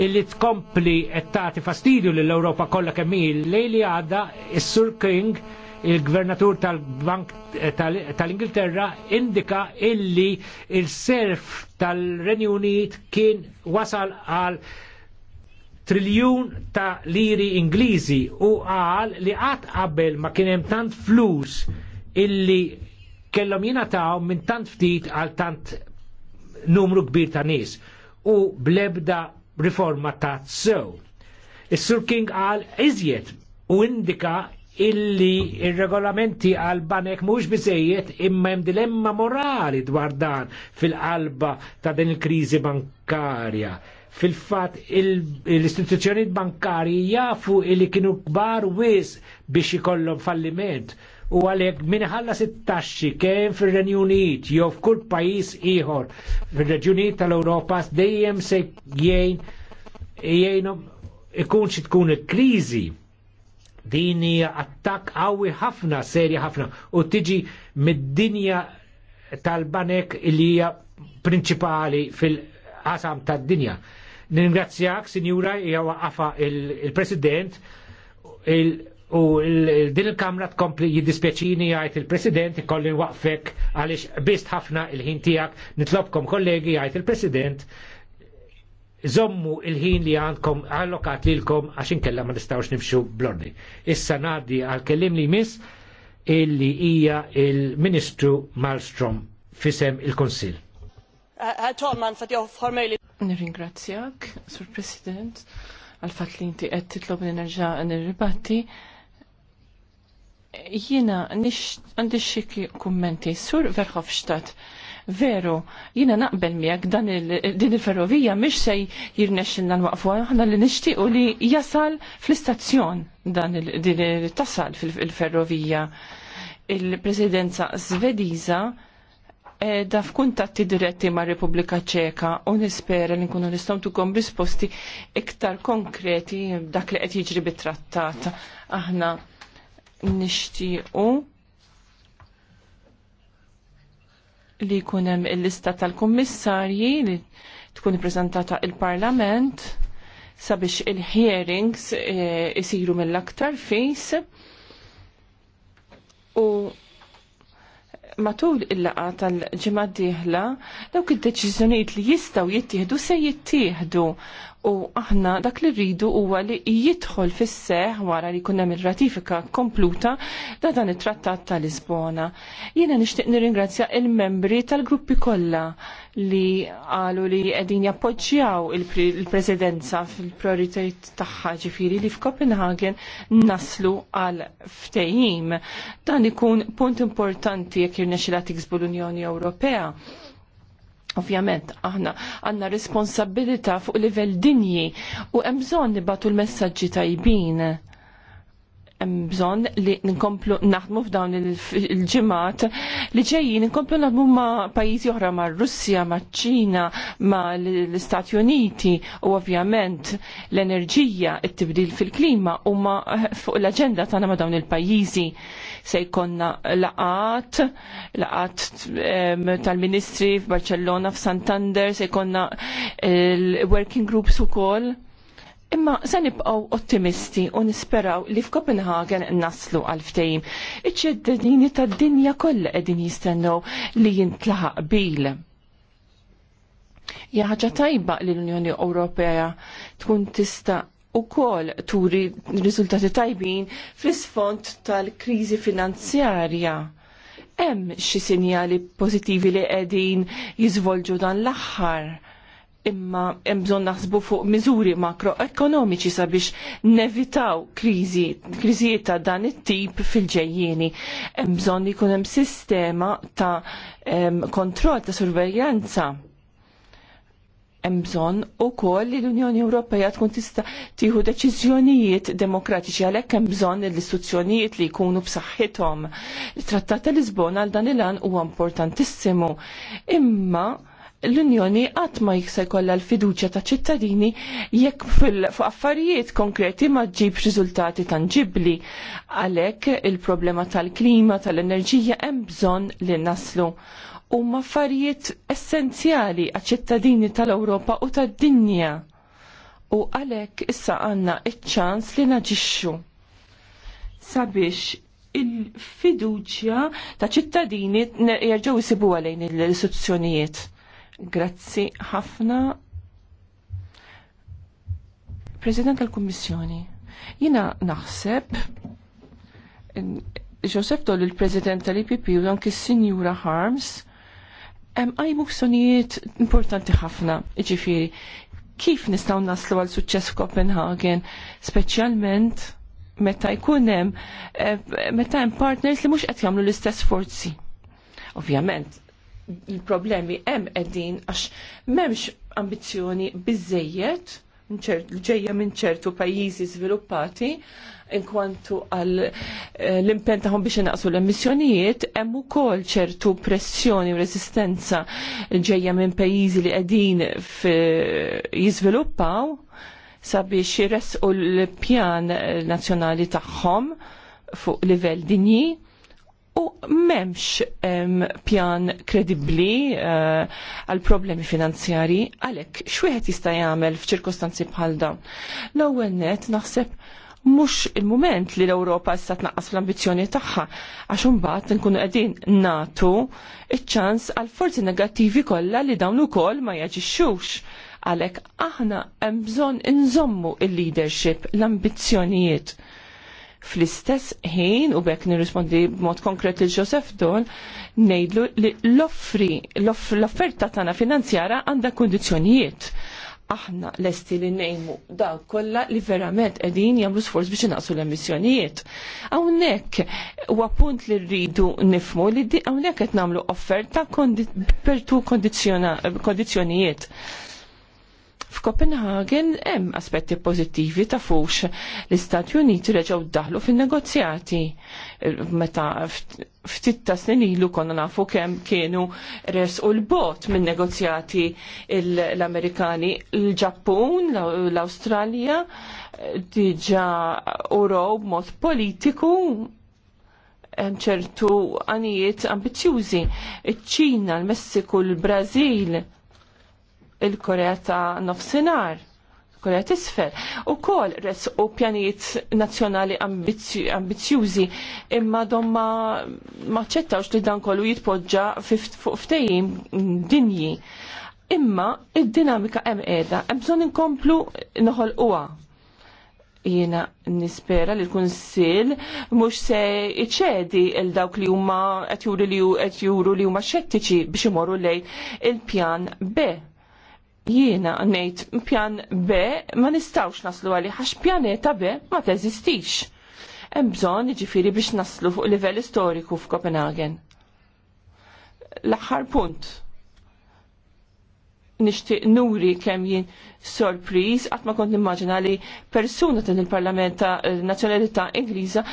illi tkompli ettati fastidju l-Europa kollha kemm lejli għadda il sur King il-gvernatur tal-Bank tal-Ingilterra tal indika illi il-serf tal-Renju Unit kien wasal għal triljun ta' liri Ingliżi u qal li qatt qabel ma kien hemm tant flus illi kellhom jingħataw minn tant ftit għal tant numru kbir ta' nies u blebda riforma ta' sew. Is-Sur King qal iżjed u indika illi il-regolamenti għal banek mhux biżejjed imma hemm dilemma morali dwar dan fil-qalba ta' din il-kriżi bankarja fil-fat l-istituzzjoniet bankari jafu li kienu kbar wis biex ikollhom falliment u għalek minħalla sit-taxxi kien fir-Renju Unit jew f'kull pajjiż ieħor fir-Reġjuniet tal-Ewropa dejjem se jgħin jgħinhom ikun xi tkun il-kriżi din hija attakk qawwi ħafna, serja ħafna u tiġi mid-dinja tal-banek li hija prinċipali fil-qasam tad-dinja. Ningrazzjak, sinjura, hija waqafa il-President u din il-kamra tkompli jiddispjaċini għajt il-President ikolli waqfek għaliex bist ħafna il-ħin tiegħek nitlobkom kollegi għajt il-President zommu il-ħin li għandkom allokat lilkom għax inkella ma nistgħux nimxu blordi. Issa ngħaddi għal kellim li miss illi hija il-Ministru Malmstrom fisem il-Konsil. Herr talman, jag har möjlighet... Nirringrazzjak, Sur President, għal-fat li inti qed titlob li nerġa' nirribatti. Jiena għandi xi kummenti. Sur Verhofstadt, veru, jina naqbel miegħek dan din il-ferrovija mhix se jirnexxilna nwaqfu aħna li nixtiequ li jasal fl-istazzjon dan il-tasal fil-ferrovija. Il-Presidenza Svediża Eh, da f'kuntatti diretti ma' Repubblika Ċeka u nispera li nkunu nistgħu tukom risposti iktar konkreti dak li qed jiġri bit-trattat. Aħna nixtiequ li jkun hemm il-lista tal-kummissarji li tkun ippreżentata il-Parlament sabiex il-hearings eh, isiru mill-aktar fis u matul il-laqa tal-ġimgħa d-dieħla dawk id-deċiżjonijiet li jistgħu jittieħdu se jittieħdu u aħna dak li rridu huwa li jidħol fis seħħ wara li jkun hemm ir-ratifika kompluta da dan it-trattat ta' Lisbona. Jiena nixtieq nirringrazzja il-membri tal-gruppi kollha li qalu li qegħdin jappoġġjaw il-Presidenza fil-prioritajiet tagħha ġifieri li f'Copenhagen naslu għal ftehim. Dan ikun punt importanti jekk irnexxilha tiksbu l-Unjoni Ewropea Ovvjament, aħna għanna responsabilita fuq livell dinji u hemm bżonn nibatu l-messaġġi tajbin hemm bżonn li nkomplu naħdmu f'dawn il-ġimgħat li ġejjin nkomplu naħdmu ma' pajjiżi oħra ma' Russja, ma' Ċina, ma' l-Istati Uniti u ovvjament l-enerġija, it-tibdil fil-klima huma fuq l-aġenda tagħna ma' dawn il-pajjiżi se jkonna laqat, laqat tal-ministri f'Barcellona, f'Santander, se jkonna l-working groups ukoll Imma se nibqgħu ottimisti u nisperaw li f'Copenhagen naslu għal ftehim. Iċ-ċittadini tad-dinja kollha qegħdin jistennew li jintlaħaq bil. Ja ħaġa tajba li l-Unjoni Ewropea tkun tista' ukoll turi riżultati tajbin fl-isfond tal-kriżi finanzjarja. Hemm xi sinjali pożittivi li qegħdin jiżvolġu dan l-aħħar imma hemm bżonn naħsbu fuq miżuri makroekonomiċi sabiex nevitaw kriżi, kriżijiet ta' dan it-tip fil-ġejjieni. Hemm bżonn ikun hemm sistema ta' kontroll ta' surveljanza. Hemm bżonn ukoll li l-Unjoni Ewropea tkun tista' tieħu deċiżjonijiet demokratiċi għalhekk hemm bżonn l-istituzzjonijiet li jkunu b'saħħithom. Il-Trattat ta' Lisbona għal dan il-għan huwa importantissimu. Imma l-Unjoni qatt ma jiksa jkollha l-fiduċja ta' ċittadini jekk fuq affarijiet konkreti ma ġib riżultati tangibbli. Għalhekk il-problema tal-klima, tal-enerġija hemm bżonn li naslu u affarijiet essenzjali għaċ ċittadini tal-Ewropa u tad-dinja. U għalhekk issa għandna ċ ċans li naġixxu sabiex il-fiduċja ta' ċittadini jerġgħu jsibu għalejn l-istituzzjonijiet Grazzi ħafna. President tal-Kummissjoni, jina naħseb Joseph Doll il-President tal-IPP u anki Sinjura Harms hemm għajmu ksonijiet importanti ħafna, ġifiri, kif nistaw naslu għal suċċess f'Copenhagen, speċjalment meta jkun hemm eh, meta hemm partners li mhux qed jagħmlu l-istess forzi. Ovvjament, il-problemi hemm qegħdin għax m'hemmx ambizzjoni biżejjed ġejja minn ċertu pajjiżi żviluppati inkwantu għal eh, l-impen tagħhom biex inaqsu l-emissjonijiet hemm ukoll ċertu pressjoni u resistenza ġejja minn pajjiżi li qegħdin jiżviluppaw sabiex jiresqu l-pjan nazzjonali tagħhom fuq livell dinji U memx pjan kredibli eh, għal uh, problemi finanzjari, għalek xwieħed jista' jagħmel f'ċirkostanzi bħal dawn. L-ewwel net naħseb mhux il-mument li l-Ewropa issa tnaqqas fl-ambizzjoni tagħha għax imbagħad nkunu qegħdin natu iċ-ċans għal forzi negattivi kollha li dawn ukoll ma jaġixxux għalek aħna bżonn inżommu il-leadership, l-ambizjonijiet. Fl-istess ħin, u bekk nirrispondi b'mod konkret il Joseph Dol, ngħidlu li l-offri, l-offerta tana tagħna finanzjara għandha kundizzjonijiet aħna lesti li nejmu daw kolla li verament edin jamlu sforz biex naqsu l-emissjonijiet. Għawnek, u appunt li rridu nifmu li di għawnek għet namlu offerta per pertu kondizjonijiet. F'Kopenhagen hemm aspetti pożittivi ta' fux l-Istati Uniti reġgħu daħlu fin-negozjati meta ftit ta' snin ilu konna nafu kemm kienu res u l-bot minn negozjati l-Amerikani l-Ġappun, l-Awstralja diġa uraw b'mod politiku ċertu għanijiet ambizjużi. Ċ-Ċina, l-Messiku, l-Brazil, il-Korea ta' nofsinar, Korea tisfel. U kol res u pjanijiet nazjonali ambizjużi imma domma maċċettawx li dan kollu jitpoġġa fuq ftejim dinji. Imma id-dinamika hemm qiegħda, hemm bżonn inkomplu noħolquha jiena nispera li l-Kunsil mhux se iċedi il dawk li huma li qed juru li huma xettiċi biex imorru lejn il-pjan B Jiena ngħid pjan B ma nistawx naslu għalih għax pjaneta B ma teżistix. Hemm bżonn jiġifieri biex naslu fuq livell istoriku f'Kopenhagen. L-aħħar punt nixtieq nuri kemm jien sorpriż qatt ma kont nimmaġina li persuna ta il-Parlament ta' Nazzjonalità Ingliża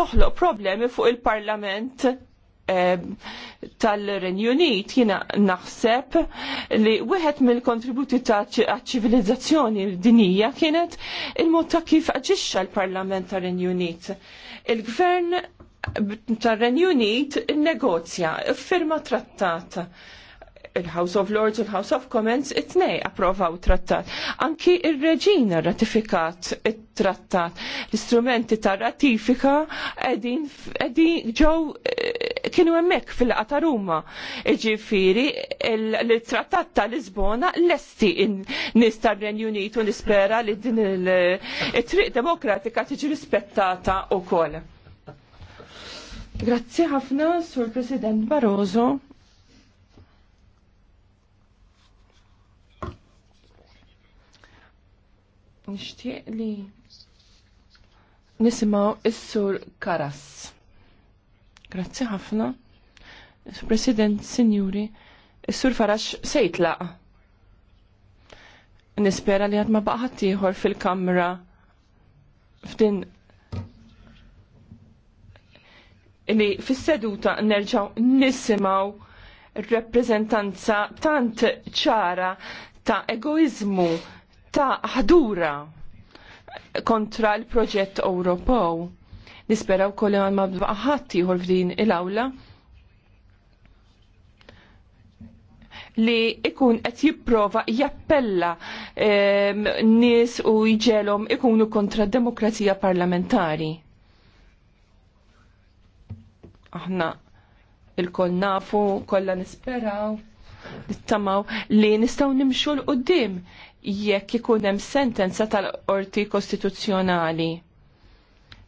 toħloq problemi fuq il-Parlament Eh, tal-Renju Unit naħseb li wieħed mill-kontributi ta' ċivilizzazzjoni dinija kienet il-mod ta' kif aġixxa l-Parlament tar-Renju Unit. Il-Gvern tar-Renju Unit innegozja, firma trattat il-House of Lords u l-House of Commons it-nej approvaw trattat. Anki il-reġina ratifikat it-trattat. L-istrumenti ta' ratifika edin, edin ġow eh, kienu emmek fil-qata Ruma. Ġifiri, il-trattat ta' Lisbona l-esti nista' ta' Unit u nispera li din il-triq demokratika tiġi rispettata u kol. Grazie ħafna, Sur President Barroso. Nixtieq li nisimgħu is-sur Karas. Grazzi ħafna. President, Sinjuri, is-sur Farax se jitlaq. Nispera li għad ma baqħat ieħor fil-kamra f'din li fis-seduta nerġaw nisimaw rappresentanza tant ċara ta' egoizmu ta' ħdura kontra l-proġett Ewropew. nisperaw wkoll li ma ħadd ieħor f'din il-awla li ikun qed jipprova jappella eh, nies u jġelom ikunu kontra d demokrazija parlamentari. Aħna il-koll nafu, kollha nisperaw nittamaw li nistaw nimxu l-qoddim jekk ikun hemm sentenza tal-qorti kostituzzjonali.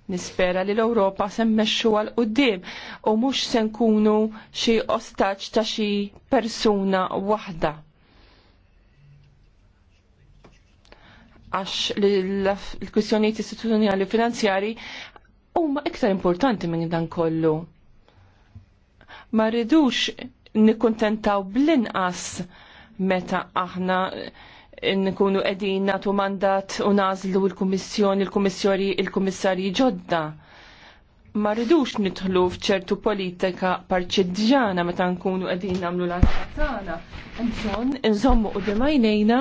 Nispera li l-Ewropa semmexxu għal qudiem u mhux se nkunu xi ostaġġ ta' xi persuna waħda. Għax l-kwistjonijiet istituzzjonali finanzjari huma iktar importanti minn dan kollu. Ma rridux nikkuntentaw bl-inqas meta aħna nkunu qegħdin nagħtu mandat u nażlu l-Kummissjoni, l-Kummissjoni, il-Kummissarji ġodda. Ma rridux nidħlu f'ċertu politika parċidġana meta nkunu qegħdin nagħmlu l-għażla tagħna. Hemm bżonn inżommu qudiem għajnejna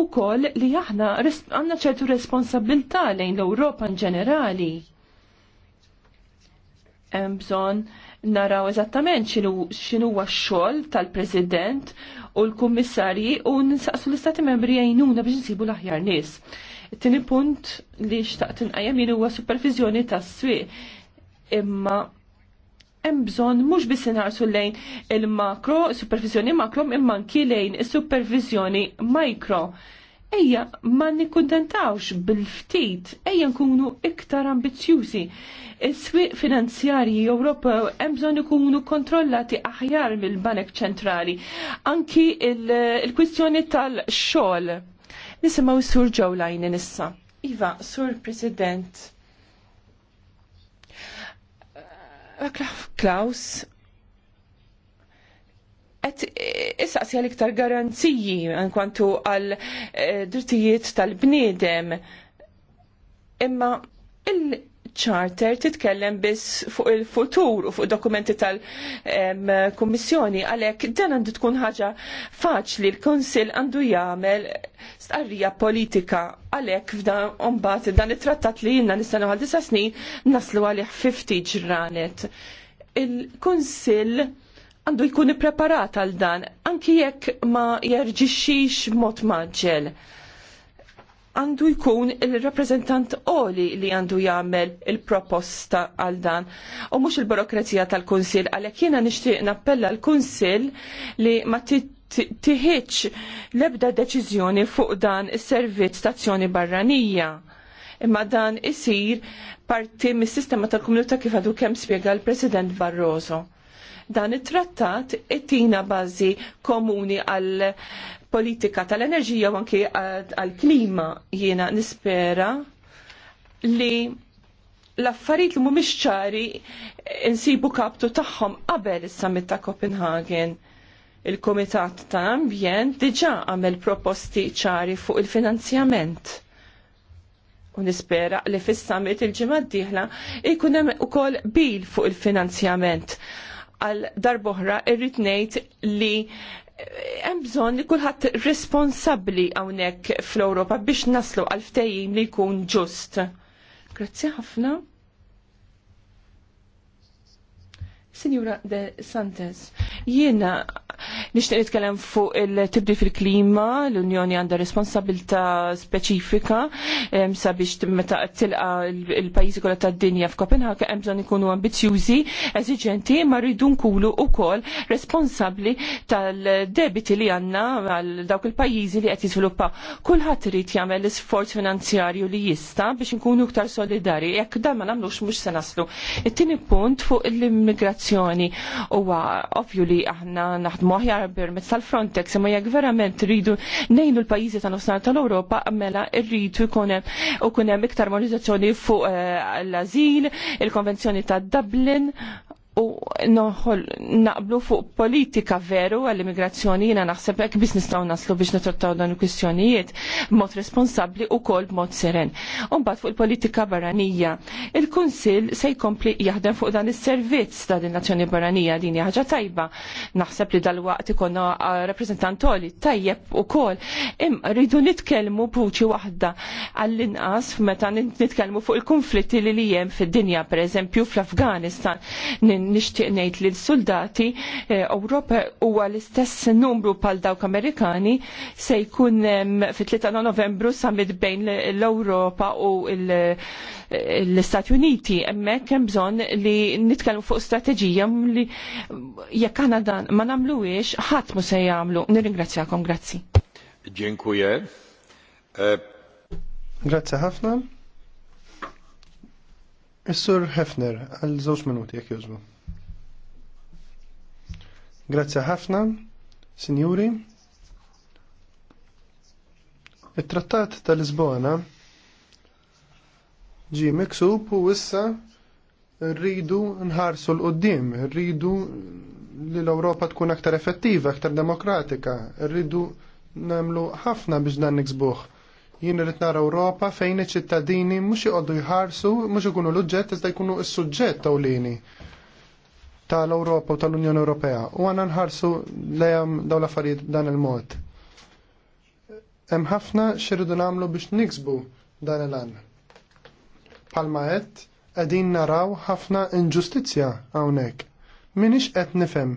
u koll li aħna għanna ċertu responsabilta lejn l-Europa in ġenerali. Hemm bżonn naraw eżattament x'inhu huwa x-xogħol tal-President u l-Kummissarji u nsaqsu l-Istati Membri jgħinuna biex nsibu l-aħjar nies. Tini punt li xtaqt inqajjem li huwa supervizjoni tas-swieq imma hemm bżonn mhux biss inħarsu lejn il-makro, supervizjoni makro imma anki lejn is-supervizjoni mikro ejja ma nikkundentawx bil-ftit, ejja nkunu iktar ambizjuzi. Is-swieq finanzjarji Ewropa hemm bżonn ikunu kontrollati aħjar mill-Banek Ċentrali. Anki il-kwistjoni il kwistjoni tal xogħol Nisimgħu sur lajni issa. Iva, sur President. Klaus, Et issaqsi għal iktar garanziji kwantu għal eh, drittijiet tal-bniedem. Imma il-charter titkellem biss fuq il-futur u fuq dokumenti tal-Kummissjoni għalhekk dan għandu tkun ħaġa faċli l-Konsil għandu jagħmel starrija politika għalhekk f'dan mbagħad dan it-trattat li jiena nistgħu għal disa snin naslu għalih 50 ġranet. Il-Kunsill għandu jkun ippreparat għal dan, anki jekk ma jerġixxix mod maġġel. Għandu jkun il reprezentant oli li għandu jagħmel il-proposta għal dan u mhux il-burokrazija tal-Kunsill għalhekk jiena nixtieq nappella l-Kunsill li ma tiħiċ lebda deċiżjoni fuq dan is-servizz stazzjoni barranija imma dan isir parti mis-sistema tal-komunità kif għadu kemm spjega l-President Barroso Dan it-trattat it-tina bażi komuni għal politika tal-enerġija u anke għal klima jiena nispera li l-affarijiet li mhumiex ċari insibu kaptu tagħhom qabel is-summit ta' Copenhagen. Il-Kumitat ta' Ambjent diġà għamel proposti ċari fuq il-finanzjament. U nispera li fis-summit il-ġimgħa d-dieħla jkun hemm ukoll bil fuq il-finanzjament għal darboħra irrid ngħid li eh, hemm bżonn li kulħadd responsabbli hawnhekk fl-Ewropa biex naslu għal ftehim li jkun ġust. Grazzi ħafna. Signora De Santes, Jiena nixtieq nitkellem fuq il-tibdi fil-klima, l-Unjoni għandha responsabilità speċifika sabiex meta tilqa il-pajjiżi kollha tad-dinja f'Kopenhaga hemm bżonn ikunu ambizzjużi, eżiġenti, ma rridu nkunu wkoll responsabbli tal-debiti li għandna għal dawk il-pajjiżi li qed jiżviluppa. Kulħadd irid jagħmel l-isforz finanzjarju li jista' biex nkunu iktar solidari. Jekk dan ma nagħmlux mhux se naslu. It-tieni punt fuq l-immigrazzjoni huwa ovvju li aħna naħdmu aħjar permezz tal-Frontex, imma jekk verament rridu nejnu l-pajjiżi ta' nofsinhar tal-Ewropa mela rridu jkun hemm iktar monizzazzjoni fuq eh, l-azil, il-konvenzjoni ta' Dublin, u noħol naqblu fuq politika veru għall-immigrazzjoni jina naħseb hekk biss nistgħu naslu biex nitrattaw dan il-kwistjonijiet b'mod responsabbli u kol b'mod seren. Umbat fuq il-politika barranija. Il-Kunsill se jkompli jaħdem fuq dan is-servizz ta' din nazzjoni barranija din hija ħaġa tajba. Naħseb li dal-waqt ikonna uh, rappreżentantoli tajjeb ukoll. Im rridu nitkellmu puċi waħda għall-inqas meta nitkellmu fuq il-konflitti li li hemm fid-dinja pereżempju fl-Afganistan nixtieq ngħid li l-soldati eh, Ewropa huwa l-istess numru pal dawk Amerikani se jkun fit-3 Novembru summit bejn l-Ewropa u l-Istati Uniti. Hemmhekk hemm bżonn li nitkellmu fuq strateġija li jekk aħna dan ma nagħmluhiex ħadd mu se jagħmlu. Nirringrazzjakom, grazzi. Dziękuję. E, grazzi ħafna. Is-Sur e, Hefner, għal żewġ minuti jekk jużbu. Grazzi ħafna, signori. Il-Trattat tal-Lisbona ġi miksub u issa rridu nħarsu l-qoddim, rridu li l-Europa tkun aktar effettiva, aktar demokratika, rridu namlu ħafna biex dan niksbuħ. Jien rrid nara Ewropa fejn iċ-ċittadini mhux iqogħdu jħarsu, mhux ikunu l-oġġett iżda jkunu s-suġġett tawlini tal-Europa u tal-Unjoni Ewropea u għanna nħarsu lejem daw l-affarijiet dan il-mod. Hemm ħafna xirridu nagħmlu biex niksbu dan il-għan. Palmaet, edin qegħdin naraw ħafna inġustizzja hawnhekk. Minix qed nifhem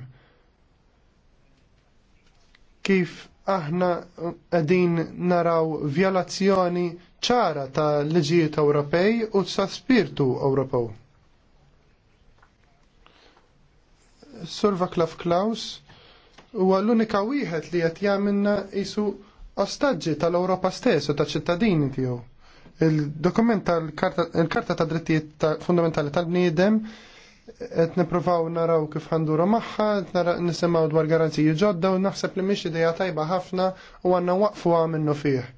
kif aħna qegħdin naraw vjolazzjoni ċara ta' liġijiet Ewropej u ta' spirtu Ewropew. Sur Vaclav Klaus huwa l-unika wieħed li qed jagħmilna isu ostaġġi tal-Ewropa stess u taċ-ċittadini tiegħu. Il-dokument tal-Karta ta' Drittijiet Fundamentali tal-Bniedem qed nippruvaw naraw kif ħanduru magħha, nisimgħu dwar garanziji ġodda u naħseb li mhix idea tajba ħafna u għandna waqfu għamilnu fih.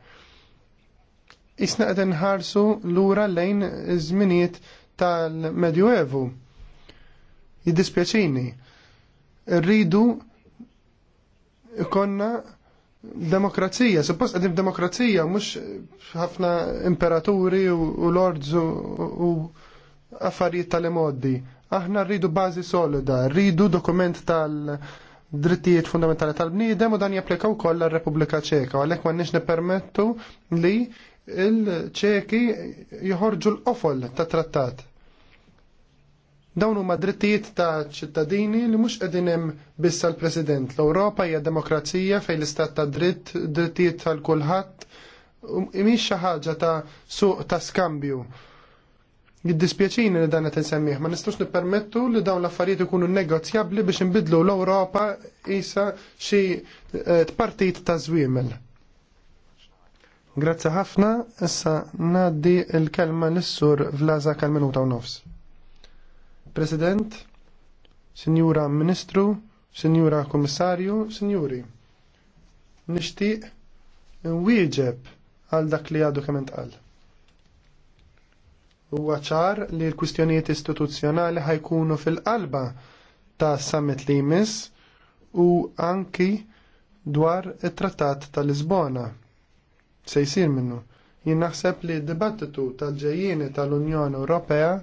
Isna qed inħarsu lura lejn iż-żminijiet tal-Medjuevu. Jiddispjaċini rridu ikonna demokrazija, suppost għedim demokrazija, mux ħafna imperaturi u lords u affarijiet tal-imoddi. Aħna rridu bazi solida, rridu dokument tal- drittijiet fundamentali tal-bniedem u dan japplikaw koll għal-Repubblika Ċeka, għalek m'għandniex nix permettu li il-ċeki joħorġu l-qofol ta' trattat. Dawn huma drittijiet ta' ċittadini li mhux qegħdin hemm biss l-President. L-Ewropa hija demokrazija fejn l-istat ta' dritt, drittijiet tal kulħadd um, mhix xi ħaġa ta' suq ta' skambju. Jiddispjaċini li dan qed insemmih, ma nistgħux nippermettu li dawn l-affarijiet ikunu negozjabbli biex inbidlu l-Ewropa isa xi eh, partit ta' żwiemel. Grazzi ħafna, issa ngħaddi l kelma lis sur Vlaza kal-minuta u nofs. President, Sinjura Ministru, Sinjura Komissarju, Sinjuri. Nishtiq nwieġeb għal dak li għadu kemm għal. Huwa ċar li l-kwistjonijiet istituzzjonali ħajkunu fil-qalba ta' summit li jmiss u anki dwar it-Trattat ta' Lisbona. Se jsir minnu. Jien naħseb li d-dibattitu tal-ġejjieni tal-Unjoni Ewropea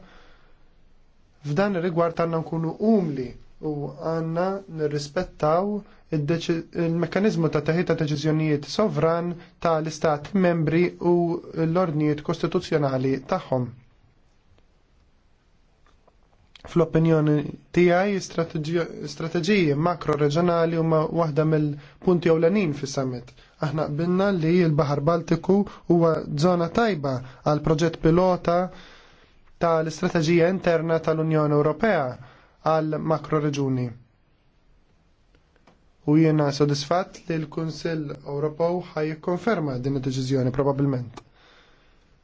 F'dan ir-rigward għandna nkunu umli u għandna nirrispettaw il mekkaniżmu ta' taħid ta' deċiżjonijiet sovran ta' l-istat membri u l-ordnijiet kostituzzjonali tagħhom. Fl-opinjoni tiegħi strateġiji makro-reġjonali huma waħda mill-punti ewlenin fis-summit aħna qbilna li l-Bahar Baltiku huwa żona tajba għal proġett pilota tal-istrateġija interna tal-Unjoni Ewropea għal makroreġuni. U jiena sodisfatt li l-Kunsill Ewropew ħaj konferma din id-deċiżjoni probabbilment.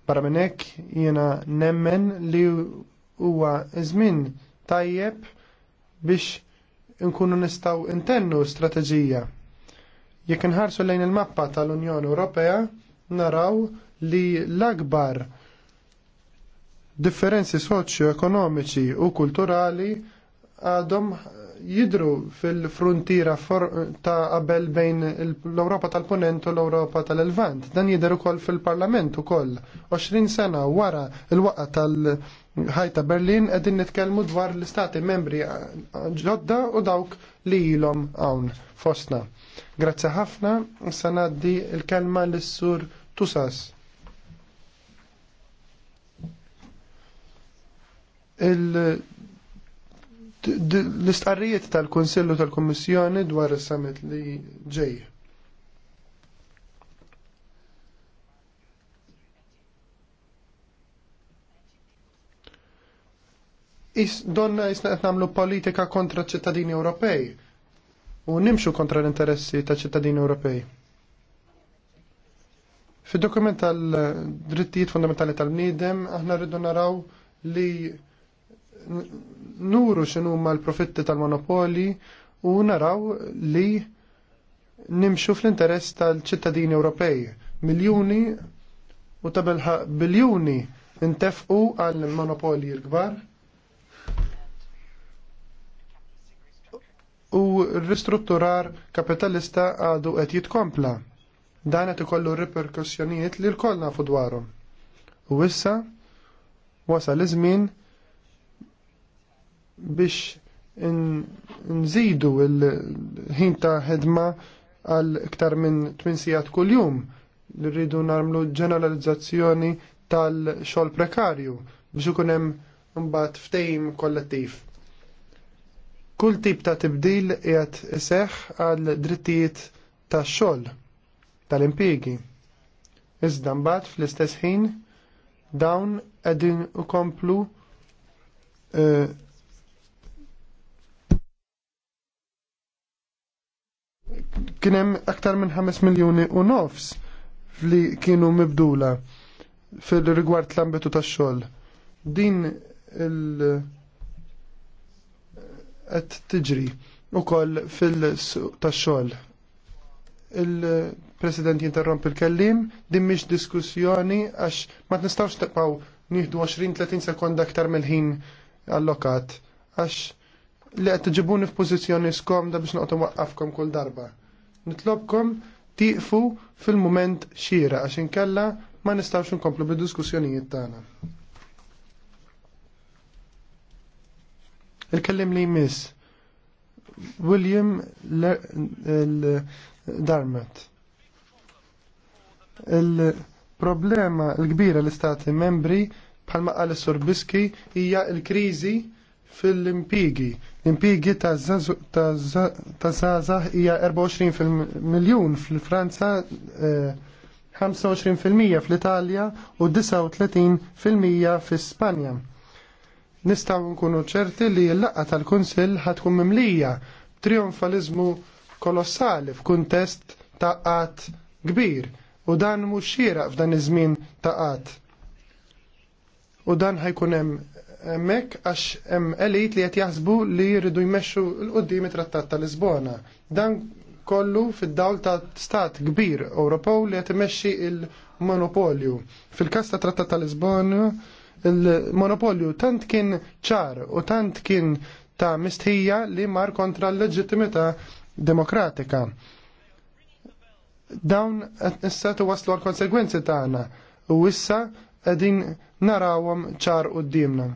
Barra minn hekk jiena nemmen li huwa żmien tajjeb biex nkunu nistgħu intennu strateġija. Jekk inħarsu lejn il-mappa tal-Unjoni Ewropea naraw li l-akbar differenzi soċjo-ekonomiċi u kulturali għadhom jidru fil frontira ta' qabel bejn l-Europa tal-Ponent u l-Europa tal-Elvant. Dan jidher ukoll fil-Parlament ukoll. 20 sena wara l-waqa tal-ħajta Berlin qegħdin nitkellmu dwar l-istati membri ġodda u dawk li ilhom hawn fostna. Grazzi ħafna, sanaddi l-kelma l-sur Tusas. l-istqarrijiet tal-Konsillu tal-Kommissjoni dwar is-summit li ġej. Is donna jisna qed nagħmlu politika kontra ċittadini Ewropej u nimxu kontra l-interessi ta' ċittadini Ewropej. Fid-dokument tal-drittijiet fundamentali tal-bniedem aħna rridu naraw li nuru xinu ma l-profitti tal-monopoli u naraw li nimxu fl-interess tal-ċittadini Ewropej. Miljuni u tabelħa biljuni intefqu għal-monopoli l-kbar. U r-ristrutturar kapitalista għadu qed jitkompla. Dan qed ikollu riperkussjonijiet li l-kollna fu dwarhom. U issa wasal iż-żmien biex nżidu il-ħin ta' ħedma għal iktar minn 8 sigħat kuljum li rridu nagħmlu ġeneralizzazzjoni tal-xogħol prekarju biex ikun hemm mbagħad ftehim kollettiv. Kull tip ta' tibdil qiegħed iseħħ għal drittijiet tax-xogħol tal-impjiegi. Iżda mbagħad fl-istess ħin dawn qegħdin ukomplu uh, eh, Kien hemm aktar minn 5 miljuni u nofs li kienu mibdula fil-rigward l-ambitu tax-xogħol. Din il- qed tiġri ukoll fil ta tax-xogħol. Il-President jinterromp il-kellim, din mhix diskussjoni għax ma nistgħux tibqgħu nieħdu 20-30 sekonda aktar mill-ħin allokat għax li qed tiġibuni f'pożizzjoni skomda biex noqgħod waqqafkom kull darba. Nitlobkom tiqfu fil-moment xira għax inkella ma nistawx nkomplu bid-diskussjonijiet tagħna. Il-kellim li jmiss William Darmat. Il-problema l-kbira l-istati membri bħalma għal sorbiski hija l-kriżi fil-impigi Impigi ta' zazah hija 24 miljun fil-Franza, 25% eh, fl-Italja u 39% fil-Spanja. Nistaw nkunu ċerti li l-laqqa tal-Kunsill ħatkun mimlija trionfalizmu kolossali f'kuntest ta' qatt kbir u dan mhux xieraq f'dan iż-żmien ta' qat. U dan ħajkunem hemm hemmhekk għax hemm elit li qed jaħsbu li jridu jmexxu l-qudiem it-Trattat ta' Lisbona. Dan kollu fid-dawl ta' stat kbir Ewropew li qed imexxi il-monopolju. Fil-każ ta' Trattat tal Lisbona il-monopolju tant kien ċar u tant kien ta' mistħija li mar kontra l-leġittimità demokratika. Dawn issa waslu għal konsegwenzi tagħna u issa qegħdin narawhom ċar qudiemna.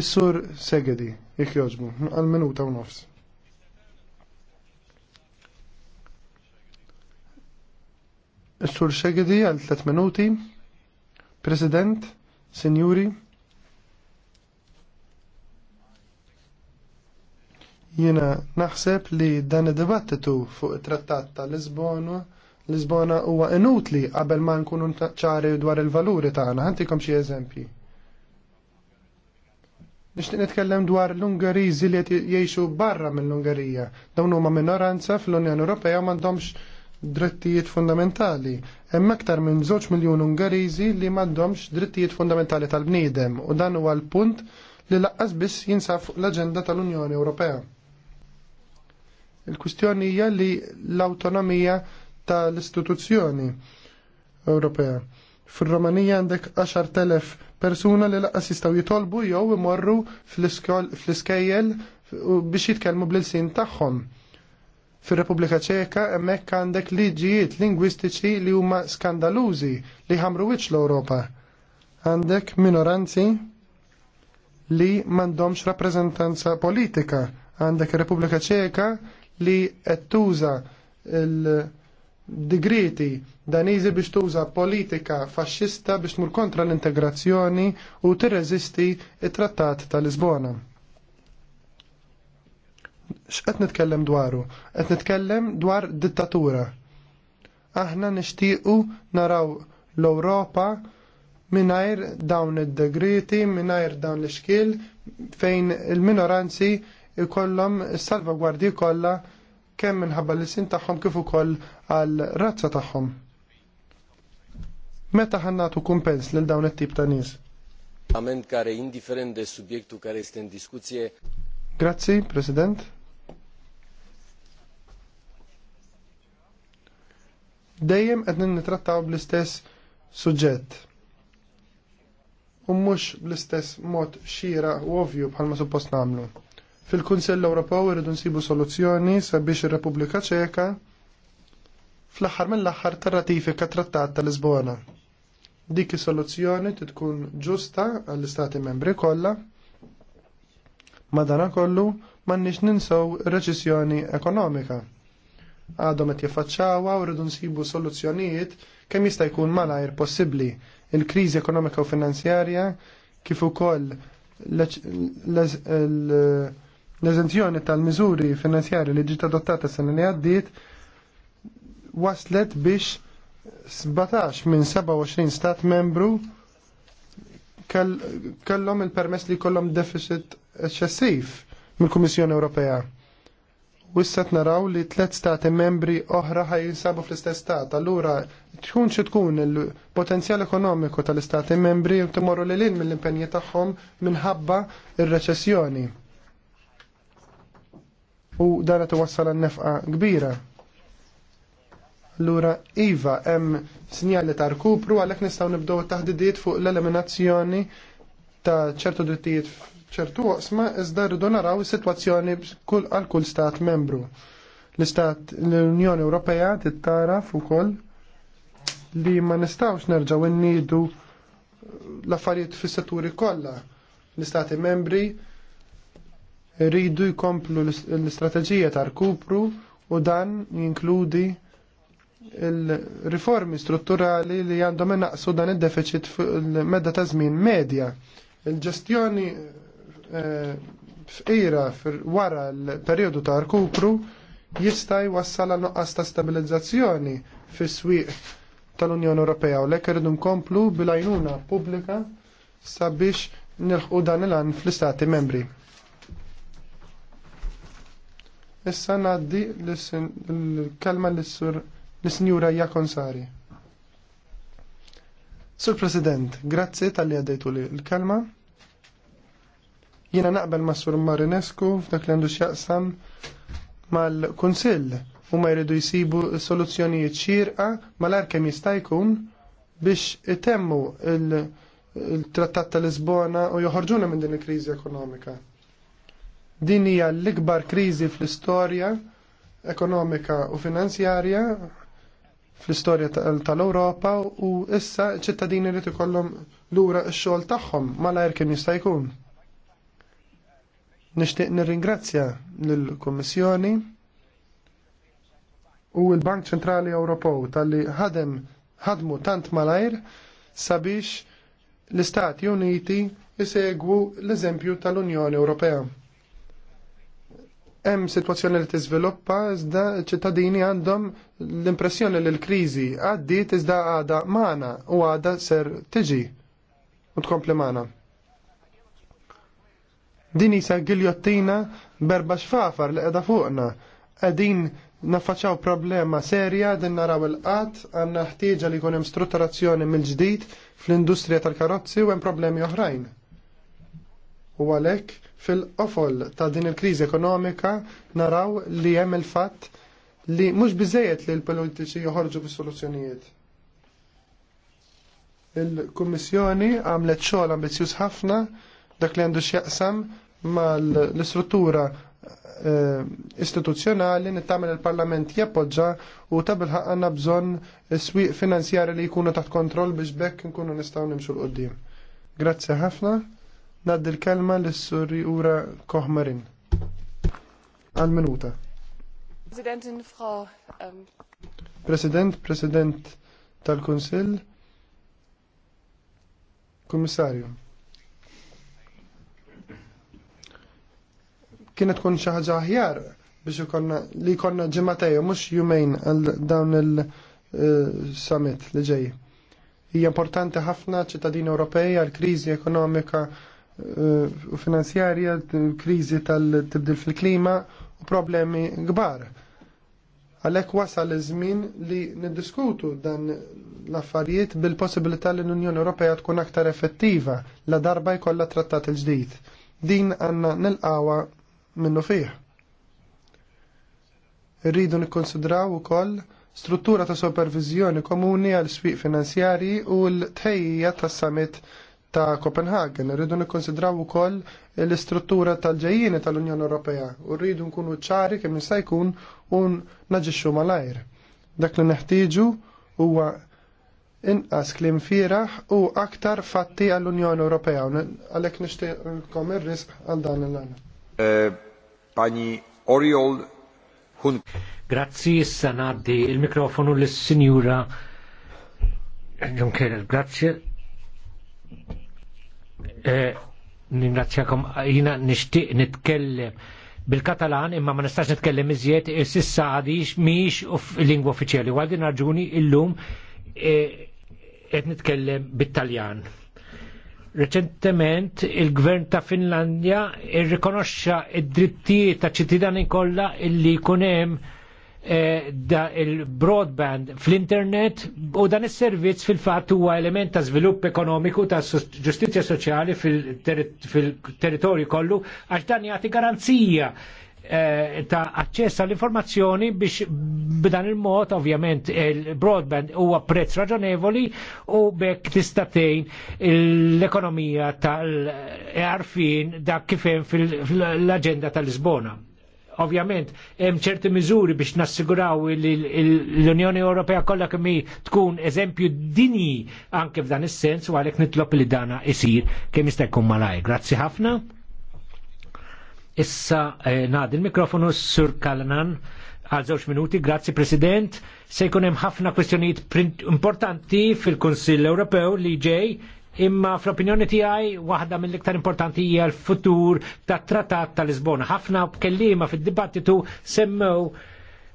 Is-sur Segedi, jekk joġbu, għal minuta u nofs. Is-sur Segedi għal 3 minuti. President, Sinjuri, jiena naħseb li dan id-dibattitu fuq it-trattat ta' Lisbona Lisbona huwa inutli qabel ma nkunu ċari dwar il-valuri tagħna. Ħantikom xi eżempji. Biex nitkellem dwar l-Ungariżi li jiexu jgħixu barra mill-Ungarija. Dawn huma minoranza fl-Unjoni Ewropea m'għandhomx drittijiet fundamentali. Hemm aktar minn żewġ miljun Ungariżi li m'għandhomx drittijiet fundamentali tal-bniedem u dan huwa l-punt li laqqas biss jinsab fuq l-aġenda tal-Unjoni Ewropea. Il-kwistjoni hija li l-awtonomija tal-istituzzjoni Ewropea. Fir-Romanija għandek 10,000 persuna li laqas jistaw jitolbu jew imorru fl-iskejjel biex jitkellmu bl-sin tagħhom. Fir-Repubblika Ċeka hemmhekk għandek liġijiet lingwistiċi li huma skandalużi li ħamru wiċċ l-Ewropa. Għandek minoranzi li m'għandhomx rappreżentanza politika. Għandek ir-Repubblika Ċeka li qed tuża il- digriti daniżi biex tuża politika faxxista biex tmur kontra l-integrazzjoni u tirreżisti it-Trattat tal Lisbona. X'qed nitkellem dwaru? Qed nitkellem dwar dittatura. Aħna nixtiequ naraw l-Ewropa mingħajr dawn id-degriti, mingħajr dawn l-xkil fejn il-minoranzi ikollhom is-salvagwardji kollha kemm minħabba l-sin tagħhom kif ukoll għal razza tagħhom. Meta nagħtu kumpens lil dawn it-tip ta' nies? Ament kare indiferent de subjektu kare este in diskuzje. Grazzi, President. Dejjem qed nittrattaw bl-istess suġġett. U mhux bl-istess mod xira u ovvju bħalma suppost nagħmlu. Fil-Kunsell Ewropew irridu nsibu soluzzjoni sabiex ir-Repubblika Ċeka fl-aħħar mill-aħħar tar-ratifika Trattat ta' Lisbona. Dik is-soluzzjoni tkun ġusta għall-Istati membri kollha. Madanakollu m'għandniex ninsew reċessjoni ekonomika. Għadhom qed jiffaċċawha u rridu nsibu soluzzjonijiet kemm jista' jkun malajr possibbli. Il-kriżi ekonomika u finanzjarja kif ukoll l L-eżenzjoni tal-miżuri finanzjari li ġiet adottata s-sena li għaddiet waslet biex 17 minn 27 stat membru kellhom il-permess li kollhom deficit eċċessiv mill-Kummissjoni Ewropea. U issa naraw li tliet stati membri oħra ħaj jinsabu fl-istess stat. Allura tkun xi tkun il-potenzjal ekonomiku tal-istati membri u timorru lil mill-impenji tagħhom minħabba ir-reċessjoni u dara wassal għan-nefqa kbira. Allura, Iva, hemm sinjali ta' rkupru għalhekk nistgħu nibdew taħdidiet fuq l-eliminazzjoni ta' ċertu drittijiet ċertu waqsma, iżda rridu naraw is-sitwazzjoni għal kull stat membru. L-Istat l-Unjoni Ewropea tittaraf ukoll li ma nistgħux nerġgħu nniedu l-affarijiet fis-setturi kollha. L-Istati membri rridu jkomplu l-istrateġija ta' rkupru u dan jinkludi il-riformi strutturali li għandhom naqsu dan id-deficit fil-medda ta' żmien medja. Il-ġestjoni eh, f'ira wara l-periodu ta' rkupru jista' jwassal għal nuqqas ta' stabilizzazzjoni fis-swieq tal-Unjoni Ewropea u lek irridu nkomplu bil-għajnuna pubblika sabiex nilħqu dan il-għan fl-istati membri. Issa naddi l-kelma l-Sinjura Sari. Sur President, grazzi tal-li għaddejtu li l-kelma. Jina naqbel ma' Sur Marinescu f'dak li għandu xjaqsam mal-Kunsill u ma jridu jisibu soluzzjonijiet xirqa mal-ar kem jista' jkun biex itemmu il-Trattat tal-Lisbona u joħorġuna minn din il-kriżi ekonomika. Din hija l-ikbar kriżi fl-istorja ekonomika u finanzjarja fl-istorja tal-Ewropa u issa ċittadini li ikollhom lura x-xogħol tagħhom malajr kemm jista' jkun. Nixtieq nirringrazzja lill-Kummissjoni u l-Bank Ċentrali Ewropew tal-li ħadem ħadmu tant malajr sabiex l-Istati Uniti isegwu l-eżempju tal-Unjoni Ewropea hemm sitwazzjoni li tiżviluppa iżda ċittadini għandhom l-impressjoni li l-kriżi għaddiet iżda għada magħna u għada ser tiġi u tkompli magħna. Din isa giljottina berba xfafar li qiegħda fuqna. Għadin naffaċċaw problema serja din naraw il-qatt għandna ħtieġa li jkun hemm strutturazzjoni mill-ġdid fl-industrija tal-karozzi u hemm problemi oħrajn. U għalhekk fil-qofol ta' din il-kriżi ekonomika naraw li hemm il-fatt li mhux biżejjed li l-politiċi joħorġu bis-soluzzjonijiet. Il-Kummissjoni għamlet xogħol ambizzjuż ħafna dak li għandu x'jaqsam mal-istruttura eh, istituzzjonali nittamel il-Parlament jappoġġa u tabil bilħaq għanna bżon swieq finanzjari li jkunu taħt kontroll biex bekk nkunu nistaw nimxu l-qoddim. Grazzi ħafna. Nad il-kelma l-surri ura Kohmarin. Għal-minuta. Frau... Um... President, President tal-Konsil, Komissarju. Kienet kun xaħġa ħjar biex ikonna li konna ġematejo, mux jumejn għal dawn il-summit eh, li ġej. Hija importanti ħafna ċittadini Ewropej għal kriżi ekonomika Eh, u finanzjarja, kriżi tal-tibdil fil-klima u problemi kbar. Għalhekk wasal iż-żmien li niddiskutu dan l-affarijiet bil-possibilità li l-Unjoni Ewropea tkun aktar effettiva la darba jkollha trattat il-ġdid. Din għandna nilqawa minnu fih. Rridu nikkonsidraw ukoll struttura ta' supervizjoni komuni għal swieq finanzjarji u l-tħejja tas-summit ta' Copenhagen. Rridu nikkonsidraw ukoll l-istruttura tal-ġejjieni tal-Unjoni Ewropea u rridu nkunu ċari kemm jista' jkun u naġixxu malajr. Dak li neħtieġu huwa inqas klim fieraħ u aktar fatti għall-Unjoni Ewropea għalhekk nixtieqkom ir-risq għal dan il-għana. Eh, pani Oriol Hun. Grazzi, issa ngħaddi il-mikrofonu l sinjura grazie Eh, ningrazzjakom, jina nishtiq nitkellem bil-Katalan imma ma nistax nitkellem iżjed e, sissa għadix miex lingwa uffiċjali. Għaldin raġuni illum e, qed nitkellem bit-Taljan. Reċentement il-gvern ta' Finlandja irrikonoxxa id-drittijiet ta' ċittadini kollha illi jkun hemm Eh, da il-broadband fl-internet u dan is-servizz fil-fatt huwa element ta' svilupp ekonomiku ta' ġustizzja soċjali fil-territorju kollu għax dan jagħti garanzija eh, ta' aċċess għall informazzjoni biex b'dan il-mod ovvjament il-broadband huwa prezz raġonevoli u bekk tista' tgħin l-ekonomija tal e għarfin dak kif hemm fil-aġenda tal-Lisbona. Ovvjament, hemm ċerti miżuri biex nassiguraw li l-Unjoni Ewropea kollha kemm tkun eżempju dinji anke f'dan is-sens u għalhekk nitlob li dana isir kemm jista' jkun malaj. Grazzi ħafna. Issa eh, ngħaddi l-mikrofonu sur Kalanan għal żewġ minuti, grazzi President. Se jkun hemm ħafna kwestjonijiet importanti fil-Kunsill Ewropew li ġej imma fl-opinjoni tiegħi waħda mill-iktar importanti hija l-futur tat-Trattat ta' Lisbona. Ħafna kellima fid-dibattitu semmew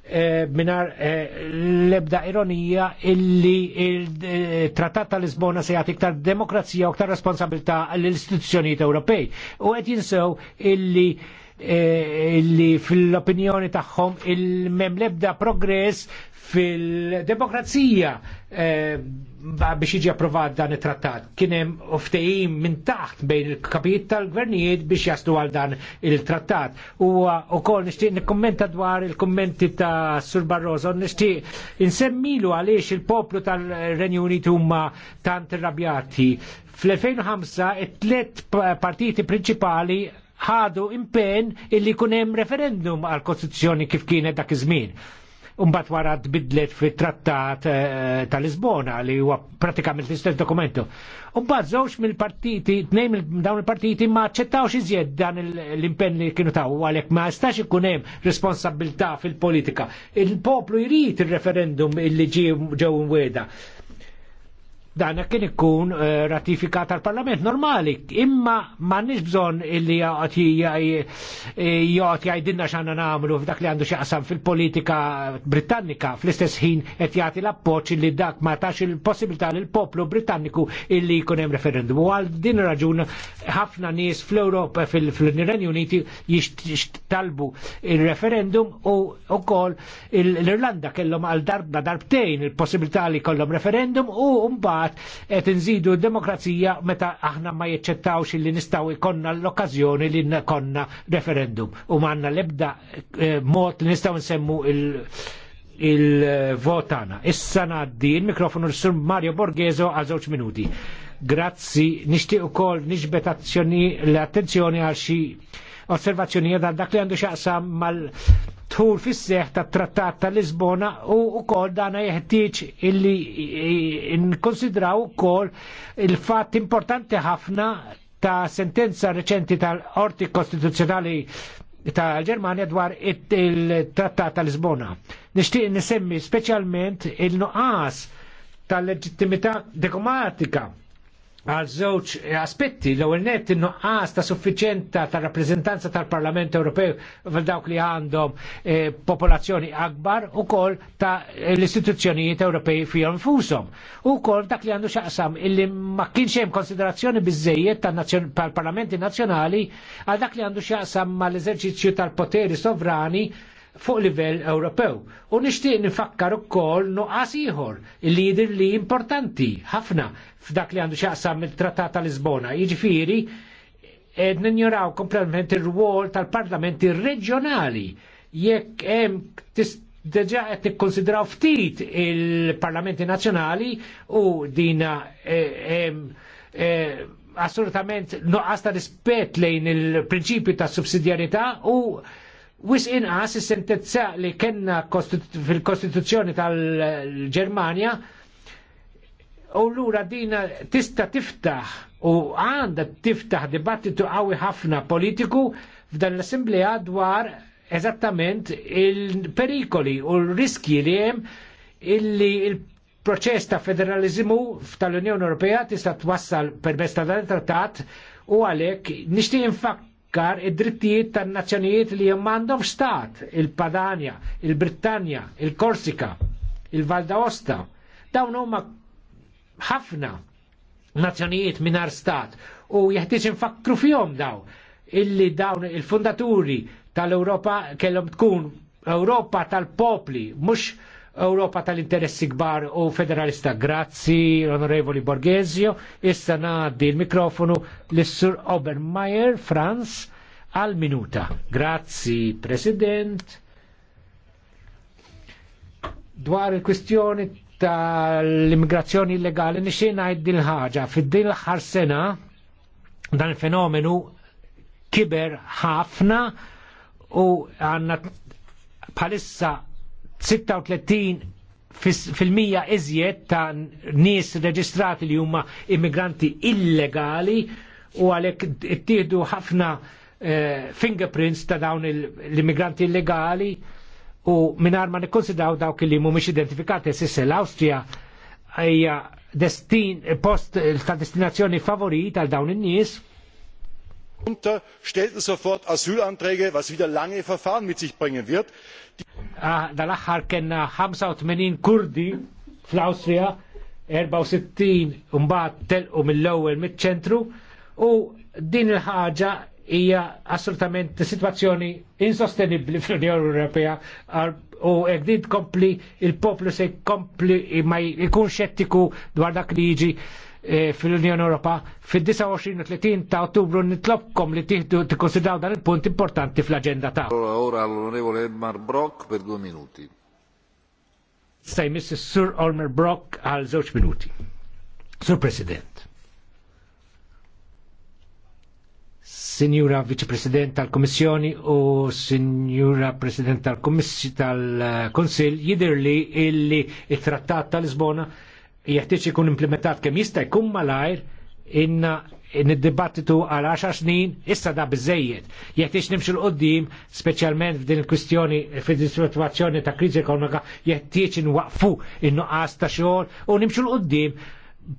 eh, minar eh, l-ebda ironija illi il-Trattat ta' Lisbona se jagħti iktar demokrazija u iktar responsabilità l-istituzzjonijiet Ewropej. U qed jinsew illi Eh, li fil-opinjoni tagħhom il-mem lebda progress fil-demokrazija eh, biex jiġi approvat dan it-trattat. Kien hemm ftehim minn taħt bejn il-kapijiet tal-gvernijiet biex jaslu għal dan il-trattat. U wkoll nixtieq nikkummenta dwar il-kummenti ta' Sur Barroso, nixtieq insemmilu għaliex il-poplu tal-Renju Unit huma tant irrabjati. Fl-2005 it-tliet partiti prinċipali ħadu impen illi kunem referendum għal kostituzzjoni kif kienet dak iż-żmien. Umbat wara tbidlet fit trattat eh, tal-Lisbona li huwa pratikament l-istess dokumentu. Umbat żewġ mill-partiti, tnejn dawn il-partiti ma aċċettawx iżjed dan l-impenn li kienu taw għalhekk ma stax ikun hemm responsabilità fil-politika. Il-poplu jrid ir referendum illi ġie ġew weda dan kien ikun eh, ratifika tal-Parlament normali, imma m'għandniex bżonn illi jgħod jgħidilna eh, xanna nagħmlu f'dak li għandu xaqsam fil-politika Britannika fl-istess ħin qed jagħti l-appoġġ illi dak ma tax il-possibilità lil poplu Britanniku illi jkun hemm referendum. U għal din raġun ħafna nies fl-Ewropa fil nirani Uniti jixtalbu il-referendum u wkoll l-Irlanda kellhom għal darba darbtejn il-possibilità li kollhom referendum u mbagħad mbagħad qed inżidu demokrazija meta aħna ma jiċċettawx li nistgħu jkollna l-okkażjoni li nkonna referendum u manna l-ebda eh, mod li nistgħu nsemmu il- il-votana. Issa naddi il-mikrofonu l-sur Mario Borgheso għal żewġ minuti. Grazzi, nixtieq ukoll nixbet l-attenzjoni għal xi osservazzjonijiet għal dak li għandu xaqsa mal tħur fis seħ ta' trattat ta' Lisbona u wkoll dana jeħtieġ illi nkonsidraw ukoll il-fatt importanti ħafna ta' sentenza reċenti tal-Orti Kostituzzjonali ta' germania dwar il-Trattat ta' Lisbona. Nixtieq nisemmi specialment il-nuqqas tal-leġittimità demokratika għal żewġ aspetti l ewwel net nuqqas ta' suffiċenta ta' rappreżentanza tal-Parlament Ewropew fil dawk li għandhom eh, popolazzjoni akbar u kol ta' l-istituzzjonijiet Ewropej fihom infushom. U kol dak li għandu xaqsam illi ma kienx hemm konsiderazzjoni biżejjed tal-Parlamenti Nazzjonali għal dak li għandu xaqsam mal eżerċizzju tal-poteri sovrani fuq livell Ewropew. U nixtieq nifakkar ukoll nuqqas ieħor li jidher li importanti ħafna f'dak li għandu x'jaqsam mit-Trattat ta' Lisbona. Jiġifieri qed ninjoraw kompletament ir-rwol tal-parlamenti reġjonali jekk hemm deġa qed tikkonsidraw ftit il-parlamenti nazzjonali u dina eh, eh, assolutament noqqas ta' rispett lejn il-prinċipju ta' subsidjarità u Wis inqas is sentenza li kellna fil-Kostituzzjoni tal-Ġermanja u lura dina tista tiftaħ u għanda tiftaħ dibattitu qawwi ħafna politiku f'dan l-Assemblea dwar eżattament il-perikoli u l-riski li hemm illi il-proċess ta' federalizmu tal-Unjoni Ewropea tista' twassal permezz ta' dan trattat u għalhekk nixtieq infakt kar id-drittijiet tan-nazzjonijiet li jemmandom stat, il-Padania, il-Brittanja, il-Korsika, il valdaosta Dawn huma ħafna nazzjonijiet minar stat u jeħtieġ infakru fihom daw illi dawn il-fundaturi tal-Europa kellhom tkun Europa tal-popli, mhux Europa tal-interessi kbar u federalista. Grazzi, onorevoli Borghesio. Issa naddi il-mikrofonu l-Sur Obermeier, Franz, għal minuta. Grazzi, President. Dwar il-kwistjoni tal-immigrazzjoni illegali nixin għajd din ħaġa. Fid-din l-ħar sena dan il-fenomenu kiber ħafna u għanna palissa 36 fil-mija iżjed ta' nies reġistrati li huma immigranti illegali u għalhekk ittieħdu ħafna eh, fingerprints ta' dawn l-immigranti illegali u mingħajr ma nikkonsidraw dawk li mhumiex identifikati s l-Awstrija hija destin post ta' destinazzjoni favorita għal dawn in-nies runter stellten sofort Asylanträge, was wieder lange Verfahren mit sich bringen wird. Ah, Dal-axħar kena 85 kurdi fl-Austria, 64 umbaħt telqu mill-ewwel miċ-ċentru u din il-ħaġa hija assolutament situazzjoni insostenibbli fl-Unjoni Ewropea u hekk din il-poplu se jkompli ma jkun xettiku dwar dak li Eh, fil-Unjoni Ewropa fid-29 30 ta' Ottubru nitlobkom li tieħdu tikkonsidraw dan il-punt importanti fl-aġenda ta' Ora l-Onorevole Edmar Brock per due minuti. Sej Mrs. Sir Olmer Brock għal żewġ minuti. Sur President. Sinjura Vice President tal-Komissjoni u Sinjura President tal-Konsil tal jidher li illi it-Trattat tal-Lisbona il jeħtieġ ikun implementat kemm jista' jkun malajr inna in id-dibattitu għal 10 snin issa da biżejjed. Jeħtieġ nimxu l qoddim speċjalment f'din il-kwistjoni fid-situazzjoni ta' kriżi ekonomika jeħtieġ inwaqfu in-nuqqas ta' xogħol u nimxu l qoddim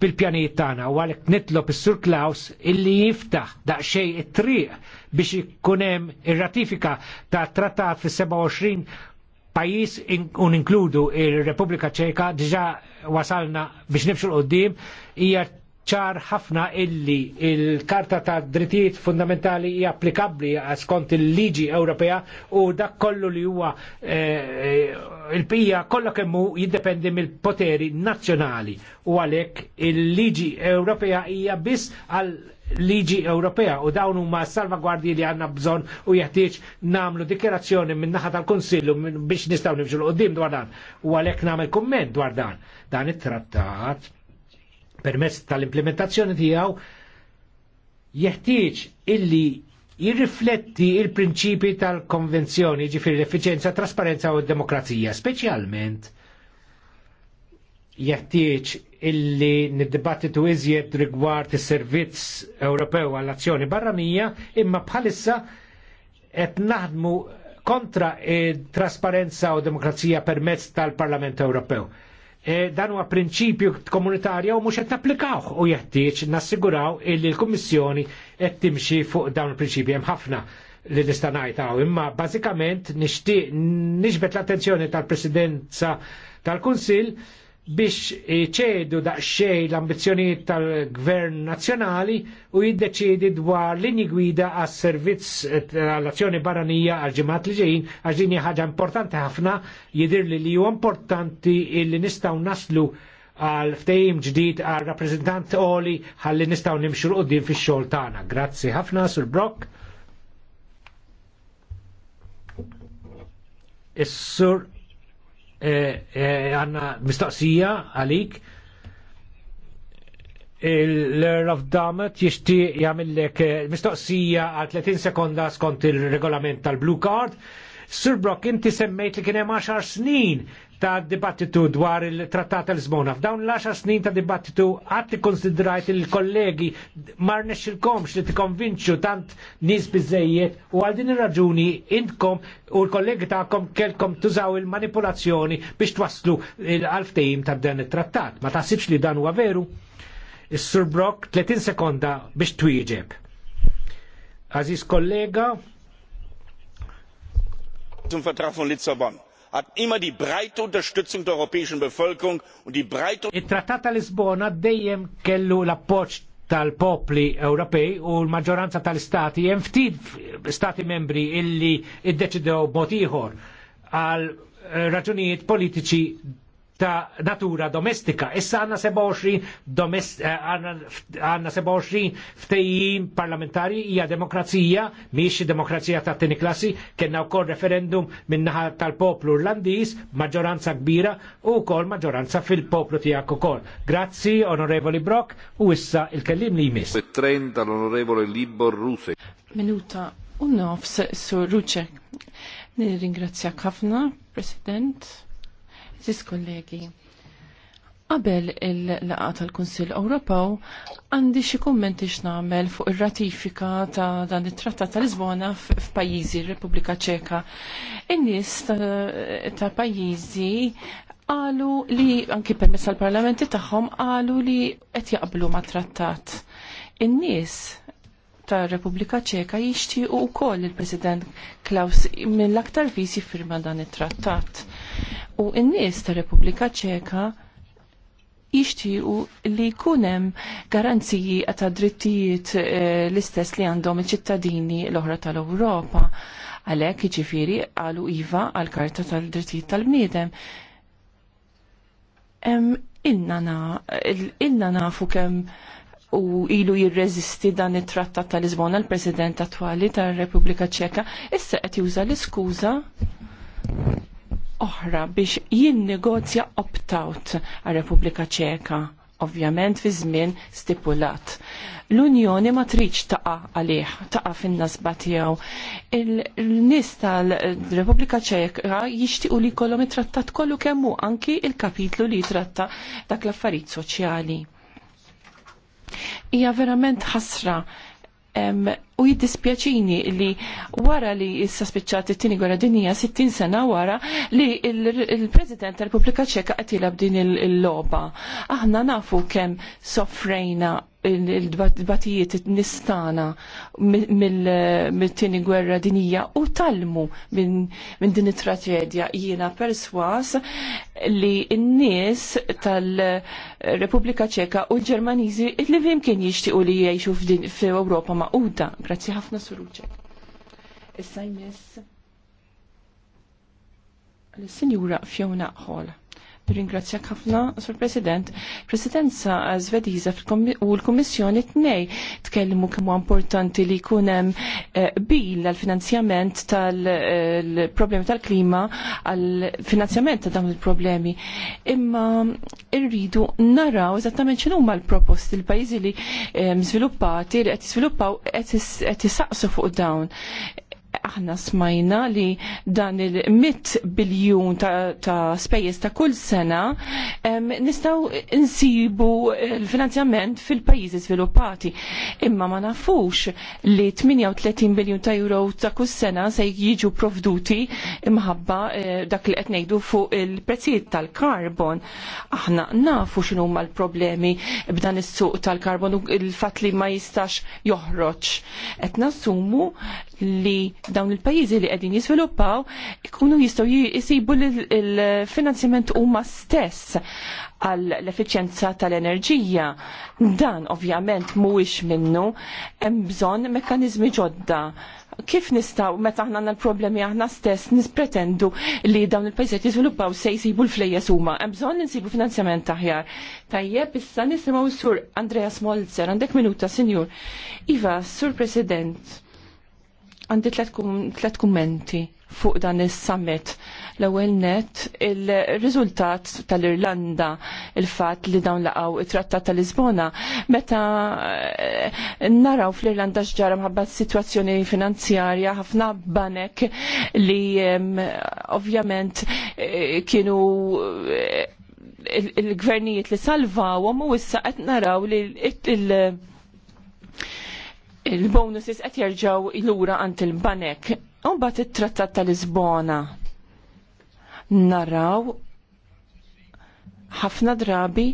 bil-pjanijiet tagħna u għalhekk nitlob is-Sur Klaus illi jiftaħ daqsxejn it-triq biex ikun hemm ir-ratifika ta' trattat fis-27 pajjiż un inkludu ir-Repubblika Ċeka diġà wasalna biex nimxu l-qoddim hija ċar ħafna illi il-Karta ta' Drittijiet Fundamentali hija applikabbli skont il-liġi Ewropea u dak kollu li huwa eh, il-pija kollha kemm hu jiddependi mill-poteri nazzjonali u għalhekk il-liġi Ewropea hija biss għal liġi Ewropea u dawn huma salvagwardji li għandna bżonn u jeħtieġ nagħmlu dikjerazzjoni minn naħa tal-Kunsillu biex nistgħu nimxu l qudiem dwar dan u għalhekk nagħmel kumment dwar dan. Dan it-trattat permezz tal-implementazzjoni tiegħu jeħtieġ illi jirrifletti il-prinċipi tal-konvenzjoni ġifiri l-efficienza, trasparenza u d-demokrazija, speċjalment jeħtieġ illi nid-dibattitu iżjed rigward is-servizz Ewropew għall-azzjoni barranija, imma bħalissa qed naħdmu kontra trasparenza u demokrazija permezz tal-Parlament Ewropew. E, dan huwa prinċipju komunitarja u mhux qed napplikaw u jeħtieġ nassiguraw illi l-Kummissjoni qed timxi fuq dawn il-prinċipji hemm ħafna li nista' ngħidha imma bażikament nixtieq nixbet l-attenzjoni tal-Presidenza tal-Kunsill biex ċedu daqxej l ambizjoniet tal-Gvern nazzjonali u jiddeċidi dwar linji gwida għas servizz eh, tal-azzjoni barranija għal ġimgħat li ġejjin għax din hija ħaġa importanti ħafna jidir li li huwa importanti li nistgħu naslu għal ftejim ġdid għal rappresentant oli ħalli nistgħu nimxu l-qudiem fix-xogħol tagħna. Grazzi ħafna sur Brock. Is-sur E, e, għanna mistaqsija għalik l-Earl of Dammet jishti jamillek e, mistoqsija għal 30 sekonda skont il-regolament tal-Blue Card. Sir Brock, inti semmejt li kienem 10 snin ta' dibattitu dwar il-trattat tal-Lisbona. F'dawn l-10 snin ta' dibattitu għatti konsidrajt il-kollegi mar nexxilkomx li t-konvinċu tant nis bizzejiet u għal din ir-raġuni intkom u l-kollegi ta'kom kelkom tużaw il-manipolazzjoni biex twaslu l-alftejim ta' dan il-trattat. Ma ta' li dan huwa veru? Is-Sur Brock 30 sekonda biex twieġeb. Aziz kollega. Zum Vertrag von Lissabon hat immer die breite Unterstützung der europäischen Bevölkerung und die breite Il-Trattat ta' Lisbona dejjem kellu l-appoġġ tal-popli Ewropej u l-maġġoranza tal-istati hemm ftit stati membri illi iddeċidew b'mod ieħor għal eh, raġunijiet politiċi ta' natura domestika. Issa għanna 27 eh, għanna 27 ftejjin parlamentari hija demokrazija, miex demokrazija ta' tini klassi, kena wkoll referendum minnaħa tal-poplu irlandiż, maġġoranza kbira u wkoll maġġoranza fil-poplu tiegħek ukoll. Grazzi, onorevoli Brock, u issa il-kellim li jmiss. tal-onorevoli Libor Minuta u nofs su Ruċek. Nirringrazzjak ħafna, President Sis kollegi, qabel il-laqa tal-Kunsill Ewropew għandi xi kummenti x'namel fuq ir-ratifika ta' dan it-Trattat ta' Lisbona f'pajjiżi r-Repubblika Ċeka. In-nies ta' pajjiżi qalu li anki permezz tal-parlamenti tagħhom qalu li qed jaqblu ma' trattat. In-nies tar Repubblika Ċeka jixtiequ wkoll il-President Klaus mill-aktar visi jiffirma dan it-trattat. U n-nies ta' Repubblika Ċeka jixtiequ li jkun hemm garanziji ta' drittijiet eh, l-istess li għandhom iċ-ċittadini l-oħra tal-Ewropa. Għalhekk jiġifieri qalu iva għall karta tal-drittijiet tal-bniedem. Inna nafu kemm u ilu jirreżisti dan it-trattat tal-Lisbona l-President attwali tar-Repubblika Ċeka, issa qed juża l-iskuża oħra biex jinnegozja opt-out għal Repubblika Ċeka, ovvjament fi żmien stipulat. L-Unjoni ma triċ taqa għalih, taqa fin-nasba tiegħu. Il-nies tal-Repubblika Ċeka jixtiequ li jkollhom it-trattat kollu kemm hu anki il-kapitlu li jitratta dak l-affarijiet soċjali. Hija verament ħasra u jiddispjaċini li wara li issa spiċċati t-tini gwerra dinija 60 sena wara li il-President tal Repubblika Ċeka qed din il-loba. Aħna nafu kemm soffrejna il-dbatijiet nistana mill-tini gwerra dinija u talmu minn din it-traġedja jiena perswas li n-nies tal-Repubblika Ċeka u l-Ġermaniżi li vim kien jixtiequ li jgħixu f'Ewropa uda Grazzi ħafna suruċek. Issa jmiss l-Sinjura Fjona Hall. Ringrazzjak ħafna, Sur President. Presidenza Zvediza u l-Kommissjoni t-kellimu kemmu importanti li jkun hemm eh, bil għal-finanzjament tal-problemi eh, tal-klima għal-finanzjament ta' dawn il-problemi. Imma irridu naraw eżattament xinu ma l-proposti l-pajjiżi li eh, żviluppati li qed jiżviluppaw qed jisaqsu fuq dawn aħna smajna li dan il-100 biljun ta', ta spejjeż ta' kull sena nistgħu insibu l-finanzjament fil-pajjiżi sviluppati. Imma ma nafux li 38 biljun ta' euro ta' kull sena se jiġu provduti imħabba eh, dak li qed ngħidu fuq il-prezzijiet tal-karbon. Aħna nafu x'inhu huma l-problemi b'dan is-suq tal-karbon u l-fatt li ma jistax joħroġ. Qed nassumu li dawn il-pajjiżi li qegħdin jisviluppaw ikunu jistgħu jisibu l-finanzjament huma stess għall effiċjenza tal-enerġija. Dan ovvjament mhuwiex minnu hemm bżonn mekkaniżmi ġodda kif nistaw meta aħna għandna l-problemi aħna stess nispretendu li dawn il-pajjiżet jiżviluppaw se jsibu l-flejjes huma. Hemm bżonn insibu finanzjament aħjar. Tajjeb issa nisimgħu sur Andreas Molzer, għandek minuta, Sinjur. Iva, Sur President, Għandi tlet kummenti fuq dan is-summit. L-ewwel net il-riżultat tal-Irlanda il-fatt li dawn laqgħu it-Trattat tal-Lisbona meta eh, naraw fl-Irlanda x'ġara mħabba situazzjoni finanzjarja ħafna banek li ovvjament eh, kienu eh, il-gvernijiet li salvawhom u issa qed naraw li il- il-bonuses qed jerġgħu lura għand il-banek. Mbagħad it-Trattat tal Lisbona naraw ħafna drabi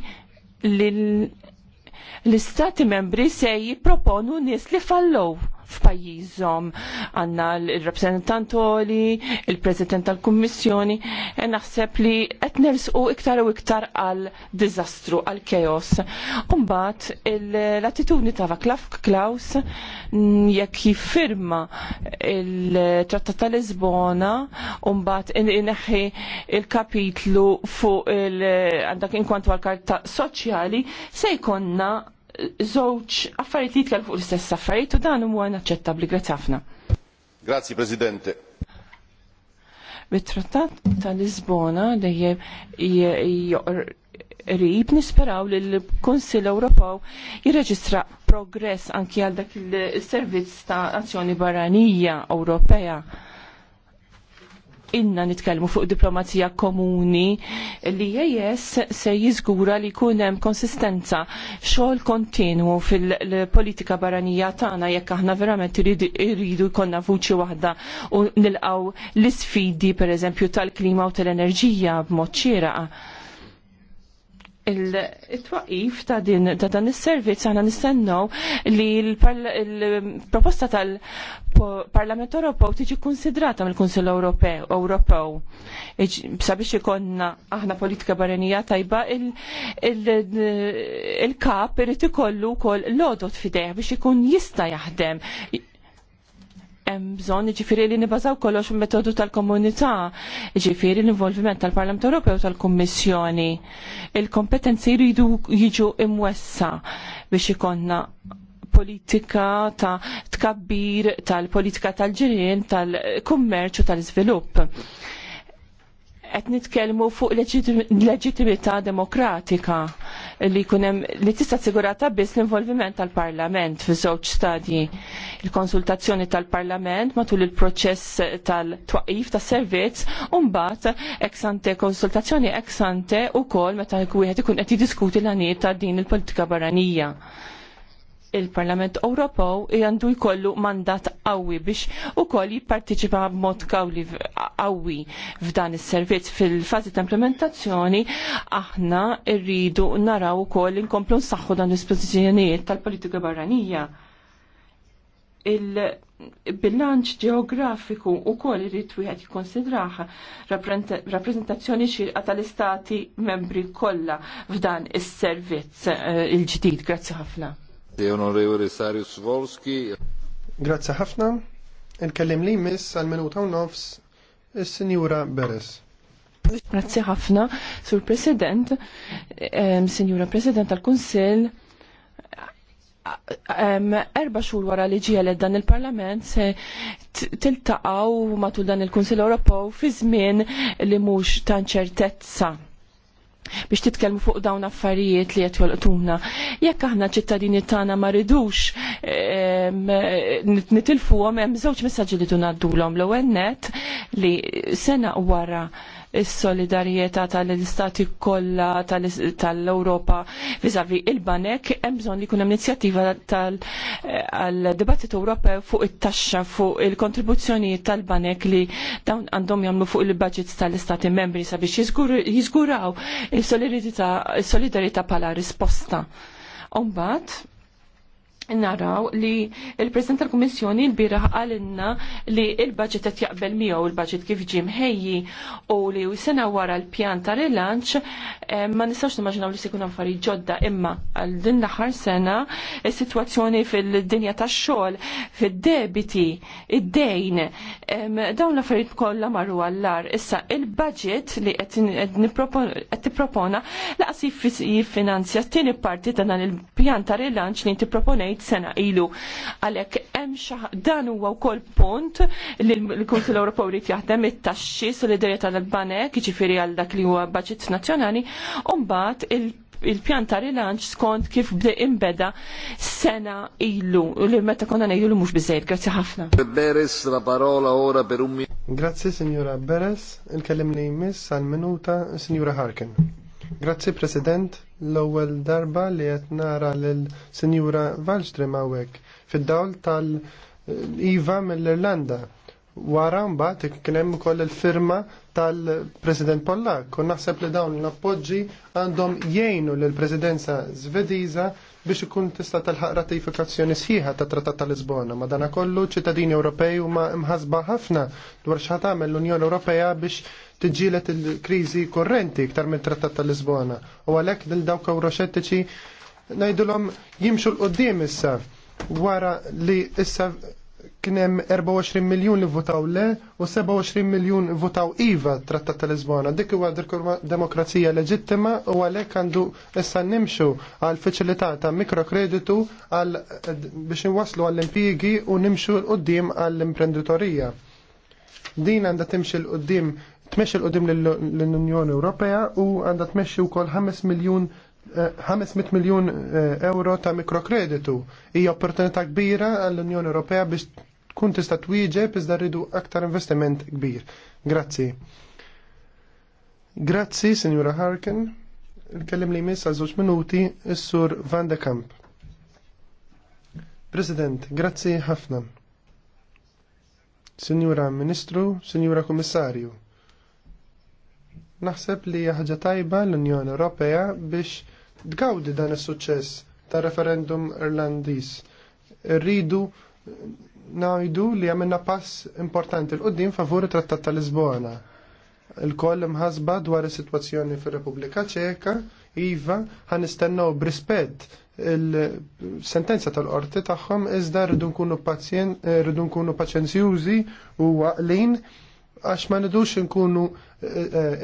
l-istati membri se jipproponu nies li fallow f'pajjiżhom għandna l-rappresentant oli, il-president tal-kummissjoni, e naħseb li qed nersqu iktar u iktar għal diżastru, għal keos. mbagħad l-attitudni ta' Vaklav Klaus mm, jekk jiffirma il-Trattat tal-Lisbona, mbagħad ineħħi il-kapitlu fuq il-għandak inkwantu għal-karta soċjali, se jkonna żewġ affarijiet li jitkellmu fuq l-istess affarijiet u dan huwa inaċċettabbli grazzi ħafna. Grazzi Presidente. Bit-trattat tal Lisbona dejjem rib nisperaw li l-Konsil Ewropew jirreġistra progress anki għal dak il-servizz ta' azzjoni barranija Ewropea inna nitkellmu fuq diplomazija komuni li jejes se jiżgura li jkun hemm konsistenza xogħol kontinwu fil-politika barranija tagħna jekk aħna verament irridu jkollna vuċi waħda u nilqgħu l-isfidi pereżempju tal-klima u tal-enerġija b'mod xieraq il-twaqif ta' din ta' dan is-servizz aħna nistennew li l-proposta tal-Parlament Ewropew tiġi konsidrata mill-Kunsill Ewropew. Sabiex ikonna aħna politika barenija tajba il-kap irid ikollu wkoll lodot fidejh biex ikun jista' jaħdem hemm bżonn ġifieri li nibbażaw kollox metodu tal-komunità, ġifieri l-involviment tal-Parlament Ewropew tal-Kummissjoni. Il-kompetenzi jridu jiġu imwessa biex ikonna politika ta' tkabbir tal-politika tal-ġirien, tal-kummerċu, tal-iżvilupp. tal politika tal ġirien tal kummerċu tal iżvilupp tal tal iżvilupp qed nitkellmu fuq leġitimità demokratika li kunem li tista' sigurata biss l-involviment tal-Parlament fi żewġ stadji. Il-konsultazzjoni tal-Parlament matul il-proċess tal-twaqif tas servizz u mbagħad ex ante konsultazzjoni ex ante ukoll meta wieħed ikun qed jiddiskuti l-għanijiet ta' din il-politika barranija il-Parlament Ewropew għandu jkollu mandat qawwi biex ukoll jipparteċipa b'mod qawwi f'dan is-servizz fil-fażi ta' implementazzjoni aħna rridu naraw ukoll inkomplu nsaħħu dan l-ispożizzjonijiet tal-politika barranija. Il-bilanċ ġeografiku u koll irrid wieħed jikkonsidraha rappreżentazzjoni xirqa tal-istati membri kollha f'dan is-servizz eh, il-ġdid. Grazzi ħafna. Onorevole Sarius Volski. Grazzi ħafna. Il-kellim li miss għal-minuta u nofs il-Sinjura Beres. Grazzi ħafna, Sur President, Sinjura President tal-Kunsil, erba xhur wara li ġiel dan il-Parlament se tiltaqgħu matul dan il-Kunsil Ewropew fi żmien li mhux ta' ċertezza biex titkellmu fuq dawn affarijiet li qed jolqtuna. Jekk aħna ċittadini tagħna ma ridux nitilfuhom hemm żewġ messaġġi li tunadulhom l-ewwel net li sena wara is-solidarjetà tal-istati kollha tal-Ewropa viżavi il-banek hemm bżonn li jkun hemm inizjattiva tal eh, Debattit Ewropew fuq it-taxxa fuq il-kontribuzzjonijiet tal-banek li dawn għandhom jagħmlu fuq il-budgets tal-istati membri sabiex jiżguraw il-solidarjetà bħala risposta. Umbat, naraw li il-President tal-Kummissjoni l-biraħ għalinna li il-budget qed jaqbel miegħu il-budget kif ġie mħejji u li sena wara l-pjan ta' rilanċ eh, ma nistgħux nimmaġinaw li se jkun affarijiet ġodda imma għal din l-aħħar sena is-sitwazzjoni fil-dinja tax-xogħol fid-debiti id-dejn dawn l-affarijiet kollha marru għall-ar. Issa il-budget li qed tippropona laqas jiffinanzja t-tieni parti ta' dan il-pjan ta' rilanċ li tipproponejt ngħid sena ilu. Għalhekk hemm dan huwa wkoll punt li l-Kunsill Ewropew rid jaħdem it-taxxi solidarjetà tal-banek, jiġifieri għal dak li huwa baġit nazzjonali, u mbagħad il il-pjan ta' rilanċ skont kif bde imbeda sena ilu. U li meta konna nejdu li mux bizzejt. grazzi ħafna. Beres, la parola ora per un minuto. Grazzi, signora Beres. Il-kellim li jmiss għal minuta, signora Harkin. Grazzi, President l-ewwel darba li qed nara lill Sinjura Wallström hawnhekk fid-dawl tal-Iva eh, mill-Irlanda. Wara mbagħad kien hemm ukoll il-firma tal-President Pollak u naħseb li dawn l-appoġġi għandhom jgħinu lill presidenza Svediża biex ikun tista' talħaq ratifikazzjoni sħiħa tat Trattat ta' Lisbona. Madanakollu ċittadini Ewropej huma mħasba ħafna dwar x'ħatamel l-Unjoni Ewropea biex tiġġielet il-kriżi korrenti iktar mill-Trattat tal-Lisbona. U għalhekk lil dawk euroxettiċi ngħidulhom jimxu l-qoddim issa wara li issa kien hemm 24 miljun li votaw le u 27 miljun votaw iva trattat tal-Lisbona. Dik huwa demokrazija leġittima u għalhekk għandu issa nimxu għal facilità ta' mikrokreditu għal biex nwaslu għall impjiegi u nimxu l qudiem għall imprenditorija Din għandha timxil qoddim qudiem tmexxi l-qudiem lill unjoni Ewropea u għandha tmexxi wkoll 5 miljun 500 eh, miljun eh, euro ta' mikrokreditu. Hija opportunità kbira għall-Unjoni Ewropea biex tkun tista' twieġeb iżda rridu aktar investiment kbir. Grazzi. Grazzi, Sinjura Harkin. Il-kellim li jmiss għal żewġ minuti is-sur Van de Kamp. President, grazzi ħafna. Sinjura Ministru, Sinjura Kommissarju. Naħseb li ħaġa tajba l-Unjoni Ewropea biex tgawdi dan is-suċċess ta' referendum Irlandiż. Rridu ngħidu li għamilna pass importanti l-qoddim favur it-Trattat ta' Lisbona. Il-koll imħasba dwar is-sitwazzjoni fir-Repubblika Ċeka, iva, ħanistennew brispett il-sentenza tal-qorti tagħhom iżda rridu nkunu pazjen, rridu nkunu paċenzjużi u waqlin għax ma nidux nkunu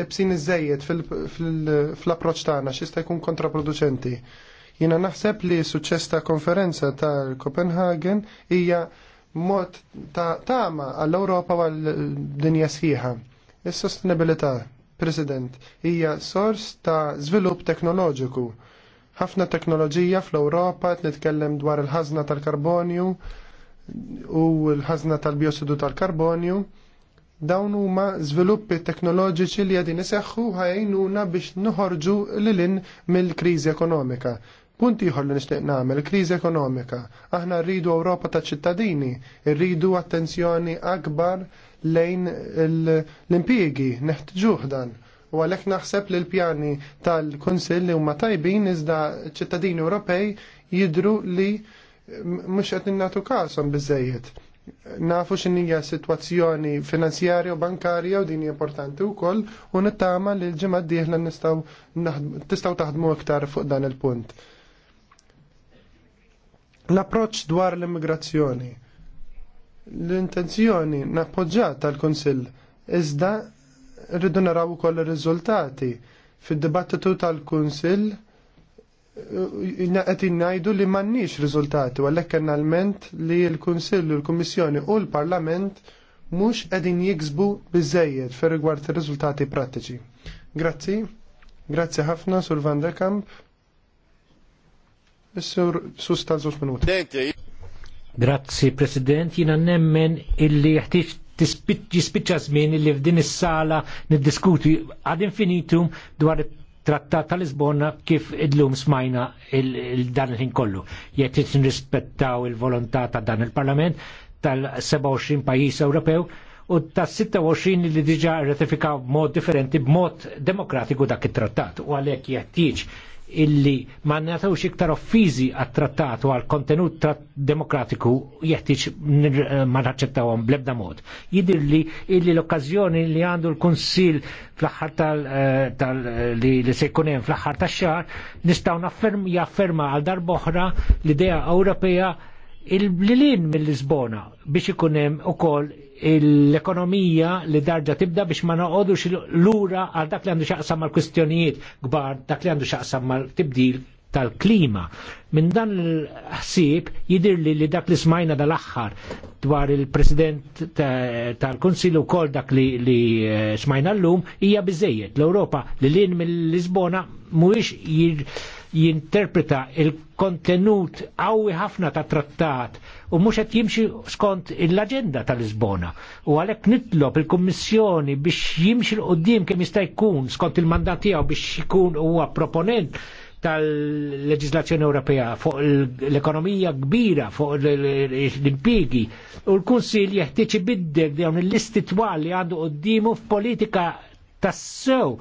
ibsin iżejjed fl-approċ tagħna x'ista jkun kontraproducenti. Jiena naħseb li suċċess ta' konferenza tal Copenhagen hija mod ta' tama għall-Ewropa u għall-dinja sħiħa. Is-sostenibilità, President, hija sors ta' żvilupp teknoloġiku. Ħafna teknoloġija fl-Ewropa qed nitkellem dwar il-ħażna tal-karbonju u l-ħażna tal-biossidu tal-karbonju. tal karbonju u l ħażna tal biossidu tal karbonju dawn huma żviluppi teknoloġiċi li qegħdin iseħħu ħajnuna biex noħorġu lilin mill-kriżi ekonomika. Punt ieħor li nixtieq nagħmel, kriżi ekonomika. Aħna rridu Ewropa ta' ċittadini, rridu attenzjoni akbar lejn l-impjiegi, neħtġuh dan. U għalhekk naħseb li l-pjani tal-Kunsill li huma tajbin iżda ċittadini Ewropej jidru li mhux qed nagħtu kasom biżejjed nafu x'inhija sitwazzjoni finanzjarja u bankarja u din importanti wkoll u nittama li l-ġimgħa d-dieħla nistgħu tistgħu taħdmu iktar fuq dan il-punt. L-approċċ dwar l-immigrazzjoni. L-intenzjoni nappoġġjat tal-Kunsill iżda rridu naraw ukoll ir-riżultati fid-dibattitu tal-Kunsill qed najdu li mannix rizultati, għallek kanalment li l konsillu l-Kummissjoni u l-Parlament mux għedin jiksbu biżejjed fer rigward ir-riżultati prattiċi. Grazzi, grazzi ħafna sur Van der Kamp. sur sus Zos minuti. Grazzi President, jina nemmen illi jeħtieġ tispiċa zmin illi f'din is-sala niddiskuti ad infinitum dwar trattat tal-Lisbona kif idlum smajna il-dan il-ħin kollu. Jett nirrispettaw il-volontà ta' dan il-Parlament tal-27 pajis Ewropew u ta' 26 li diġa ratifikaw b'mod differenti b'mod demokratiku dak it-trattat u għalhekk jeħtieġ illi ma natawx iktar offizi għat-trattat u għal-kontenut demokratiku jeħtieġ ma naċċettawhom bl-ebda mod. Jidir li illi l-okkażjoni li għandu l-Kunsill fl-aħħar tal eh, li se jkun hemm fl-aħħar tax-xahar nistgħu jafferma għal darb'oħra l-idea Ewropea il-blilin mill-Lisbona biex ikun hemm ukoll l-ekonomija li darġa tibda biex ma noqodux l-ura għal dak li għandu xaqsam mal kwistjonijiet gbar, dak li għandu xaqsam mal tibdil tal-klima. Min dan l-ħsib jidir li li dak li smajna dal-axħar dwar il-president tal-Konsil u kol dak li, li eh, smajna l-lum hija bizzejiet l-Europa li l-in mill-Lisbona mhuwiex jinterpreta il-kontenut qawwi ħafna ta' trattat u mhux qed jimxi skont l-aġenda tal-Lisbona. U għalhekk nitlob il-Kummissjoni biex jimxi l qoddim kemm jista' jkun skont il-mandat tiegħu biex jkun huwa proponent tal-leġislazzjoni Ewropea fuq l-ekonomija kbira, fuq l-impigi, u l-Kunsil jeħtieġ ibiddel dawn il-listi twal li għandu qoddimu f'politika tassew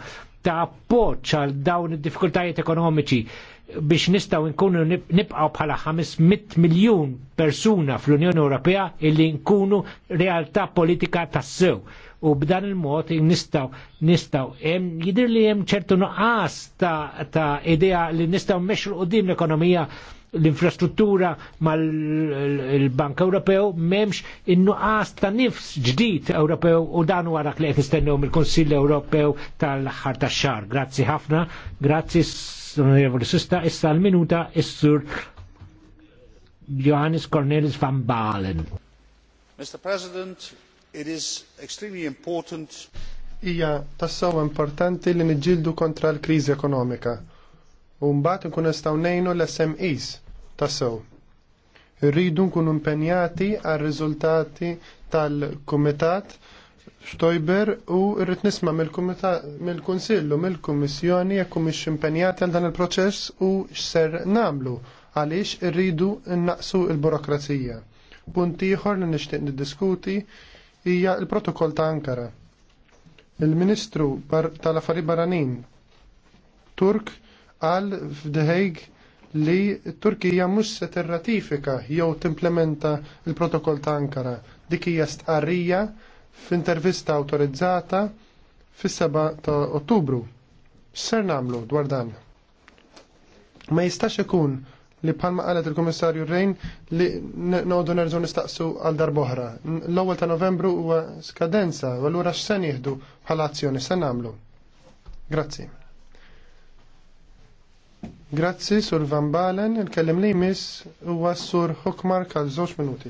ta' appoċ għal dawn id-diffikultajiet ekonomiċi biex nistaw nkunu nibqaw bħala 500 miljun persuna fl-Unjoni Ewropea illi nkunu realtà politika tassew. U b'dan il-mod nistaw nistaw hemm jidir li jem ċertu nuqqas ta', ta idea li nistaw u qudiem l-ekonomija l-infrastruttura mal-Bank Ewropew memx innuqas ta' nifs ġdid Ewropew u dan u għarak li qed nistennew mill Ewropew tal-aħħar tax-xahar. Grazzi ħafna, grazzi Onorevoli Sista, issa l-minuta is-sur Johannes Cornelis van Balen. Mr. President, it is extremely important Ija tassaw importanti li nġildu kontra l krizi ekonomika u mbagħad nkun nistgħu ngħinu l-SMEs tassew. Irridu nkunu impenjati għal riżultati tal-Kumitat Stoiber u rrid nisma' mill-Kunsillu mill-Kummissjoni jekk mhix impenjati għal dan il-proċess u x'ser nagħmlu għaliex irridu nnaqsu l-burokrazija. Punt ieħor li nixtieq niddiskuti hija l-protokoll ta' Ankara. Il-Ministru tal-Affari Barranin Turk qal f'The li Turkija mhux se tirratifika jew timplementa l-protokoll ta' Ankara. Dik hija stqarrija f'intervista awtorizzata fis-7 ta' Ottubru. Ser nagħmlu dwar dan? Ma jistax ikun li bħalma qalet il-Komissarju Rejn li nodu nerġu nistaqsu għal darboħra. L-ewwel ta' Novembru huwa skadenza, u allura x'se nieħdu bħala azzjoni se nagħmlu. Grazzi. Grazzi, Sur Van Balen, il-kellem li jmiss huwa Sur Hukmar għal żewġ minuti.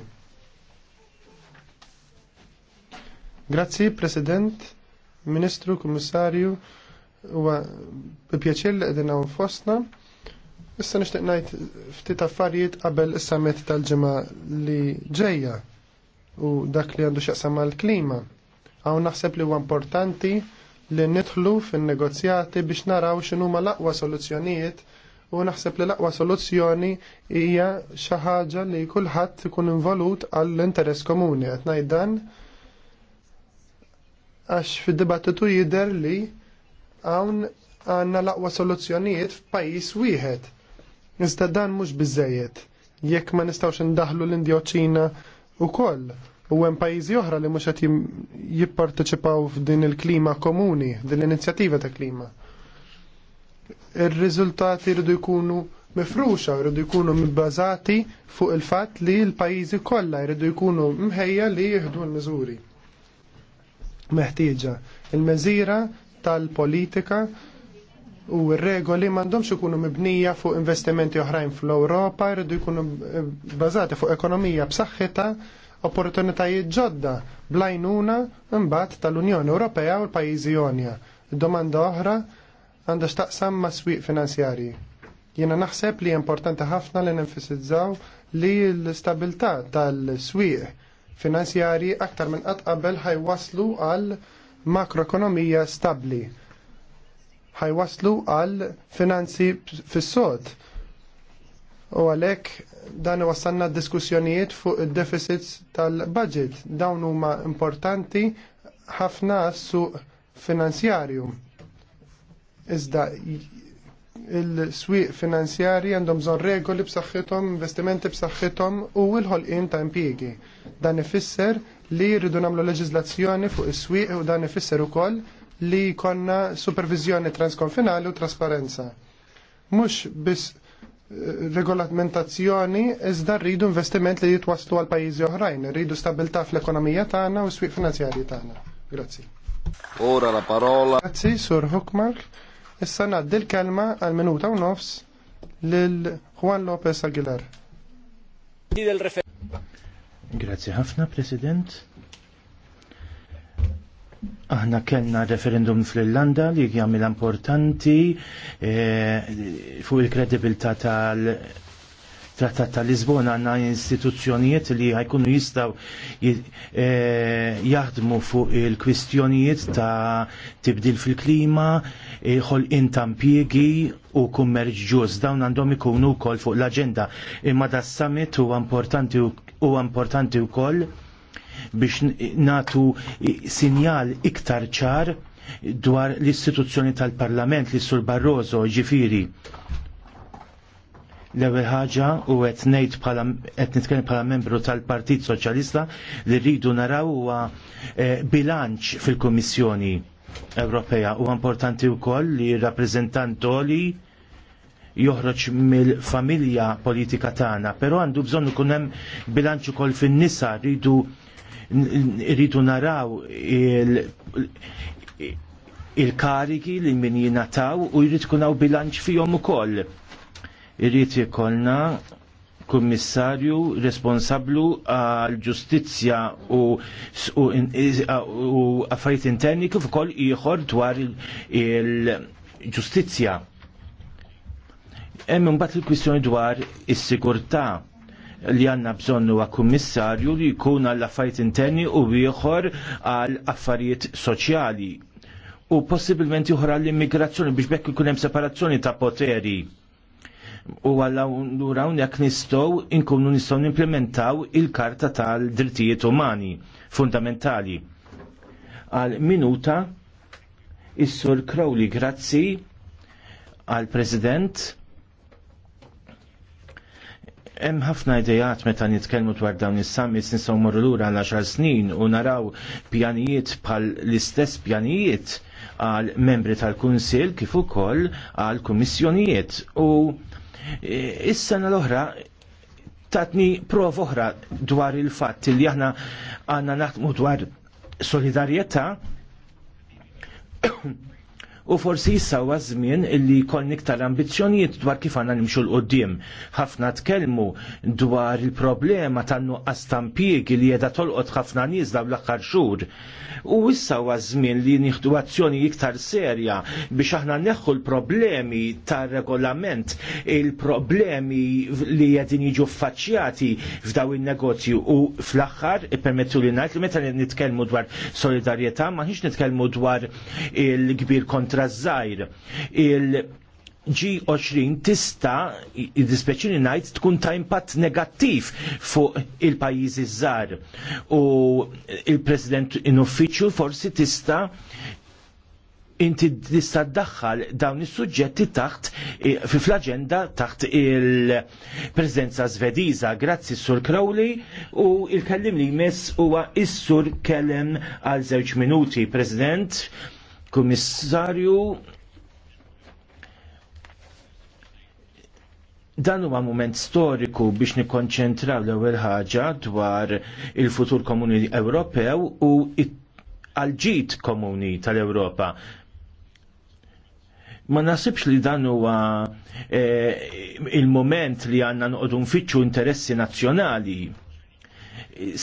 Grazzi, President, Ministru, Kummissarju, huwa b'pjaċir li qegħdin hawn fostna. Issa nixtieq ngħid ftit affarijiet qabel is-summit tal-ġimgħa li ġejja u dak li għandu x'jaqsam mal-klima. Hawn naħseb li huwa importanti li nidħlu fin-negozjati biex naraw x'inhuma l-aqwa soluzzjonijiet u naħseb li l-aqwa soluzzjoni hija xi ħaġa li kulħadd ikun involut għall-interess komuni qed ngħid dan għax fid-dibattitu jidher li hawn għandna l-aqwa soluzzjonijiet f'pajjiż wieħed. Iżda dan mhux biżejjed jekk ma nistgħux indaħlu l Ċina ukoll. U hemm pajjiżi oħra li mhux qed jipparteċipaw f'din il-klima komuni, din l-inizjattiva ta' klima ir-riżultati rridu jkunu mifruxa, rridu jkunu mibbażati fuq il-fatt li l-pajjiżi kollha jridu jkunu mħejja li jieħdu l-miżuri. Meħtieġa il-meżira tal-politika u r-regoli m'għandhomx ikunu mibnija fuq investimenti oħrajn fl-Ewropa, jridu jkunu bbażati fuq ekonomija b'saħħitha opportunitajiet ġodda blajnuna mbagħad tal-Unjoni Ewropea u l-pajjiżi Jonja. Domanda oħra għandha staqsam ma' swieq finanzjarji. Jiena naħseb li importanti ħafna li nenfisizzaw li l-stabilità tal-swieq finanzjarji aktar minn qatt qabel ħajwaslu għal makroekonomija stabbli. Ħajwaslu għal finanzi fis-sod. U għalek dan wasanna diskussjonijiet fuq il-deficits tal-budget. Dawn huma importanti ħafna suq finanzjarju. Iżda il-swieq finanzjari għandhom bżonn regoli b'saħħithom, investimenti b'saħħithom u l-ħolqien ta' impjiegi. Dan ifisser li rridu nagħmlu leġiżlazzjoni fuq is-swieq u dan ifisser ukoll li jkollna supervizjoni transkonfinali u trasparenza. Mhux biss eh, regolamentazzjoni iżda rridu investiment li jitwaslu għal pajjiżi oħrajn, rridu stabilità fl-ekonomija tagħna u s-swieq finanzjarji tagħna. Grazzi. Ora la parola. Grazzi, Sur Hukmark. Issa naddi l-kelma għal minuta u nofs lil Juan Lopez Aguilar. Grazie ħafna, President. Aħna kellna referendum fl-Irlanda li jagħmel importanti eh, fuq il-kredibilità tal trattat ta' Lisbona għanna istituzzjonijiet li għajkunu jistaw e, jaħdmu fuq il-kwistjonijiet ta' tibdil fil-klima, e, ħol intampiegi u kummerġ ġus. Dawn għandhom ikunu kol fuq l-agenda. Imma da' summit u importanti u importanti u kol biex natu sinjal iktar ċar dwar l-istituzzjoni tal-Parlament li sur Barroso ġifiri l-ewwel ħaġa u qed ngħid bħala qed nitkellem bħala membru tal-Partit Soċjalista li rridu naraw huwa eh, bilanċ fil-Kummissjoni Ewropea u importanti wkoll li rappreżentant li joħroġ mill-familja politika tagħna, però għandu bżonn ikun hemm bilanċ ukoll fin-nisa rridu rridu naraw il-karigi kariki li min jingħataw u jrid kunaw bilanċ fihom ukoll irrit jikolna kummissarju responsablu għal ġustizzja u, affarijiet interni kif ukoll ieħor dwar il-ġustizzja. Hemm imbagħad il-kwistjoni dwar is-sigurtà li għanna bżonnu għal kummissarju li jkun għall affarijiet interni u ieħor għal affarijiet soċjali u possibilment juħra l-immigrazzjoni biex bekk ikun hemm separazzjoni ta' poteri u għallura unjak nistow inkunu nistow implementaw il-karta tal-drittijiet umani fundamentali. Għal minuta is-sur Crowley grazzi għal president Hemm ħafna idejat meta nitkellmu dwar dawn is-summits nistgħu morru lura għal għaxar snin u naraw pjanijiet bħal l-istess pjanijiet għal membri tal-Kunsil kif ukoll għal kummissjonijiet u E, is-sena l-oħra tatni prov oħra dwar il-fatt li aħna għanna naħdmu dwar solidarjetà u forsi issa għazmin illi jkollni iktar ambizzjonijiet dwar kif għanna nimxu l-qudiem. Ħafna tkellmu dwar il-problema tan-nuqqas illi li tolqot ħafna nies dawn l-aħħar xhur. U issa għazmin li nieħdu azzjoni iktar serja biex aħna neħu l-problemi tar-regolament, il-problemi li qegħdin jiġu faċċjati f'daw in-negozju u fl-aħħar permettu li ngħid li meta nitkellmu dwar solidarjetà ma ħniex nitkellmu dwar il-kbir kontra ministra Zajr Il G20 tista id-dispeċini najt tkun ta' impatt negattiv fuq il-pajjiżi żgħar u il-President in uffiċċju forsi tista inti tista' ddaħħal dawn is-suġġetti taħt fi fl-aġenda taħt il-preżenza Svediża. Grazzi Sur Crowley u il-kellim li jmiss huwa is-Sur Kellem għal żewġ minuti, President komissarju dan huwa moment storiku biex nikkonċentraw l-ewwel ħaġa dwar il-futur komuni Ewropew u għal-ġid komuni tal-Ewropa. Ma nasibx li dan huwa e, il-moment li għanna noqogħdu nfittxu interessi nazzjonali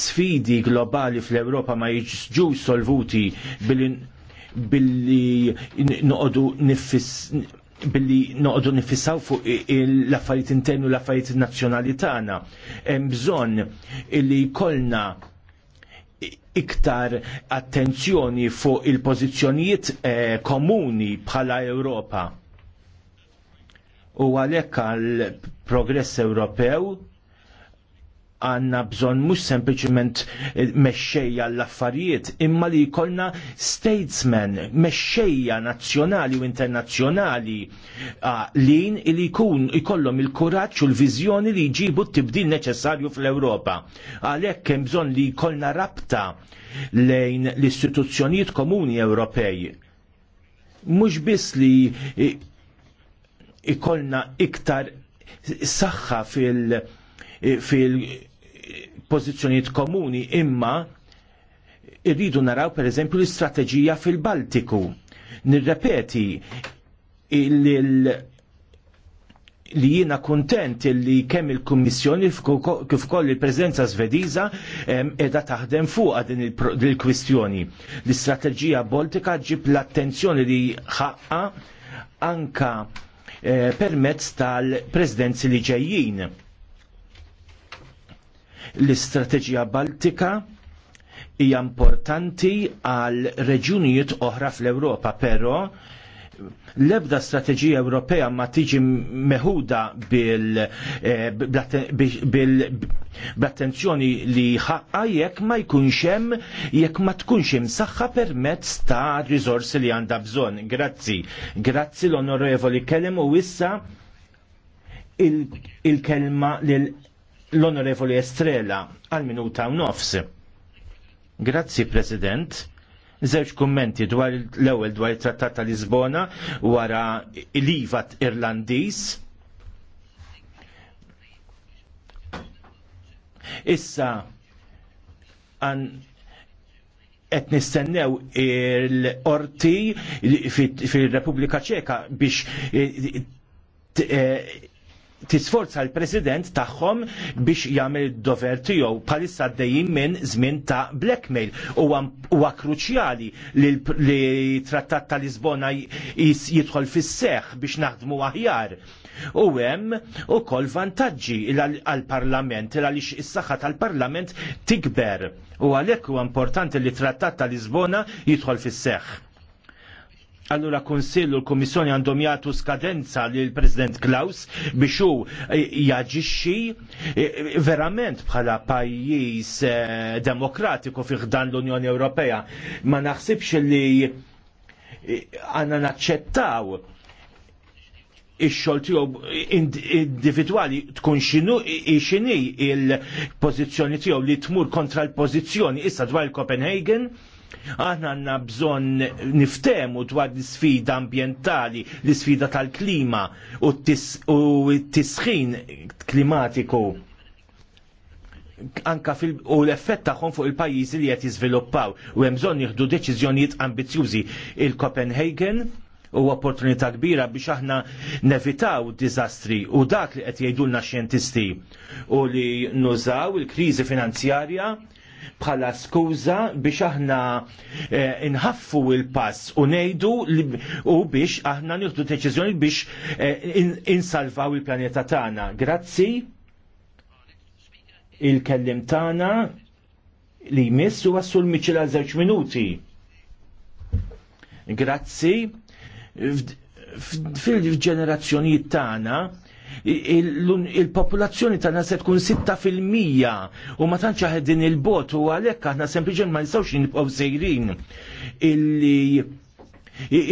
sfidi globali fl-Ewropa ma jiġġu solvuti bil bil-in billi noqogħdu nifis billi noqogħdu nifissaw fuq l-affarijiet internu u l-affarijiet nazzjonali tagħna. Hemm bżonn li jkollna iktar attenzjoni fuq il-pożizzjonijiet eh, komuni bħala Ewropa. U għalhekk għall progress Ewropew għanna bżon mux sempliciment eh, mexxejja l-affarijiet, imma li jkollna statesmen, mexxejja nazzjonali u internazzjonali lin li jkun jkollhom il-kuraċ u l-vizjoni li jġibu t-tibdil neċessarju fl-Ewropa. Għalhekk hemm bżonn li jkollna rabta lejn l-istituzzjonijiet komuni Ewropej. Mhux biss li eh, jkollna iktar saħħa fil- Eh, fil-pozizjoniet komuni imma irridu naraw per eżempju l-istrateġija fil-Baltiku. Nirrepeti li jiena kontent li kemm il-Kummissjoni kif koll il-preżenza Svediża qiegħda taħdem fuqha din il-kwistjoni. L-istrateġija Baltika ġib l-attenzjoni li ħaqqa anka eh, permezz tal-presidenzi li ġejjin L-istrateġija Baltika hija importanti għal reġunijiet oħra fl-Ewropa, però l-ebda strateġija Ewropea ma tiġi meħuda bil-attenzjoni eh, li ħaqqa jekk ma jkunx hemm jekk ma tkunx hemm saħħa permezz ta' risorsi li għandha bżonn. Grazzi. Grazzi l-Onorevoli Kellem u issa il-kelma lil l-Onorevoli Estrela għal minuta u nofs. Grazzi, President. Żewġ kummenti dwar l-ewwel dwar it-Trattat ta' Lisbona wara l-Ivat Irlandiż. Issa għan qed nistennew il-orti fil repubblika Ċeka biex eh, eh, tisforza l-President tagħhom biex jagħmel id-dover tiegħu bħalissa għaddejjin minn żmien ta' blackmail. Huwa kruċjali li trattat ta' Lisbona jidħol fis-seħħ biex naħdmu aħjar. U hemm ukoll vantaġġi għall-Parlament għaliex is-saħħa tal-Parlament tikber. U għalhekk huwa importanti li trattat ta' Lisbona jidħol fis-seħħ Allura konsill u l-Komissjoni għandhom jagħtu skadenza lil President Klaus biex hu eh, jaġixxi eh, verament bħala pajjiż eh, demokratiku fih dan l-Unjoni Ewropea. Ma naħsibx li għandna naċċettaw ix-xogħol tiegħu individwali tkun xinu xini il-pożizzjoni tiegħu li tmur kontra l-pożizzjoni issa dwar il-Copenhagen Aħna għanna bżon niftemu dwar l-sfida ambientali, l-sfida tal-klima u t-tisħin klimatiku anka fil u l-effett tagħhom fuq il-pajjiżi li qed jiżviluppaw u hemm bżonn jieħdu deċiżjonijiet ambizjużi. Il-Copenhagen u opportunità kbira biex aħna nevitaw diżastri u dak li qed jgħidulna xjentisti u li nużaw il-kriżi finanzjarja bħala skuża biex aħna eh, inħaffu il-pass u nejdu u biex aħna nieħdu deċiżjoni biex eh, in insalvaw il-pjaneta tagħna. Grazzi il-kellim tagħna li jmiss u għassul l-miċila żewġ minuti. Grazzi fil-ġenerazzjonijiet tagħna il-popolazzjoni tagħna se tkun 6% u ma tantx din il-bot u għalhekk aħna sempliċement ma nistgħux nibqgħu sejrin illi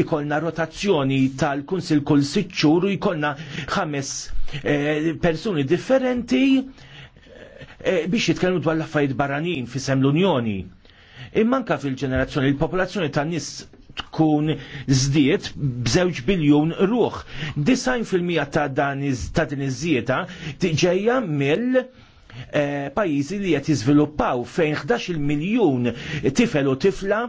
ikolna rotazzjoni tal-kunsil kull siċċur u jkollna ħames eh, persuni differenti eh, biex jitkellmu dwar l-affarijiet barranin fisem l-Unjoni. Immanka fil-ġenerazzjoni, il-popolazzjoni tan nis tkun zdiet b'żewġ biljun ruħ. Disajn fil-mija ta' dan ta' din iż-żieta tiġejja mill eh, pajjiżi li qed jiżviluppaw fejn 11 miljun tifel u tifla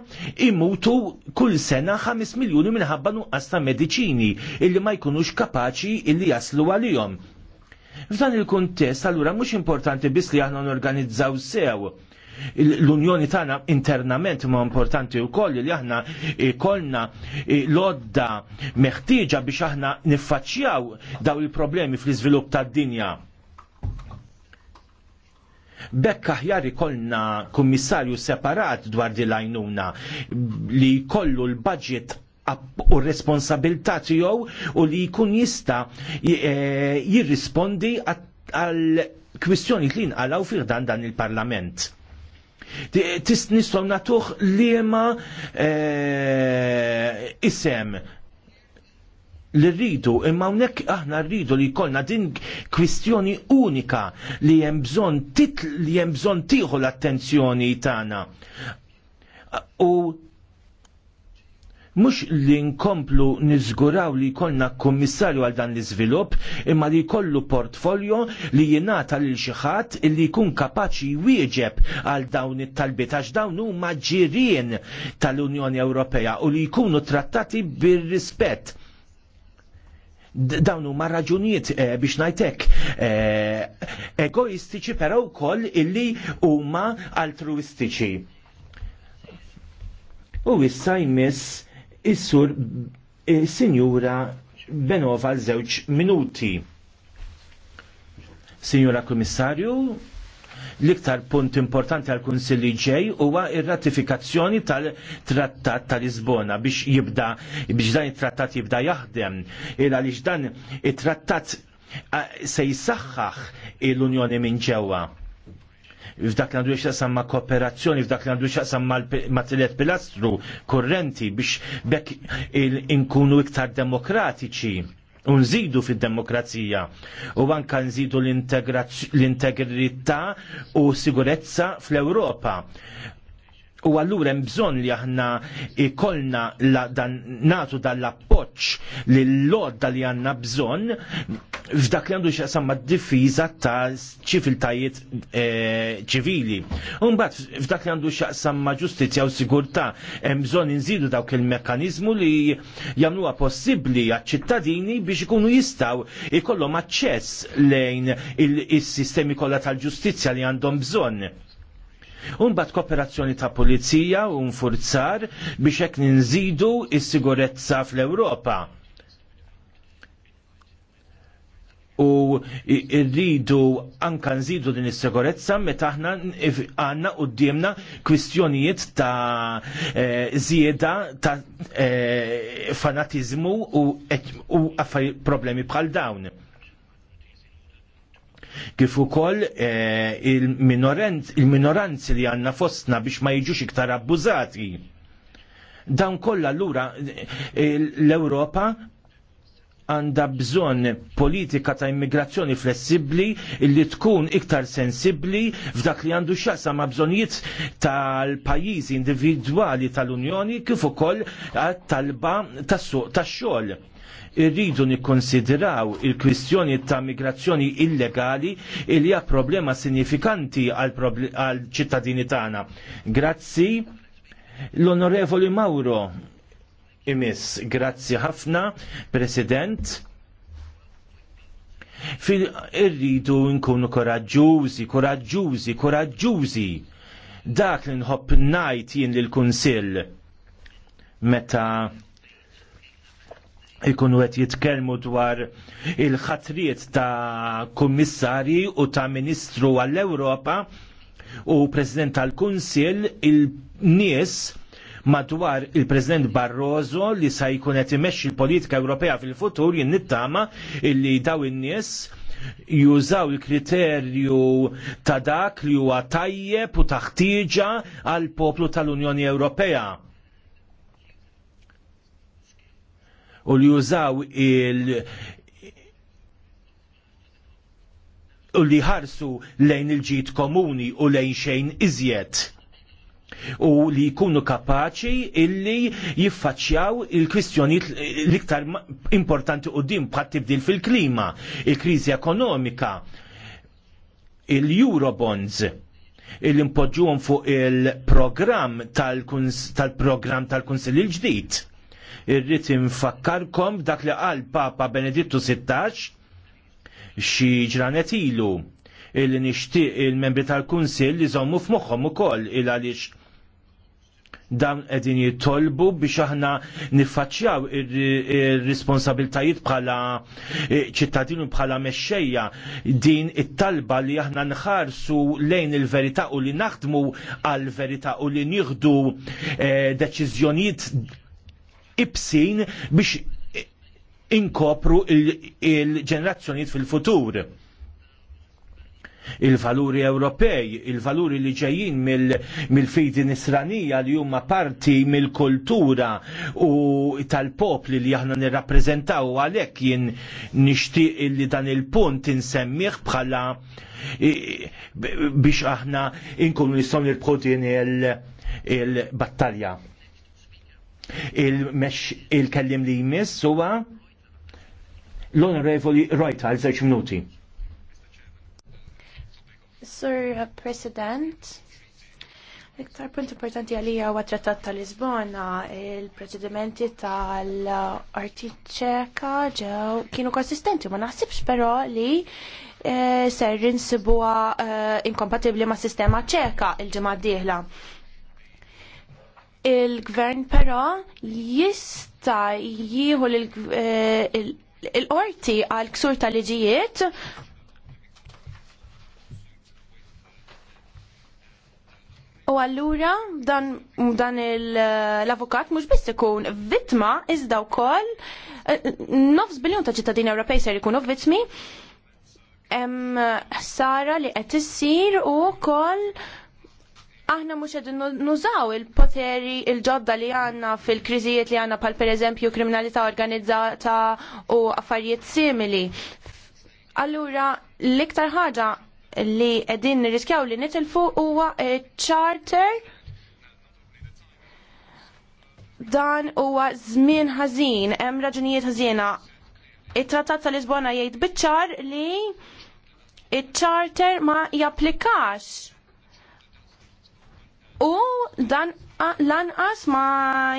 imutu kull sena 5 miljuni minħabba nuqqas ta' mediċini illi ma jkunux kapaċi illi jaslu għalihom. F'dan il-kuntest allura mhux importanti biss li aħna norganizzaw sew L-unjoni tagħna internament ma importanti wkoll li aħna kolna eh, lodda meħtieġa biex aħna niffaċċjaw daw il-problemi fl-iżvilupp tad-dinja. Bekk aħjar ikollna kummissarju separat dwar di lajnuna li jkollu l-budget u responsabilità tiegħu u li jkun jista eh, jirrispondi għal kwistjoni li nqalgħu fih dan dan il-Parlament. Nistgħu natuh liema e, isem li rridu, imma unek aħna rridu li jkollna din kwistjoni unika li hemm bżonn li hemm bżonn tieħu l-attenzjoni tagħna. U mux li nkomplu nizguraw li jkollna kommissarju għal dan l-izvilup, imma li jkollu portfolio li jenata li ħadd li jkun kapaċi jwieġeb għal dawn it-talbiet għax dawn huma ġirien tal-Unjoni Ewropea u li jkunu trattati bir-rispett dawnu ma raġunijiet e, biex najtek e, eh, egoistiċi pero wkoll illi huma altruistiċi. U issa jmiss Is-sur eh, Sinjura Benova żewġ minuti. Sinjura Komissarju, l-iktar punt importanti għal kunsilli ġej huwa ir-ratifikazzjoni tal-Trattat tal-Lisbona biex jibda biex dan it-trattat jibda jaħdem. Il għaliex dan it-trattat eh, se jisaxħax l-Unjoni minn ġewwa f'dak li għandu xaqsam ma' kooperazzjoni, f'dak li għandu xaqsam ma' tilet pilastru kurrenti biex bekk inkunu iktar demokratiċi unżidu fil-demokrazija u anka nżidu l-integrità u sigurezza fl-Europa. U għallura hemm bżonn li aħna ikollna dan nagħtu dan l-appoġġ li l-lodda li għandna bżonn f'dak li għandu x'aqsam mad-difiża ta' ċiviltajiet eh, ċivili. U f'dak li għandu x'aqsam ma' ġustizzja u sigurtà hemm bżonn inżidu dawk il-mekkaniżmu li jagħmluha possibbli għaċ-ċittadini biex ikunu jistgħu ikollhom aċċess lejn is-sistemi kollha tal-ġustizzja li għandhom bżonn bat kooperazzjoni ta' pulizija u nfurzar biex hekk ninżidu s sigurezza fl-Ewropa. U rridu anka nżidu din is-sigurezza meta aħna għandna qudiemna kwistjonijiet ta' eh, żieda ta' eh, fanatiżmu u, u problemi bħal dawn kif ukoll eh, il-minoranzi li għandna fostna biex ma jiġux iktar abbużati. Dan kollha allura eh, l-Ewropa għanda bżon politika ta' immigrazzjoni flessibli li tkun iktar sensibli f'dak li għandu xaqsa ma' bżonijiet tal-pajizi individuali tal-Unjoni kif ukoll tal-ba tas-suq tax-xogħol irridu nikkonsidraw il-kwistjoni ta' migrazzjoni illegali il hija problema sinifikanti għal ċittadini tagħna. Grazzi l-Onorevoli Mauro imis, grazzi ħafna, President. Fil-irridu nkunu koraġġużi, koraġġużi, koraġġużi. Dak li nħobb najt jien lill kunsill meta ikunu għet jitkelmu dwar il-ħatriet ta' kummissari u ta' ministru għall-Europa u president tal-Kunsil il-nies madwar il-President Barroso li sa jkun qed imexxi l-politika Ewropea fil-futur jinnittama nittama illi daw in-nies jużaw il-kriterju ta' dak li huwa tajjeb u taħtieġa għal poplu tal-Unjoni Ewropea u li jużaw il- u li ħarsu lejn il-ġid komuni u lejn xejn iżjed u li jkunu kapaċi illi jiffaċċjaw il-kwistjonijiet l-iktar importanti din bħat tibdil fil-klima, il-kriżi ekonomika, il-Eurobonds, il-impoġġuhom fuq il-programm tal-programm tal-Kunsill il-ġdid. tal programm tal il tal programm tal kunsill il ġdid irrid infakkarkom dak li qal Papa Benedittu 16 xi ġranet ilu illi nixtieq il-membri tal-Kunsill li żommu f'moħħhom ukoll il għaliex dawn qegħdin jitolbu biex aħna niffaċċjaw ir-responsabiltajiet bħala e, ċittadin u bħala mexxejja din it-talba li aħna nħarsu lejn il-verità u li naħdmu għal verità u li nieħdu e, deċiżjonijiet ibsin biex inkopru il-ġenerazzjoniet il fil-futur. Il-valuri Ewropej, il-valuri li ġejjin mill-fidi mil nisranija li huma parti mill-kultura u tal-popli li aħna nirrappreżentaw għalhekk jien nixtieq li dan il-punt insemmih bħala biex aħna inkunu nistgħu nirbħu din il-battalja. il battalja Il-kellim il li jmiss huwa l-Onorevoli Reuter għal żewġ minuti. Sir President, Iktar punt importanti għalija għu trattat tal Lisbona, il-proċedimenti tal-artiċeka ġew kienu konsistenti, ma naħsibx però li eh, ser insibuha e, inkompatibbli ma' sistema ċeka il-ġimgħa d-dieħla il-gvern però jista jieħu eh, l-qorti għal ksur tal-liġijiet U allura dan, dan l-avukat mhux biss ikun vittma iżda wkoll eh, nofs biljon ta' ċittadini Ewropej ser ikunu vittmi hemm sara li qed issir u wkoll aħna mhux qegħdin nużaw il-poteri il-ġodda li għandna fil-kriżijiet li għandna bħal pereżempju kriminalità organizzata u affarijiet simili. Allura l-iktar ħaġa li qegħdin nirriskjaw li nitilfu huwa charter dan huwa żmien ħażin, hemm raġunijiet ħażina. It-Trattat ta' Lisbona jgħid biċ-ċar li iċ-charter ma japplikax U dan lanqas ma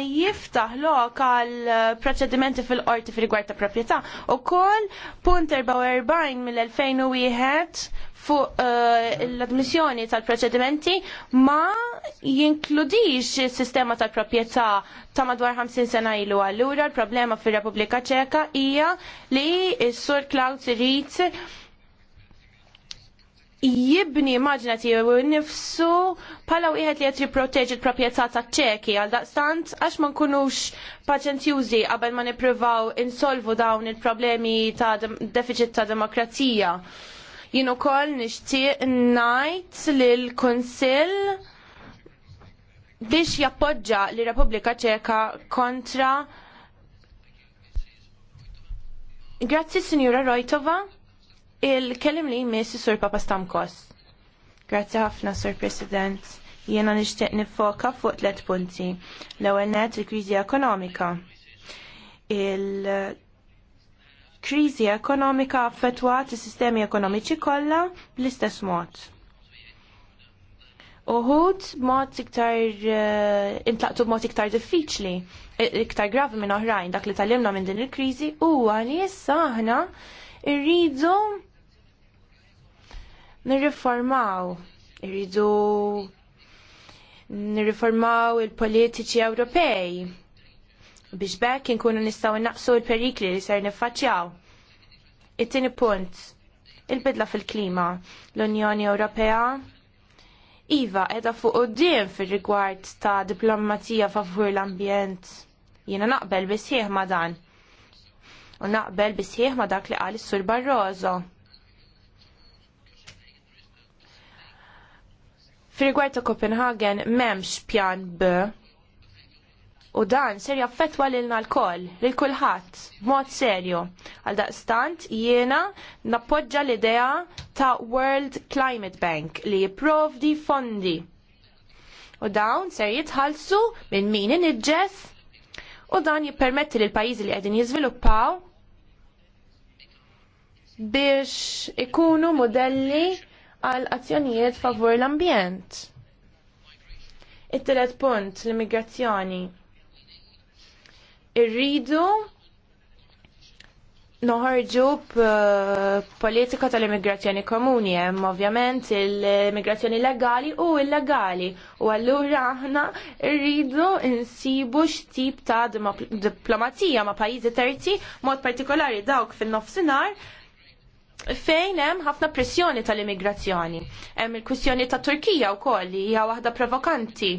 jiftaħ lok għal proċedimenti fil-qorti fil ta' proprjetà. U koll punt 44 mill-2001 fuq eh, l-admissjoni tal-proċedimenti ma jinkludix il-sistema tal-proprjetà ta' madwar 50 sena ilu. Allura l-problema fil-Repubblika Ċeka hija li s-sur Klaus Ritz jibni immaġina tiegħu nifsu bħala wieħed li qed jipproteġi l-proprjetà taċ-ċeki għal daqstant għax ma nkunux paċenzjużi qabel ma nippruvaw insolvu dawn il-problemi ta' deficit ta' demokrazija. Jien ukoll nixtieq ngħid lil kunsill biex jappoġġa li Repubblika Ċeka kontra Grazzi Signora Rojtova. Il-kelim li jmiss Sur Papa Stamkos. Grazzi ħafna, Sur President. Jiena nixtieq nifoka fuq tliet punti. L-ewwel net il-kriżi ekonomika. Il-kriżi ekonomika affettwat is-sistemi ekonomiċi kollha bl-istess mod. Uħud mod iktar uh, intlaqtu b'mod iktar diffiċli, iktar gravi minn oħrajn dak li talimna minn din il-kriżi huwa li issa aħna irridu nirriformaw, irridu nirriformaw il-politiċi Ewropej biex bekk inkunu nistgħu naqsu l-perikli li ser niffaċċjaw. It-tieni punt, il-bidla fil-klima, l-Unjoni Ewropea Iva, edha fuq qoddim fil-rigward ta' diplomatija favur l-ambjent. Jiena naqbel bisħieħ ma' dan. U naqbel bisħieħ ma' dak li qal is-Sur Barroso. Fir-rigward ta' Copenhagen m'hemmx pjan B u dan ser jaffetwa lilna l-koll, lil kulħadd b'mod serju. Għal daqstant jiena nappoġġa l-idea ta' World Climate Bank li jipprovdi fondi. U dawn ser jitħallsu minn min inġess u dan jippermetti lil pajjiżi li qegħdin jiżviluppaw biex ikunu modelli għal azzjonijiet favur l-ambjent. It-telet punt l-immigrazzjoni. Irridu noħarġu politika tal-immigrazzjoni komuni, hemm ovvjament l-immigrazzjoni legali u illegali. U allura aħna rridu insibu x'tip ta' diplomazija ma' pajjiżi terzi, mod partikolari dawk fin-nofsinhar fejn hemm ħafna pressjoni tal-immigrazzjoni. Hemm il-kwistjoni ta' Turkija wkoll li hija waħda provokanti.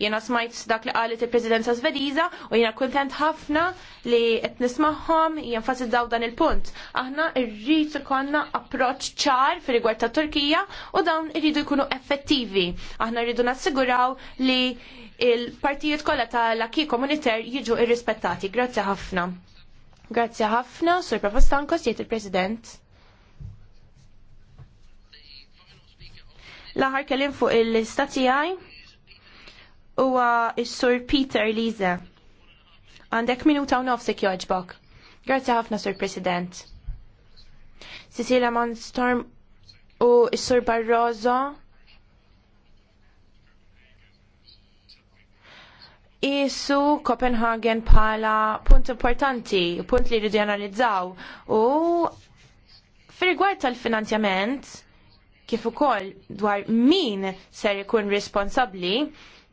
Jiena smajt dak li qalet il-Presidenza Svediża u jiena kuntent ħafna li qed nismagħhom jenfasizzaw dan il-punt. Aħna rrid ikollna approċċ ċar fir-rigward ta' Turkija u dawn irridu jkunu effettivi. Aħna rridu nassiguraw li il-partijiet kollha tal-aki komuniter jiġu irrispettati. Grazzi ħafna. Grazzi ħafna, Sur Papa Stankos, jgħid il-President. l kellim fuq il istati għaj huwa s-Sur Peter Lise. Għandek minuta u nofsek joġbok. Grazzi ħafna, Sur President. Cecilia Monstorm u s-Sur Barroso Isu Copenhagen pala punt importanti, punt li rridu analizzaw. u fil-rigward tal-finanzjament kif ukoll dwar min ser ikun responsabbli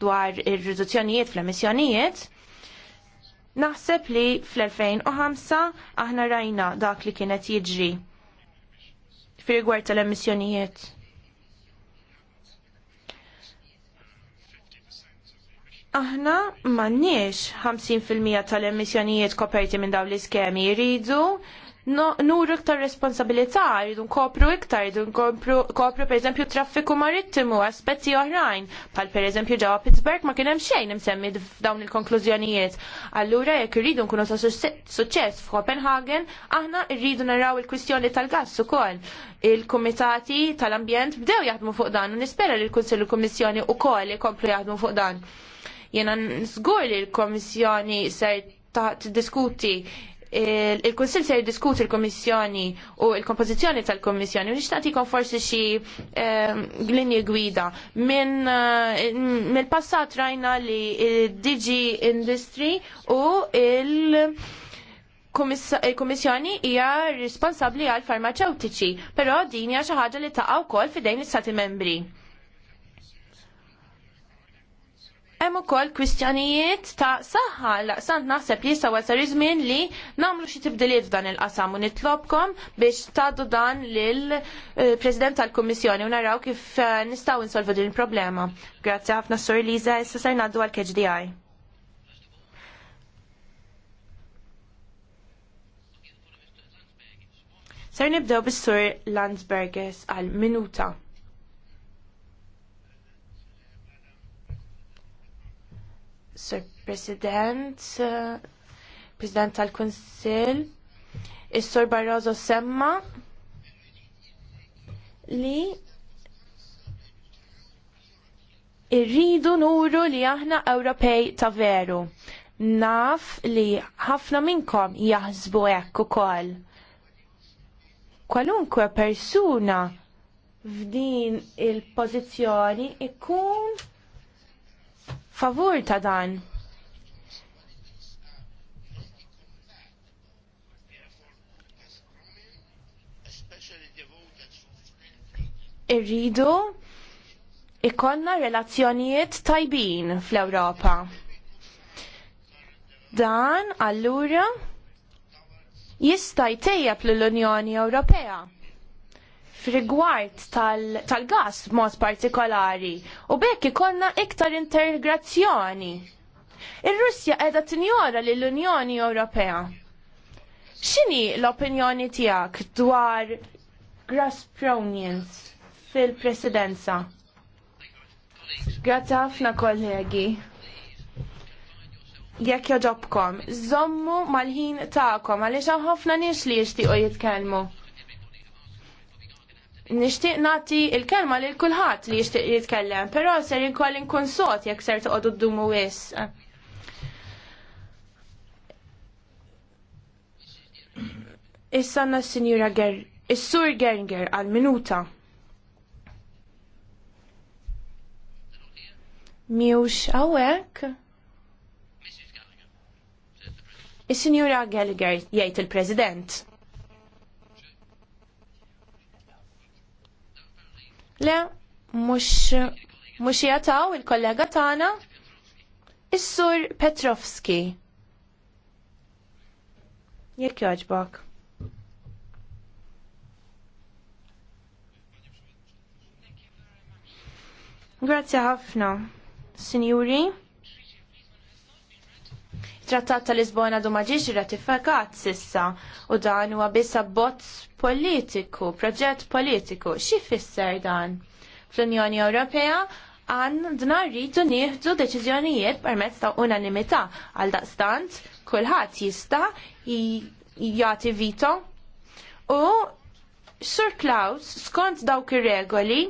dwar ir-riduzzjonijiet fl-emissjonijiet, naħseb li fl-2005 aħna rajna dak li kienet jiġri fi rigward tal-emissjonijiet. Aħna m'għandniex 50% tal-emissjonijiet koperti minn dawn l-iskemi jridu No, nuru iktar responsabilità, rridu nkopru iktar, rridu nkopru per eżempju traffiku marittimu, aspetti oħrajn, pal per eżempju ġewwa Pittsburgh ma kien hemm xejn imsemmi dawn il-konklużjonijiet. Allura jekk irridu nkunu sa suċċess f'Copenhagen, aħna rridu naraw il-kwistjoni tal-gass ukoll. Il-kumitati tal-ambjent bdew jaħdmu fuq dan u nispera li l-Kunsill u l-Kummissjoni ukoll ikomplu jaħdmu fuq dan. Jena żgur li l kummissjoni ser ta' diskuti il-Kunsil se jiddiskuti il-Komissjoni u il-kompożizzjoni tal-Komissjoni u nixtaqtikom forsi xi ehm, linji gwida. Eh, mil passat rajna li il-Digi Industry u il- il-Kummissjoni hija responsabbli għal farmaceutiċi, però din hija xi ħaġa li taqgħu wkoll fidejn l istati membri. Hemm ukoll kwistjonijiet ta' saħħa laqsant naħseb jista' jista' iż żmien li nagħmlu xi tibdiliet f'dan il-qasam u nitlobkom biex tagħdu dan lil eh, President tal-Kummissjoni u naraw kif eh, nistgħu insolvu din il-problema. Grazzi ħafna Sur Liza, issa se ngħaddu għal KHDI. Ser nibdew bis-Sur Landsbergis għal minuta. Sir President, President tal-Konsil, Is-Sur Barroso semma li irridu nuru li aħna Ewropej ta' veru. Naf li ħafna minnkom jaħsbu hekk ukoll. Kwalunkwe persuna f'din il-pożizzjoni ikun favur ta' dan. Irridu ikonna relazzjonijiet tajbin fl-Ewropa. Dan allura jista' jtejjeb lill unjoni Ewropea f'rigward tal-gas tal b'mod partikolari u bekk ikollna iktar integrazzjoni. Ir-Russja qiegħda tinjora lill-Unjoni Ewropea. X'inhi l-opinjoni tiegħek dwar pronions fil-presidenza? Grazzi ħafna kollegi jekk joġobkom, zommu mal-ħin ta'kom, għaliex hemm ħafna nies li jixtiequ jitkellmu nixtieq nagħti il-kelma lil kulħadd li jixtieq jitkellem, però ser jinkoll inkun sot jekk ser toqgħodu ddumu wis. Issa s sinjura Ger, is-Sur Geringer għal minuta. Miux għawek? Is-Sinjura Gallagher jgħid il-President. Le, mux mux jataw il-kollega tagħna is-sur Petrovski. Jekk jogħġbok. Grazzi ħafna, Sinjuri. Trattat tal Lisbona du maġiġi ratifikat sissa u dan huwa bissa abbozz politiku, proġett politiku. Xi fisser dan? Fl-Unjoni Ewropea għan dnar rridu nieħdu deċiżjonijiet permezz ta' unanimità għal daqstant kulħadd jista' jagħti vito u Sur Klaus, skont dawk ir-regoli,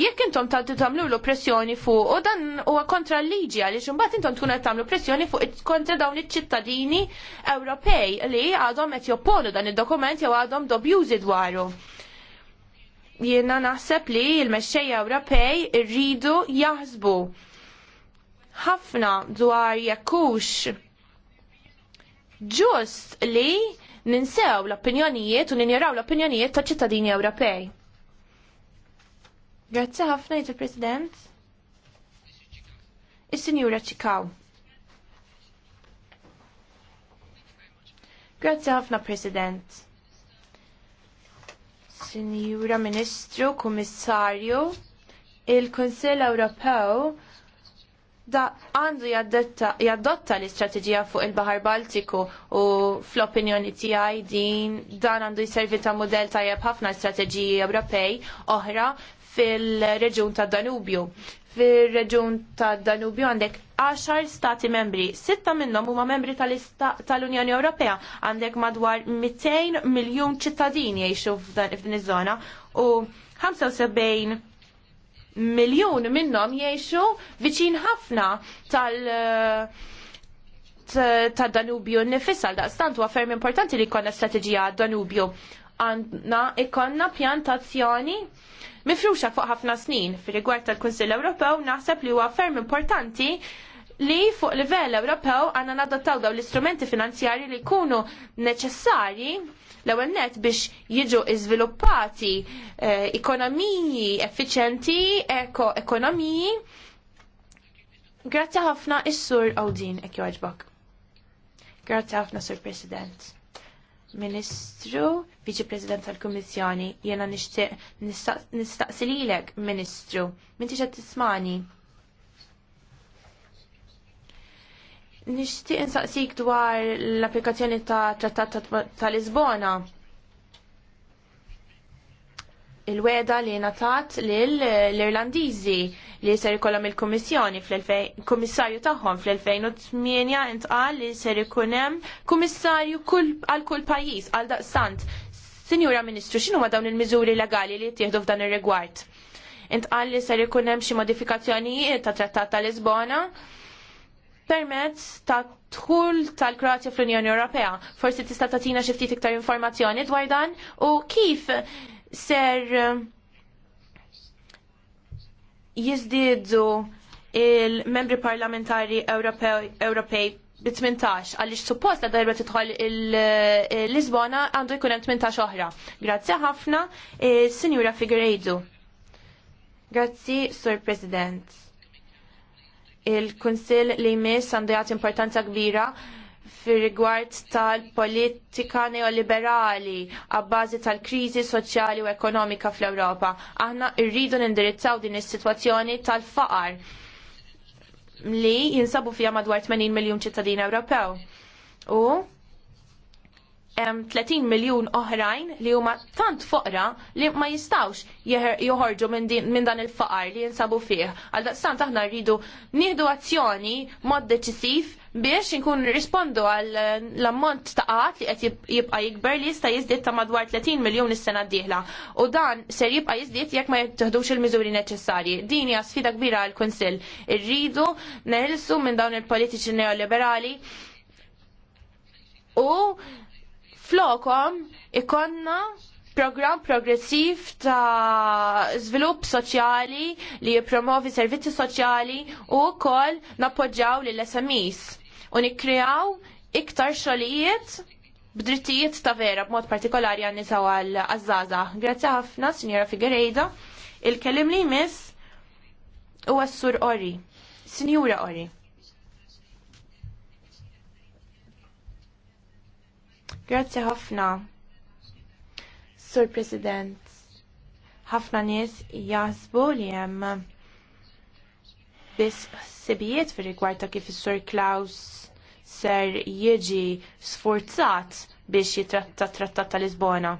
Jekk intom tagħmlu l pressjoni fuq u dan huwa kontra l-liġi għaliex imbagħad intom tkun qed tagħmlu pressjoni fuq kontra dawn iċ-ċittadini Ewropej li għadhom qed jopponu dan id-dokument jew għadhom dobjużi dwaru. Jiena naħseb li l-mexxejja Ewropej irridu jaħsbu ħafna dwar jekkux ġust li ninsew l-opinjonijiet u ninjeraw l-opinjonijiet ta' ċittadini Ewropej. Grazzi ħafna jt president Is-Sinjura Ċikaw. Grazzi ħafna President. Sinjura Ministru, Kummissarju, il-Konsell Ewropew da għandu jaddotta l-istrateġija fuq il-Bahar Baltiku u fl-opinjoni tiegħi din dan għandu jservi ta' modell tajjeb ħafna strateġiji Ewropej oħra fil-reġun ta' Danubju. Fil-reġun ta' Danubju għandek 10 stati membri, 6 minnhom huma membri tal-Unjoni Ewropea, għandek madwar 200 miljun ċittadini jgħixu f'din iż-żona u 75 miljun minnhom jgħixu viċin ħafna tal- ta' Danubju nifissa daqstant huwa ferm importanti li jkollna strateġija Danubju għandna ikonna pjantazzjoni mifruxa fuq ħafna snin. Fir-rigward tal-Kunsill Ewropew naħseb li huwa ferm importanti li fuq livell Ewropew għandna nadottaw daw l-istrumenti finanzjari li jkunu neċessarji l-ewwel net biex jiġu iżviluppati eh, ekonomiji effiċenti, eko-ekonomiji. Grazzi ħafna is-sur Awdin ek jogħġbok. Grazzi ħafna, Sur President. Ministru, Viċi President tal-Kummissjoni, jena nistaqsi lilek, Ministru, minti xa tismani? Nixtieq nistaqsik dwar l-applikazzjoni ta' Trattat ta' Lisbona il-weda li natat l-Irlandizi li ser ikollhom il-Kummissjoni fl-Kummissarju tagħhom fl-2008 intqal li ser ikun hemm kummissarju għal kull pajjiż għal daqsant. Sinjura Ministru, x'inhuma dawn il-miżuri legali li jittieħdu f'dan ir-rigward? Intqal li ser ikun hemm xi modifikazzjonijiet ta' Trattat ta' Lisbona permezz ta' dħul tal-Kroatja fl-Unjoni Ewropea. Forsi tista' tagħtina xi ftit iktar informazzjoni dwar dan u kif ser eh, jizdiedu il-membri parlamentari Ewropej bi 18 għaliex suppost la darba tidħol il-Lisbona eh, għandu jkun hemm 18 oħra. Grazzi ħafna, eh, Sinjura Figueiredo. Grazzi, Sur President. Il-Kunsill li jmiss għandu jagħti importanza kbira fir-rigward tal-politika neoliberali għabbażi tal-kriżi soċjali u ekonomika fl-Ewropa. Aħna rridu nindirizzaw din is-sitwazzjoni tal-faqar li jinsabu fija madwar 80 miljon ċittadin Ewropew. U 30 miljun oħrajn li huma tant foqra li ma jistawx joħorġu minn dan il-faqar li jinsabu fih. Għal daqstant aħna rridu nieħdu azzjoni mod deċisiv biex nkun rispondu għal eh, l-ammont ta' qat li qed jibqa' jikber li jista' jiżdied ta' madwar 30 miljun is-sena d-dieħla. U dan ser jibqa' jiżdied jekk ma jittieħdux il-miżuri neċessarji. Din hija sfida kbira għall kunsill Irridu neħilsu minn dawn il-politiċi neoliberali u Flokom ikonna program progressiv ta' svilupp soċjali li jipromovi servizzi soċjali u kol nappoġġaw li l-SMIs u nikrijaw iktar xolijiet b'drittijiet ta' vera b'mod partikolari għan nisaw għal Azzaza. Grazzi ħafna, Signora Figueiredo. Il-kelim li mis u għassur Ori. Signora Ori. Grazzi ħafna. Sur President, ħafna nies jasbu li hemm biss sibijiet fir rigward ta' kif is-Sur Klaus ser jiġi sforzat biex jitratta trattat ta' Lisbona.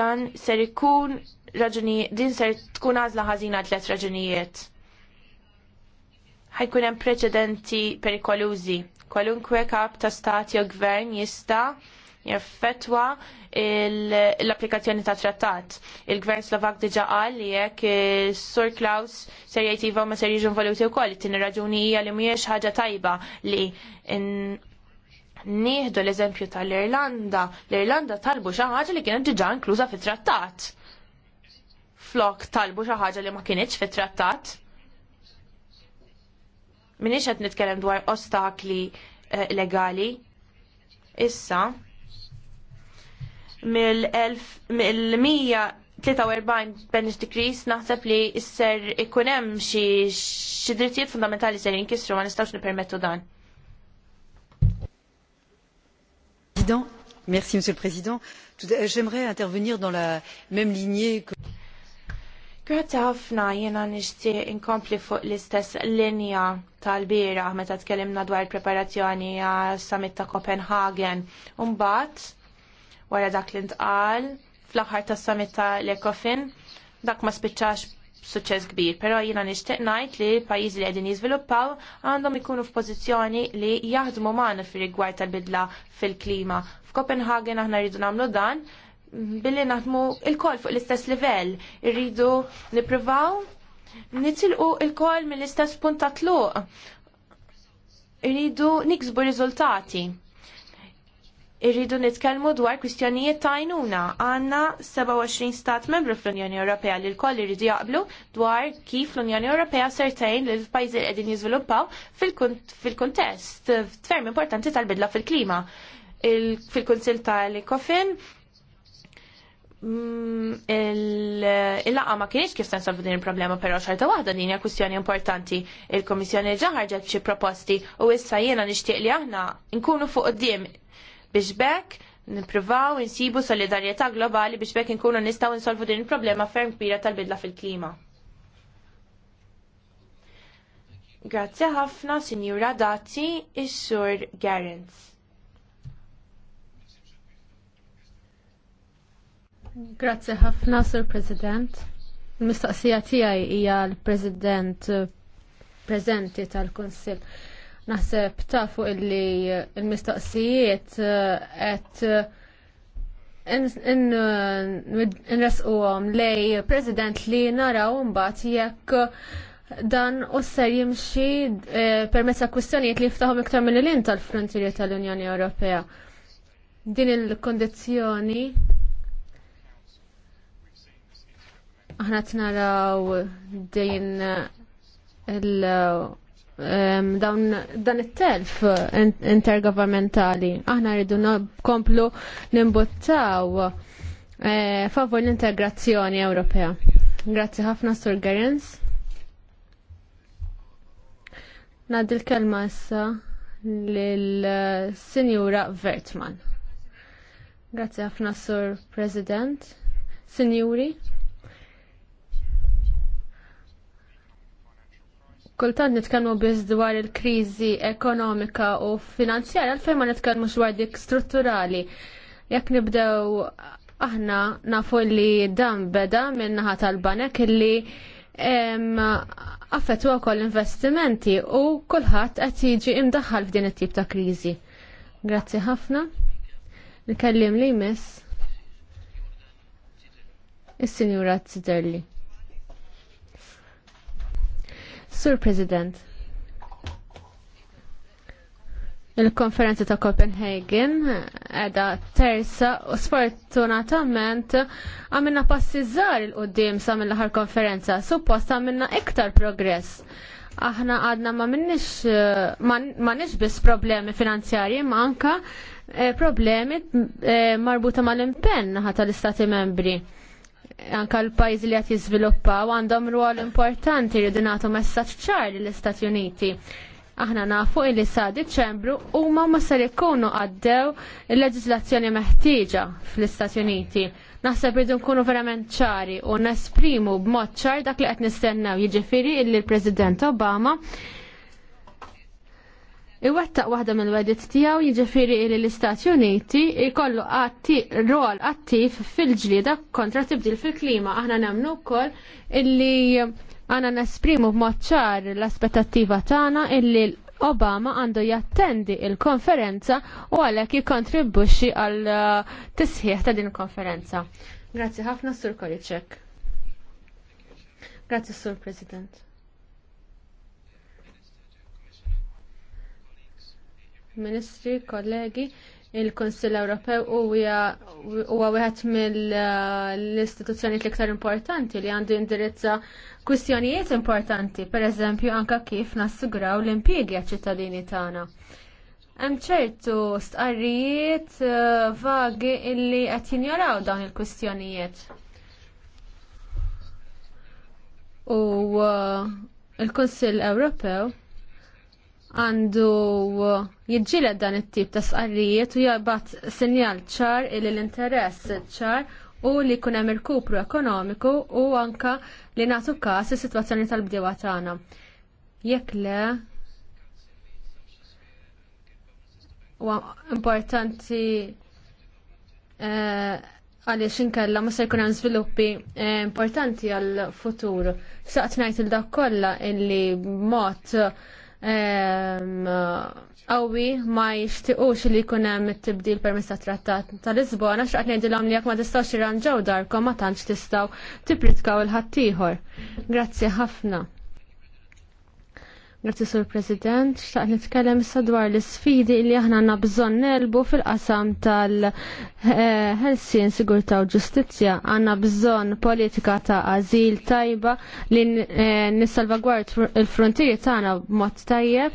Dan ser ikun raġuni, din ser tkun għażla ħażina tliet raġunijiet. Ħajkun hemm preċedenti perikolużi. Kwalunkwe kap ta' stat jew gvern jista' jaffetwa l-applikazzjoni ta' trattat. Il-gvern Slovak diġa qal li jekk Sur Klaus ser jgħid iva ma ser jiġu involuti wkoll. tini raġuni hija li mhijiex ħaġa tajba li nieħdu l-eżempju tal-Irlanda. L-Irlanda talbu xi ħaġa li kienet diġà inkluża fit-trattat. Flok talbu xi ħaġa li ma kienitx fit-trattat. Minix qed nitkellem dwar ostakli eh, legali. Issa, mill 1143 Benedict Decrees naħseb li isser ikun hemm xi drittijiet fundamentali ser jinkisru ma nistgħux nippermettu dan. Merci Monsieur le Président. J'aimerais intervenir dans la même lignée que... Grazzi ħafna jiena nixtieq inkompli fuq l-istess linja tal-bira meta tkellimna dwar il-preparazzjoni għas summit ta' Copenhagen. Umbagħad wara dak li ntqal fl-aħħar tas-summit ta' l-Ecofin dak ma spiċċax suċċess kbir, però jiena nixtieq ngħid li l-pajjiżi li qegħdin jiżviluppaw għandhom ikunu f'pożizzjoni li jaħdmu magħna fir-rigward tal-bidla fil-klima. F'Copenhagen aħna rridu nagħmlu dan billi naħdmu il-koll fuq l-istess livell, irridu niprivaw, nitilqu il-koll mill-istess punt ta' tluq, irridu niksbu riżultati. Irridu nitkellmu dwar kwistjonijiet ta' għajnuna. Għanna 27 stat membru fl-Unjoni Ewropea li l-koll irridu jaqblu dwar kif l-Unjoni Ewropea sertejn li l-pajzi li qegħdin jiżviluppaw fil-kuntest ferm importanti tal-bidla fil-klima. Fil-Kunsil tal-Ekofin Mm, il-laqa ma kienx kif sensolvu din il-problema, pero xorta waħda din hija kwistjoni importanti. Il-Komissjoni ġa ħarġet xi proposti u issa jiena nixtieq li aħna nkunu fuq qudiem biex bekk nippruvaw insibu solidarjetà globali biex bekk inkunu nistgħu nsolvu din il-problema ferm kbira tal-bidla fil-klima. Grazzi ħafna, Sinjura Dati, is-Sur Gerens. Grazie ħafna, Sur President. Il-mistaqsija tiegħi hija l-President eh, preżenti tal-Kunsill. Naħseb tafu illi eh, l mistaqsijiet eh, qed nresquhom lej President li naraw mbagħad jekk dan u ser jimxi permezz ta' kwistjonijiet li jiftaħu iktar mill-lin tal-frontieri tal-Unjoni Ewropea. Din il kundizzjoni Aħna t-naraw din dan it-telf intergovernmentali. Aħna rridu komplu nimbuttaw eh, favor l-integrazzjoni Ewropea. Grazzi ħafna Sur Gerens. Naddi l-kelma issa lil sinjura Vertman. Grazzi ħafna Sur President. Sinjuri. kultant nitkellmu biss dwar il-kriżi ekonomika u finanzjarja għalfejn ma nitkellmux dwar dik strutturali. Jekk nibdew aħna nafu li dan beda min-naħa tal-banek illi affettwa wkoll investimenti u kulħadd qed jiġi imdaħħal f'din it-tip ta' kriżi. Grazzi ħafna. Nikellim li miss. Is-Sinjura Ziderli. Sur President, il-konferenza ta' Copenhagen għeda terza u sfortunatament għamilna passi żgħar il-qoddim sa' mill-aħħar konferenza, suppost għamilna iktar progress. Aħna għadna ma minnix ma biss problemi finanzjarji ma anka eh, problemi eh, marbuta mal-impenn ħata l-istati membri anka l pajjiżi li qed jiżviluppaw għandhom rwol importanti li nagħtu messaġġ ċar lill-Istati Uniti. Aħna nafu li sa Diċembru huma ma ser ikunu għaddew il-leġiżlazzjoni meħtieġa fl-Istati Uniti. Naħseb rridu nkunu verament ċari u nesprimu b'mod ċar dak li qed nistennew jiġifieri lill l-President Obama iwettaq waħda mill-wedit tiegħu jiġifieri li l-Istati Uniti jkollu rol attiv fil-ġlieda kontra tibdil fil-klima. Aħna nemmnu wkoll illi għana nesprimu b'mod ċar l-aspettattiva tagħna illi Obama għandu jattendi il-konferenza u għalhekk jikkontribwixxi għal uh, tisħiħ ta' din il-konferenza. Grazzi ħafna Sur Koliċek. Grazzi Sur President. Ministri, kollegi, il-Konsil Ewropew huwa wieħed mill-istituzzjonijiet l-iktar importanti li għandu indirizza kwistjonijiet importanti, pereżempju anke kif nassugraw l-impjiegi għaċ-ċittadini tagħna. Hemm ċertu stqarrijiet eh, vagi illi qed jinjoraw dawn il-kwistjonijiet. U eh, l-Kunsill Ewropew għandu jidġile dan it-tip ta' sqarrijiet u jgħabat sinjal ċar il l-interess ċar u li kun hemm irkupru ekonomiku u anka li nagħtu każ is-sitwazzjoni tal bdiwa tagħna. Jekk le huwa importanti eh, għaliex inkella ma se jkun hemm żviluppi eh, importanti għall futur Saqt ngħid il dak kollha illi mod għawi ma jixtiequx li jkun hemm it-tibdil permessa tat-Trattat ta' Lisbona x'qed ngħidilhom li jekk ma tistgħux irranġaw darkom ma tantx tistgħu tippritkaw il ħattijħor Grazzi ħafna. Grazie, Sur President, xtaqt nitkellem issa dwar l-sfidi li aħna għandna bżonn nelbu fil-qasam tal-ħelsien sigurtà u ġustizzja. Għandna bżonn politika ta' ażil tajba li eh, nissalvagward il-frontieri tagħna b'mod tajjeb.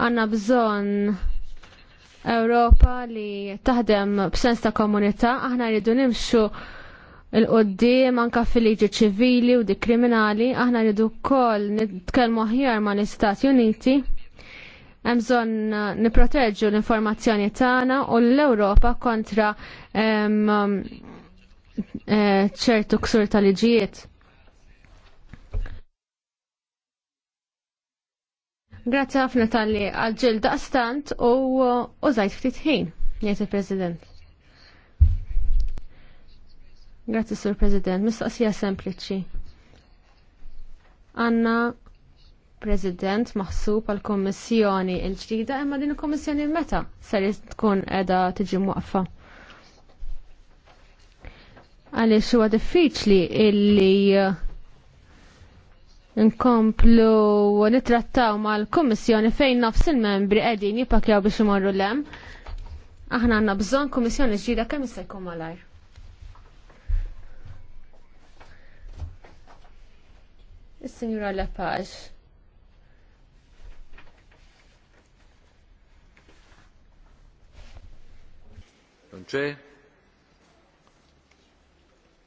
Għandna bżonn Ewropa li taħdem b'sens ta' komunità, aħna rridu nimxu il-qoddim anka fil-liġi ċivili u dikriminali, kriminali, aħna rridu wkoll nitkellmu aħjar ma' l-Istati Uniti. Hemm bżonn eh, l-informazzjoni tagħna u l-Ewropa kontra eh, ċertu ksur tal-liġijiet. Grazzi ħafna tal-li għal-ġil daqstant u użajt ftit ħin, jgħid il-President. Grazzi, Sur President. Mistaqsija sempliċi. Anna President maħsub għal kommissjoni il-ġdida imma din il-kommissjoni meta ser tkun edha tiġi mwaqfa. Għaliex huwa diffiċli illi uh, nkomplu nitrattaw mal-kommissjoni fejn nafs il-membri qegħdin jipakjaw biex imorru lem. Aħna għandna bżonn kommissjoni ġdida kemm se jkun malajr. Is-Sinjura Lapaġ. Non c'è?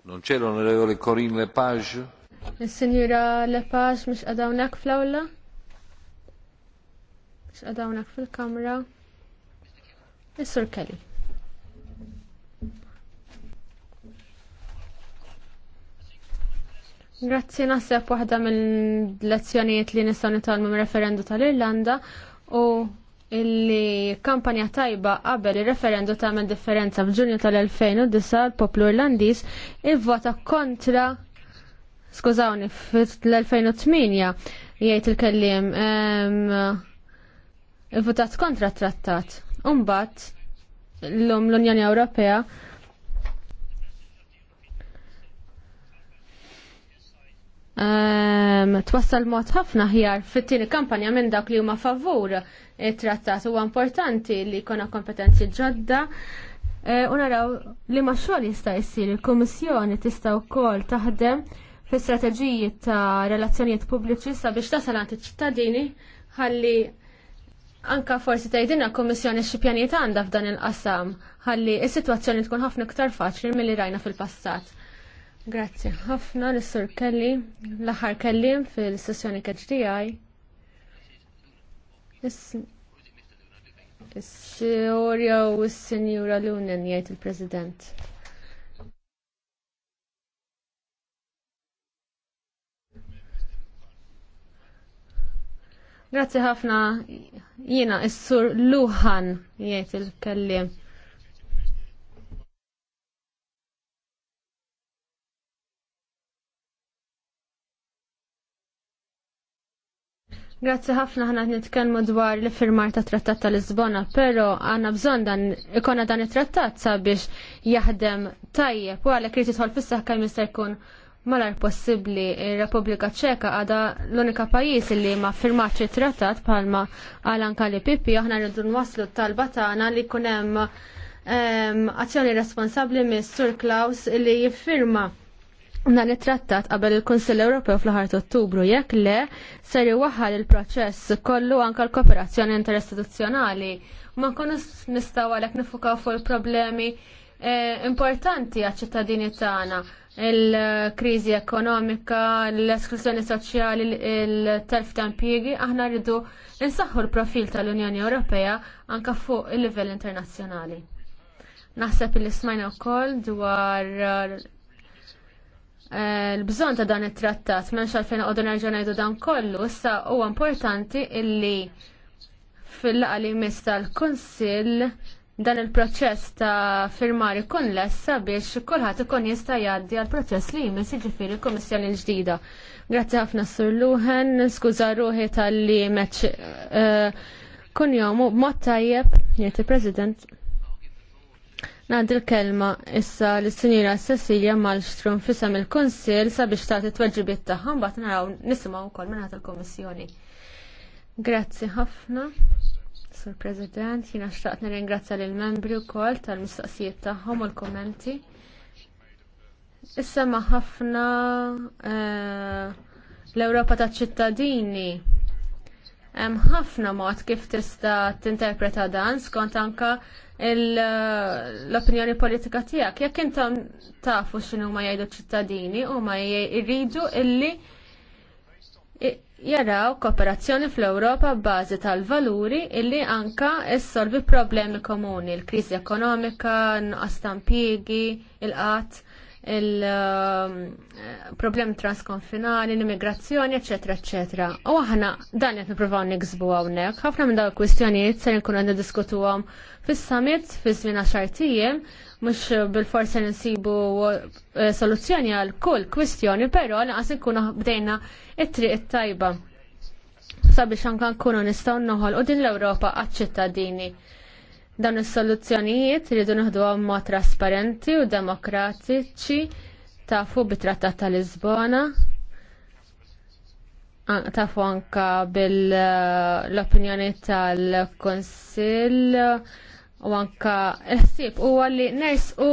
Non c'è l'onorevole Corinne Lepage? Il-Sinjura Lepage mux għadawnek fl-awla? Mux għadawnek fil-kamra? Is-Sur Kelly. Grazzi naħseb waħda mill-lezzjonijiet li nistgħu nitolmu referendu tal-Irlanda u illi kampanja tajba qabel ir-referendu tagħmel differenza f'Ġunju tal-2009 l-poplu Irlandiż ivvota kontra skużawni fl-2008 jgħid il-kelliem ivvotat kontra trattat. Umbat l-Unjoni Ewropea Ehm, twassal mod ħafna ħjar fit-tieni kampanja minn dak li huma favur it-trattat huwa importanti li jkollna kompetenzi ġodda eh, u naraw li ma xogħol jista' jsir il-Kummissjoni tista' wkoll taħdem fi strateġiji ta' relazzjonijiet pubbliċi sabiex tasal għandi ċittadini ħalli Anka forsi kummissjoni xi pjanijiet għandha f'dan il-qasam, ħalli is sitwazzjoni tkun ħafna iktar faċli milli rajna fil-passat. Grazzi ħafna l-Sur Kelly, l-aħħar Kelly fil-sessjoni KHDI. Is-sur jew is-Sinjura Lunen jgħid il-President. Grazzi ħafna jiena is-sur Luhan jgħid il-kellim. Grazzi ħafna ħana nitkellmu dwar li firmar ta' trattat ta' Lisbona, pero għanna bżon dan ikona dan it-trattat sabiex jaħdem tajjeb u għalhekk irid jidħol fis kaj kemm jista' jkun malar possibbli ir-Repubblika Ċeka għada l-unika pajis li ma firmax trattat bħalma għal kalli pipi, Pippi aħna rridu nwasslu t-talba tagħna li jkun hemm azzjoni responsabbli mis Sur Klaus li jiffirma dan it-trattat qabel il-Kunsill Ewropew fl-ħar Ottubru jekk le ser iwaħħal il-proċess kollu anke l-kooperazzjoni interistituzzjonali ma nkunu nistgħu għalhekk nifukaw fuq il-problemi eh, importanti għaċ-ċittadini tagħna il-kriżi ekonomika, l esklużjoni soċjali, il-telf ta' impjiegi, aħna rridu nsaħħu l-profil tal-Unjoni Ewropea anke fuq il-livell internazzjonali. Naħseb il-ismajna wkoll dwar Eh, l-bżon ta' dan it-trattat, menx għalfejn għodu nerġa' għajdu dan kollu, issa huwa importanti illi fil-laqa li jmiss tal-Kunsill dan il-proċess ta' firmar ikun lessa biex kulħadd ikun jista' jgħaddi għal proċess li jmiss ġifiri l komissjoni l-ġdida. Grazzi ħafna Sur Luħen, skuża ruħi tal-li meċ eh, kun jomu b'mod tajjeb, jgħid il-President. Nadi il kelma issa l-sinjira Cecilia Malmström fissam il-Konsil sabiex tagħti t-tweġibiet tagħha mbagħad naraw nisimgħu wkoll minnat il-Kummissjoni. Grazzi ħafna. Sur President, jina xtaqt nirringrazzja lill membri wkoll tal-mistaqsijiet tagħhom u l-kummenti. Issa ma ħafna eh, l-Ewropa taċ ċittadini hemm ħafna mod kif tista' tinterpreta dan skont anke l-opinjoni politika tiegħek. Jekk intom tafu xinu ma jgħidu ċittadini u ma jridu illi jaraw kooperazzjoni fl-Ewropa bbażi tal-valuri illi anka issolvi problemi komuni, l-kriżi ekonomika, n-nuqqas tampigi, il qat il-problem transkonfinali, l-immigrazzjoni, eccetera, eccetera. U aħna dan qed nippruvaw niksbu hawnhekk. Ħafna minn dawk kwistjonijiet se nkunu qed niddiskutuhom fis-summit fi żmien għaxar tiem, mhux bil-forsi nsibu eh, soluzzjoni għal kull kwistjoni, però laqas nkunu bdejna it-triq it-tajba sabiex anke nkunu nistgħu noħol u din l-Ewropa għaċ-ċittadini. Dan is-soluzzjonijiet rridu naħduhom mod trasparenti u demokratiċi tafu bit-Trattat ta' Lisbona tafu anka bil-opinjoni eh, tal kunsill u anka ħsieb u għalli ners u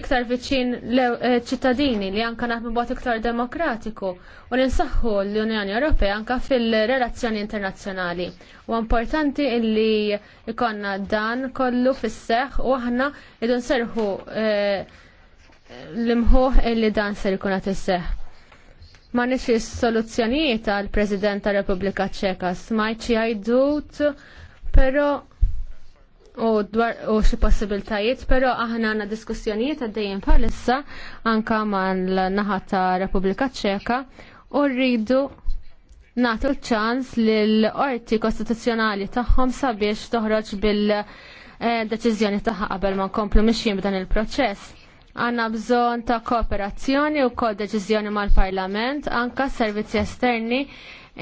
iktar viċin eh, ċittadini li anka naħdmu bot iktar demokratiku u li nsaħħu l-Unjoni Ewropea anka fil-relazzjoni internazzjonali. U importanti illi ikonna dan kollu fis-seħ u aħna idu serħu eh, l-imħuħ illi dan ser ikun għat seħ Ma nixi soluzzjonijiet għal President ta' Repubblika Ċeka, smajċi għajdut, pero u dwar u xi possibiltajiet, però aħna għandna diskussjonijiet għaddejjin bħalissa anka mal-naħa ta' Repubblika Ċeka u rridu nagħtu ċans lil qorti kostituzzjonali tagħhom sabiex toħroġ bil deċiżjoni tagħha qabel ma nkomplu mixjin b'dan il-proċess. Għanna bżon ta' kooperazzjoni u kod deċiżjoni mal-Parlament, anka servizzi esterni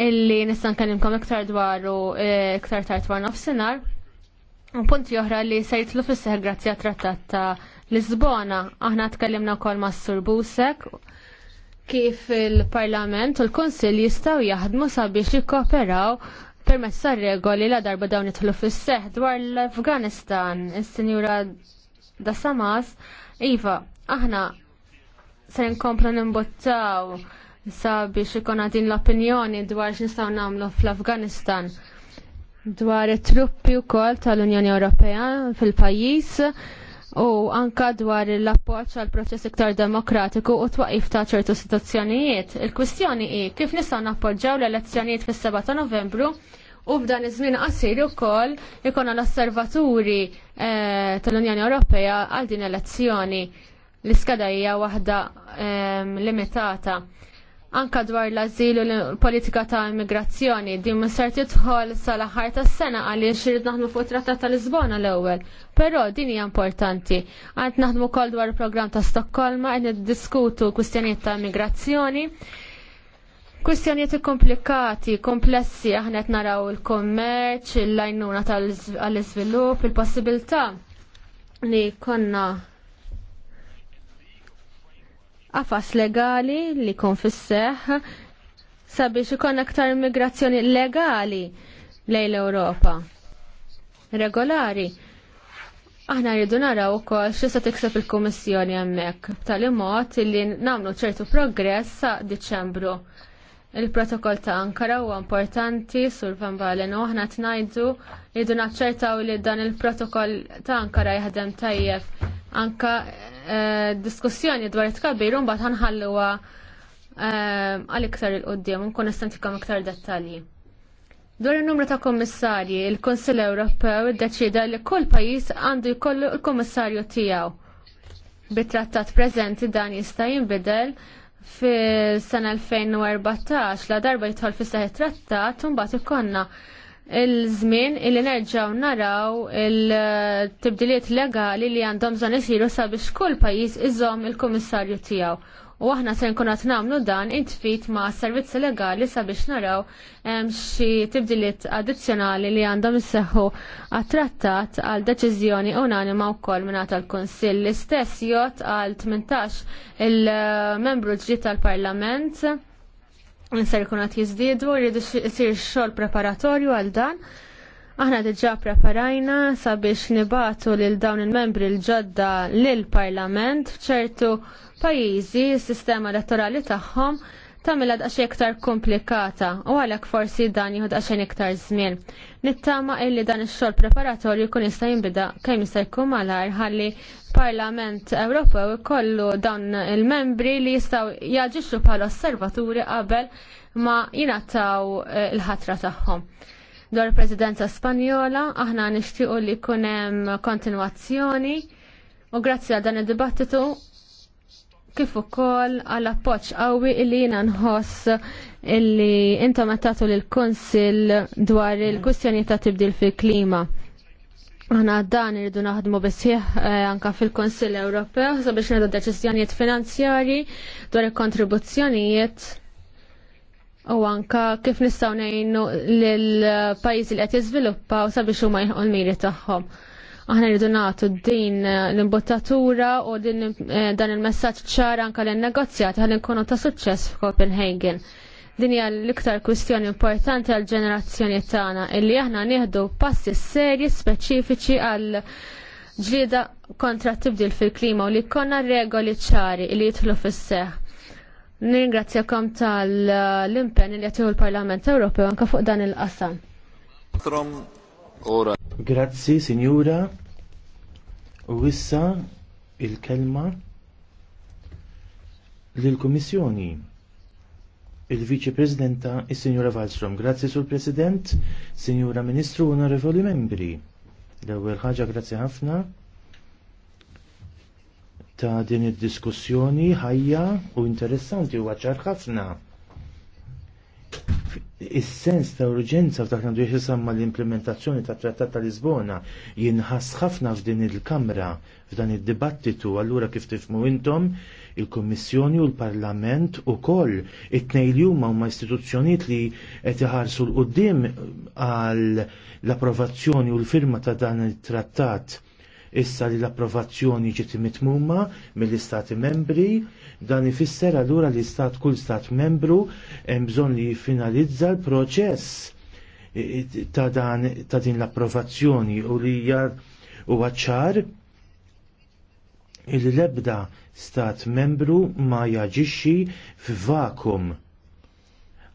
illi nistan kellimkom iktar dwaru eh, iktar tard dwar nofsinhar. Un punti oħra li se jitlu fisseħ grazzi trattat ta' Lisbona. Aħna tkellimna wkoll ma' Sur Busek kif il-Parlament u l-Konsil jistgħu jaħdmu sabiex jikkooperaw permezz regoli la darba dawn fis fisseħ dwar l-Afganistan. Is-Sinjura da Samas, Iva, aħna se nkomplu nimbottaw sabiex ikon din l-opinjoni dwar x'nistgħu nagħmlu fl-Afganistan dwar it-truppi wkoll tal-Unjoni Ewropea fil-pajjiż u anka dwar l-appoġġ għal proċess iktar demokratiku u twaqif ta' ċertu situazzjonijiet. Il-kwistjoni hi kif nistgħu nappoġġaw l-elezzjonijiet fis-7 ta' Novembru u f'dan iż-żmien qasir ukoll ikonu l-osservaturi eh, tal-Unjoni Ewropea għal din elezzjoni. L-iskada hija waħda ehm, limitata anka dwar l-azil u l-politika ta' immigrazzjoni din ma ser tidħol sal-aħħar tas-sena għaliex xirid naħdmu fuq trattat ta' Lisbona l-ewwel. Però din hija importanti. Għand naħdmu wkoll dwar il-programm ta' Stokkolma qed niddiskutu kwistjonijiet ta' immigrazzjoni. Kwistjonijiet komplikati, komplessi, aħna qed naraw il-kommerċ, il-lajnuna tal-iżvilupp, il-possibilità li konna għafas legali li kon fisseħ sabiex ikon aktar immigrazzjoni legali lejn l-Ewropa. Regolari. Aħna rridu naraw ukoll se tikseb il-Kummissjoni hemmhekk b'tali mod li nagħmlu ċertu progress sa' Diċembru. Il-protokoll ta' Ankara huwa importanti sur Van Balen u aħna tnajdu rridu naċċertaw li dan il-protokoll ta' Ankara jaħdem tajjeb anka diskussjoni dwar it-tkabbir un bat ħanħalluwa eh, għal-iktar il-qoddim, nkun nistantikom iktar dettalji. Dwar il-numru ta' kommissarji, il-Konsil Ewropew iddeċida li kull pajjiż għandu jkollu l-kommissarju tiegħu. Bit-trattat preżenti dan jista' jinbidel fis sena 2014 la darba jidħol fis-seħi trattat u mbagħad ikollna il-żmien illi nerġaw naraw il-tibdiliet legali li għandhom żon isiru sabiex kull pajjiż iżom il-kummissarju tiegħu. U aħna se nkun qed nagħmlu dan intfit ma' servizzi legali sabiex naraw xi tibdiliet addizzjonali li għandhom isseħħu għat-trattat għal deċiżjoni unanima wkoll mingħata l-Kunsill l-istess jgħod għal 18 il-membru ġdid tal-Parlament Nisser ikun għat jizdidu, jridu jisir xol preparatorju għal dan. Aħna diġa preparajna sabiex nibatu lil dawn il-membri l-ġodda lil parlament f'ċertu pajjiżi s-sistema elettorali tagħhom tamela daqxie iktar komplikata u għalek forsi dan jihud għaxen iktar zmin. Nittama illi dan il-xol preparatorju kun jista jimbida kem jista jkun malar ħalli Parlament Ewropew kollu dan il-membri li jistaw jaġixxu bħal osservaturi qabel ma jinattaw eh, il-ħatra tagħhom. Dwar il-Presidenza Spanjola aħna nixtiequ li kunem kontinwazzjoni u grazzi għal dan id-dibattitu kif ukoll għal appoġġ qawwi illi jiena nħoss illi intom għattatu lill-Kunsill dwar il-kwistjoni ta' tibdil fil-klima. Aħna dan irridu naħdmu bisħieħ eh, anka fil kunsill Ewropew sabiex ngħidu deċiżjonijiet finanzjarji dwar il-kontribuzzjonijiet u anka kif nistgħu ngħinu lill pajjiżi li qed jiżviluppaw sabiex huma miri tagħhom. Aħna rridu nagħtu din l-imbottatura u eh, dan il-messaġġ ċar anke lin-negozjat ħalli nkunu ta' suċċess f'Copenhagen. Din hija l-iktar kwistjoni importanti għall ġenerazzjoni tagħna illi aħna nieħdu passi serji speċifiċi għal ġlieda kontra tibdil fil-klima u li jkollna regoli ċari li jidħlu fis-seħħ. Nirringrazzjakom tal-impenn li jattiħu l-Parlament Ewropew anka fuq dan il-qasam. Ora. Grazzi, Signora U issa il-kelma lill-Kummissjoni il-Viċi Presidenta il-Signora Wallström. Grazzi Sur President, Signora Ministru, onorevoli membri. L-ewwel ħaġa grazzi ħafna ta' din id-diskussjoni ħajja u interessanti u għacċar ħafna. Is-sens ta' urġenza ta' għandu samma l-implementazzjoni ta' Trattat ta' Lisbona jinħass ħafna f'din il-Kamra f'dan id-dibattitu allura kif tifmu intom il-Kommissjoni u l-Parlament u koll it-tnej li huma ma' istituzzjonijiet li qed iħarsu l qudiem għal l-approvazzjoni u l-firma ta' dan it-trattat issa li l-approvazzjoni ġiet mitmuma mill-Istati membri Dan ifisser allura li stat kull stat membru hemm bżonn li jiffinalizza l-proċess ta' ta' din l-approvazzjoni u li jar u għacċar il-lebda stat membru ma jaġixxi f'vakum. vakum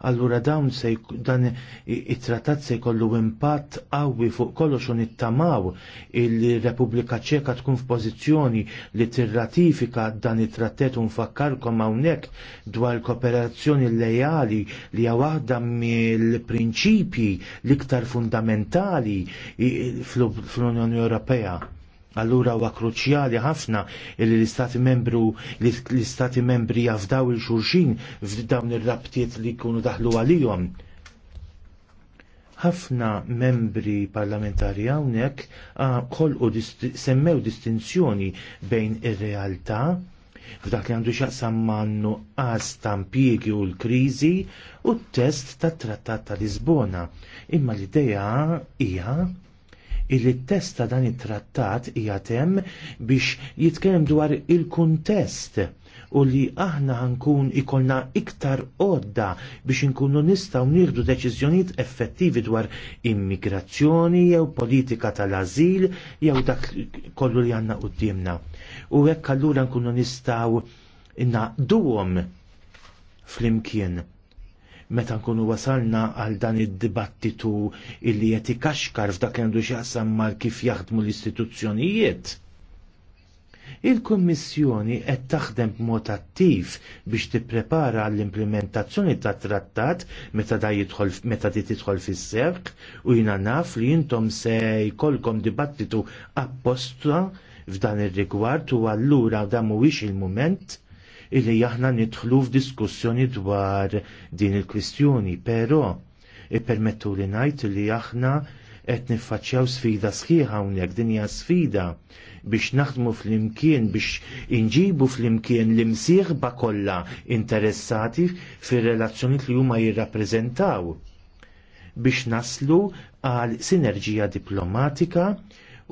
allura dawn se dan it-trattat se jkollu impatt qawwi fuq kollox u nittamaw il-Repubblika Ċeka tkun f'pożizzjoni li tirratifika dan it-trattat u nfakkarkom hawnhekk dwar kooperazzjoni lejali li hija waħda mill-prinċipji l-iktar fundamentali fl-Unjoni Ewropea Allura huwa kruċjali ħafna li l-istati membru l-istati membri jafdaw il-xurxin f'dawn ir-rabtiet li jkunu daħlu għalihom. Ħafna membri parlamentari hawnhekk kolqu semmew distinzjoni bejn ir-realtà f'dak li għandu xaqsam mannu ta' tampiegi u l-krizi u t-test tat trattat ta' Lisbona. Imma l-ideja hija illi t-test ta' dan it-trattat hija tem biex jitkellem dwar il-kuntest u li aħna ħankun ikolna iktar odda biex inkunu nistaw nieħdu deċiżjonijiet effettivi dwar immigrazzjoni jew politika tal-azil jew dak kollu li għanna qudiemna. U hekk allura nkunu nistaw naqduhom flimkien meta nkunu wasalna għal dan id-dibattitu illi qed ikaxkar f'dak li għandu x'jaqsam mal kif jaħdmu l-istituzzjonijiet. Il-Kummissjoni qed taħdem b'mod attiv biex tipprepara l-implementazzjoni ta' trattat meta da jidħol meta di tidħol fis-serq u jiena naf li intom se jkollkom dibattitu apposta f'dan ir-rigward u allura dan mhuwiex il-mument illi aħna nidħlu f'diskussjoni dwar din il-kwistjoni, però ippermettu li ngħid li aħna qed niffaċċjaw sfida sħiħa hawnhekk din hija sfida biex naħdmu fl-imkien biex inġibu fl-imkien l-imsieħba kollha interessati fir-relazzjonijiet li huma jirrappreżentaw biex naslu għal sinerġija diplomatika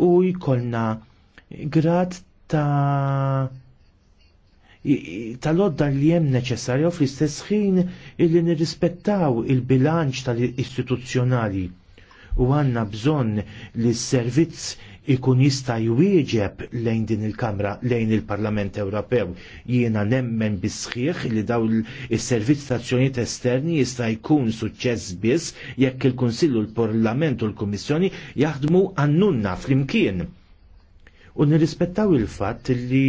u jkollna grad ta' tal-odda li jem neċessarja u fl-istess ħin illi nirrispettaw il-bilanċ tal-istituzzjonali u għanna bżonn li s-servizz ikun jista' jwieġeb lejn din il-Kamra lejn il-Parlament Ewropew. Jiena nemmen bisħiħ li daw is-servizz tazzjoniet esterni jista' jkun suċċess biss jekk il konsillu l-Parlament u l-Kummissjoni jaħdmu għannunna flimkien. U nirrispettaw il-fatt li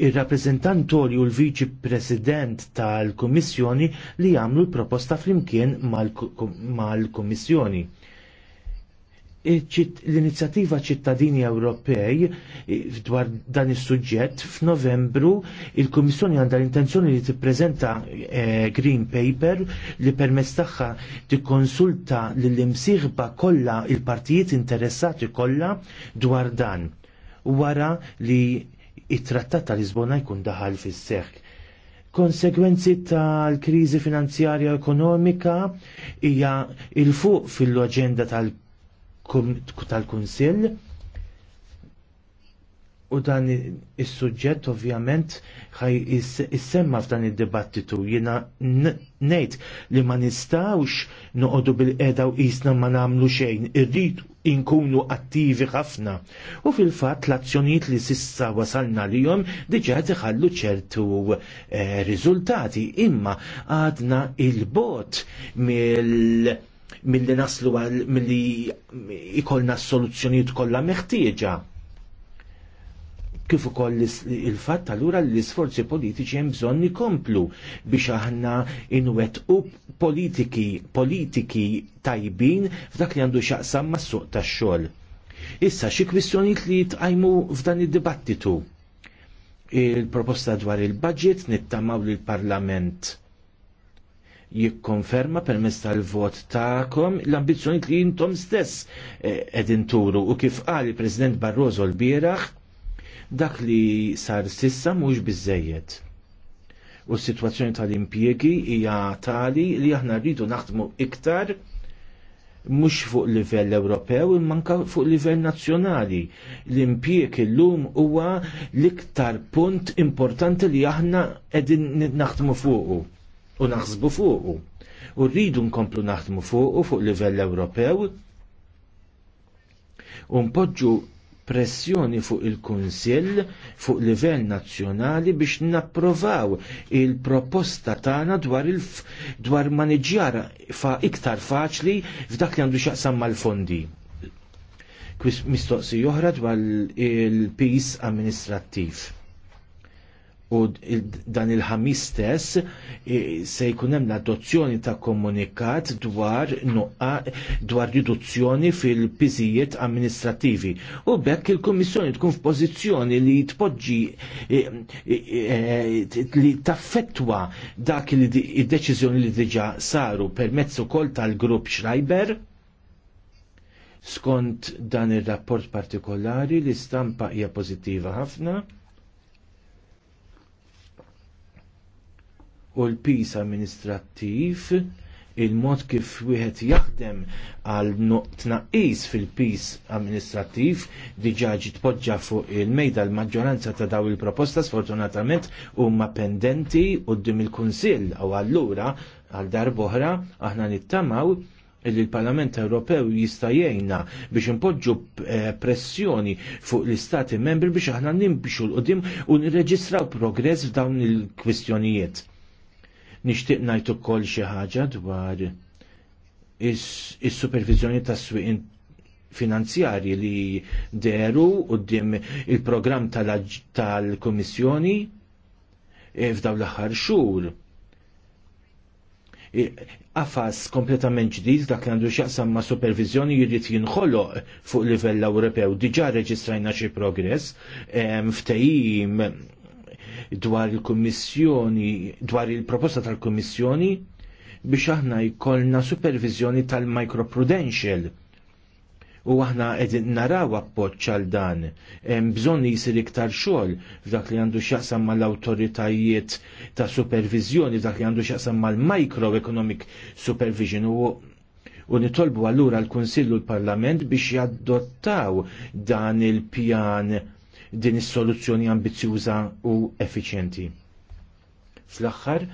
ir rappresentantori u l-Viċi President tal-Kummissjoni li għamlu l-proposta flimkien mal-Kummissjoni. L-inizjattiva ċittadini Ewropej dwar dan is-suġġett f'Novembru il-Kummissjoni għandha l-intenzjoni li tippreżenta eh, Green Paper li permezz tagħha tikkonsulta lill-imsieħba kollha il-partijiet interessati kollha dwar dan wara li it-trattat ta' Lisbona jkun daħal fis seħħ Konsegwenzi tal-kriżi finanzjarja ekonomika hija il-fuq fil-loġenda tal-Kunsill u dan is-suġġett ovvjament ħaj issemma f'dan id-dibattitu jiena ngħid li ma nistawx noqogħdu bil-qeda u jisna ma nagħmlu xejn, irrid inkunu attivi ħafna. U fil-fatt l-azzjonijiet li sissa wasalna jom diġà iħallu ċertu eh, riżultati, imma għadna il-bot mill mill-li naslu għal mill-li ikolna s-soluzzjoniet kollha meħtieġa kif ukoll il-fatt allura li l-isforzi politiċi hemm bżonn ikomplu biex aħna inwet u politiki politiki tajbin f'dak li għandu xaqsam mas-suq tax-xogħol. Issa xi kwistjonijiet li jitqajmu f'dan id-dibattitu. Il-proposta dwar il-budget nittamaw lill parlament jikkonferma permezz tal-vot tagħkom l-ambizzjonijiet li jintom stess qegħdin eh, turu u kif qal il-President Barroso l-bieraħ dak li sar sissa mhux biżejjed. U s-sitwazzjoni tal-impjegi hija tali li aħna rridu naħdmu iktar mhux fuq livell Ewropew immanka fuq livell nazzjonali. L-impjeg illum huwa l-iktar punt importanti li aħna qegħdin naħdmu fuqu u naħsbu fuqu. U rridu nkomplu naħdmu fuqu fuq livell Ewropew u mpoġġu pressjoni fuq il-Kunsill fuq livell nazzjonali biex napprovaw il-proposta tagħna dwar il dwar maniġjar fa' iktar faċli f'dak li għandu xaqsam mal-fondi. Mistoqsi oħra dwar il-pis amministrattiv u dan il-ħamis stess e, se jkun hemm l-adozzjoni ta' komunikat dwar nuqqa dwar riduzzjoni fil-piżijiet amministrativi. U bekk il-Kummissjoni tkun f'pożizzjoni li tpoġġi e, e, li taffettwa dak id-deċiżjoni li diġà saru permezz ukoll tal-grupp Schreiber skont dan ir-rapport partikolari l-istampa hija pożittiva ħafna u l-pis amministrattiv il-mod kif wieħed jaħdem għal tnaqqis fil-pis amministrattiv diġa ġitpoġġa fuq il-mejda l-maġġoranza ta' daw il-proposta sfortunatament huma pendenti qudiem il-Kunsill u allura għal darboħra aħna nittamaw li l-Parlament Ewropew jista' jgħinna biex impoġġu eh, pressjoni fuq l-Istati membri biex aħna nimbixu l-qudiem u nirreġistraw progress f'dawn il-kwistjonijiet Nixtieq ngħid ukoll xi ħaġa dwar is-supervizjoni tas-swieq finanzjarji li deru dim il-programm tal-Kummissjoni eh, f'daw l-aħħar xhur Għafas eh, kompletament ġdid dak li għandu x'jaqsam ma' supervizjoni jrid jinħoloq fuq livell Ewropew. Diġà reġistrajna xi progress ftehim dwar il-Kummissjoni, dwar il-proposta tal-Kummissjoni biex aħna jkollna supervizjoni tal-microprudential u aħna edin naraw appoċ għal dan. Bżon jisir iktar xogħol f'dak li għandu x'jaqsam mal-awtoritajiet ta' supervizjoni, f'dak li għandu x'jaqsam mal-microeconomic supervision u u nitolbu allura l konsillu l-Parlament biex jaddottaw dan il-pjan din is-soluzzjoni ambizjuża u effiċjenti. Fl-aħħar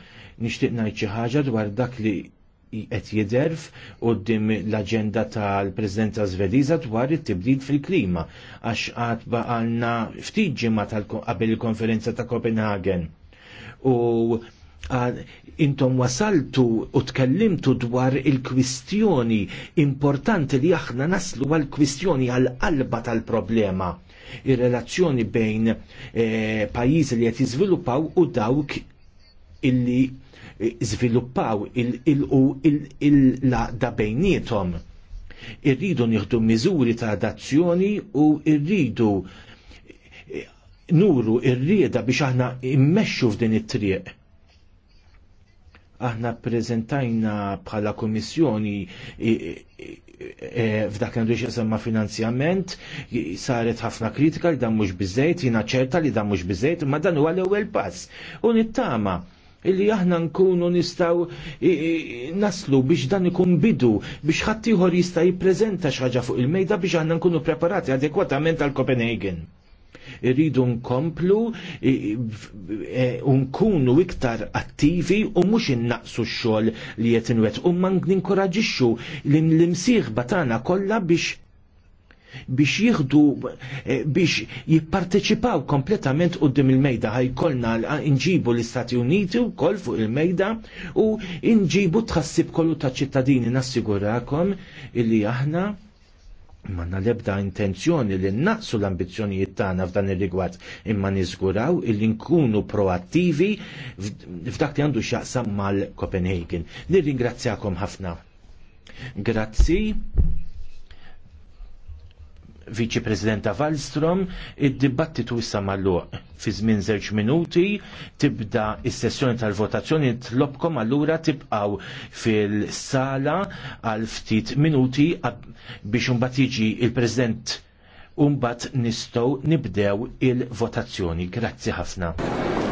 nixtieq ngħid xi ħaġa dwar dak li qed jiderf qudiem l-aġenda tal-Presidenza Zveliża dwar it-tibdil fil-klima għax qatt baqalna ftit ġimgħa qabel il-konferenza ta' Copenhagen. U intom wasaltu u tkellimtu dwar il-kwistjoni importanti li aħna naslu għal-kwistjoni għal-qalba tal-problema ir-relazzjoni bejn eh, pajjiżi li qed jiżviluppaw u dawk illi eh, żviluppaw il-laqda bejnietom. Irridu nieħdu miżuri ta' adazzjoni u irridu eh, nuru ir-rieda biex aħna immexxu f'din it-triq aħna ppreżentajna bħala komissjoni E, f'dak għandu semma finanzjament, saret ħafna kritika li dan mhux biżejt, jiena ċerta li dan mhux biżejt, ma dan huwa l-ewwel pass. U nittama illi aħna nkunu nistaw naslu biex dan ikun bidu biex ħaddieħor jista' jippreżenta xi ħaġa fuq il-mejda biex aħna nkunu preparati adekwatament għal Copenhagen irridu nkomplu e, nkunu iktar attivi u mhux innaqsu x-xogħol li qed inwet u ma ninkoraġixxu l-imsieħba tagħna kollha biex biex jieħdu e, biex jipparteċipaw kompletament dim il-mejda ħajkolna nġibu l-Istati Uniti u kol fuq il-mejda u nġibu tħassib kollu ta' ċittadini nassigurakom illi aħna manna lebda intenzjoni li naqsu l-ambizjonijiet tagħna f'dan ir-rigward imma niżguraw illi nkunu proattivi f'dak li għandu x'jaqsam mal-Copenhagen. Nirringrazzjakom ħafna. Grazzi Viċi prezidenta Wallström, id-dibattitu issa mal Fi żmien żewġ minuti tibda is-sessjoni tal-votazzjoni tlobkom allura tibqaw fil-sala għal ftit minuti biex imbagħad jiġi il-President Umbat mbagħad nistgħu nibdew il-votazzjoni. Grazzi ħafna.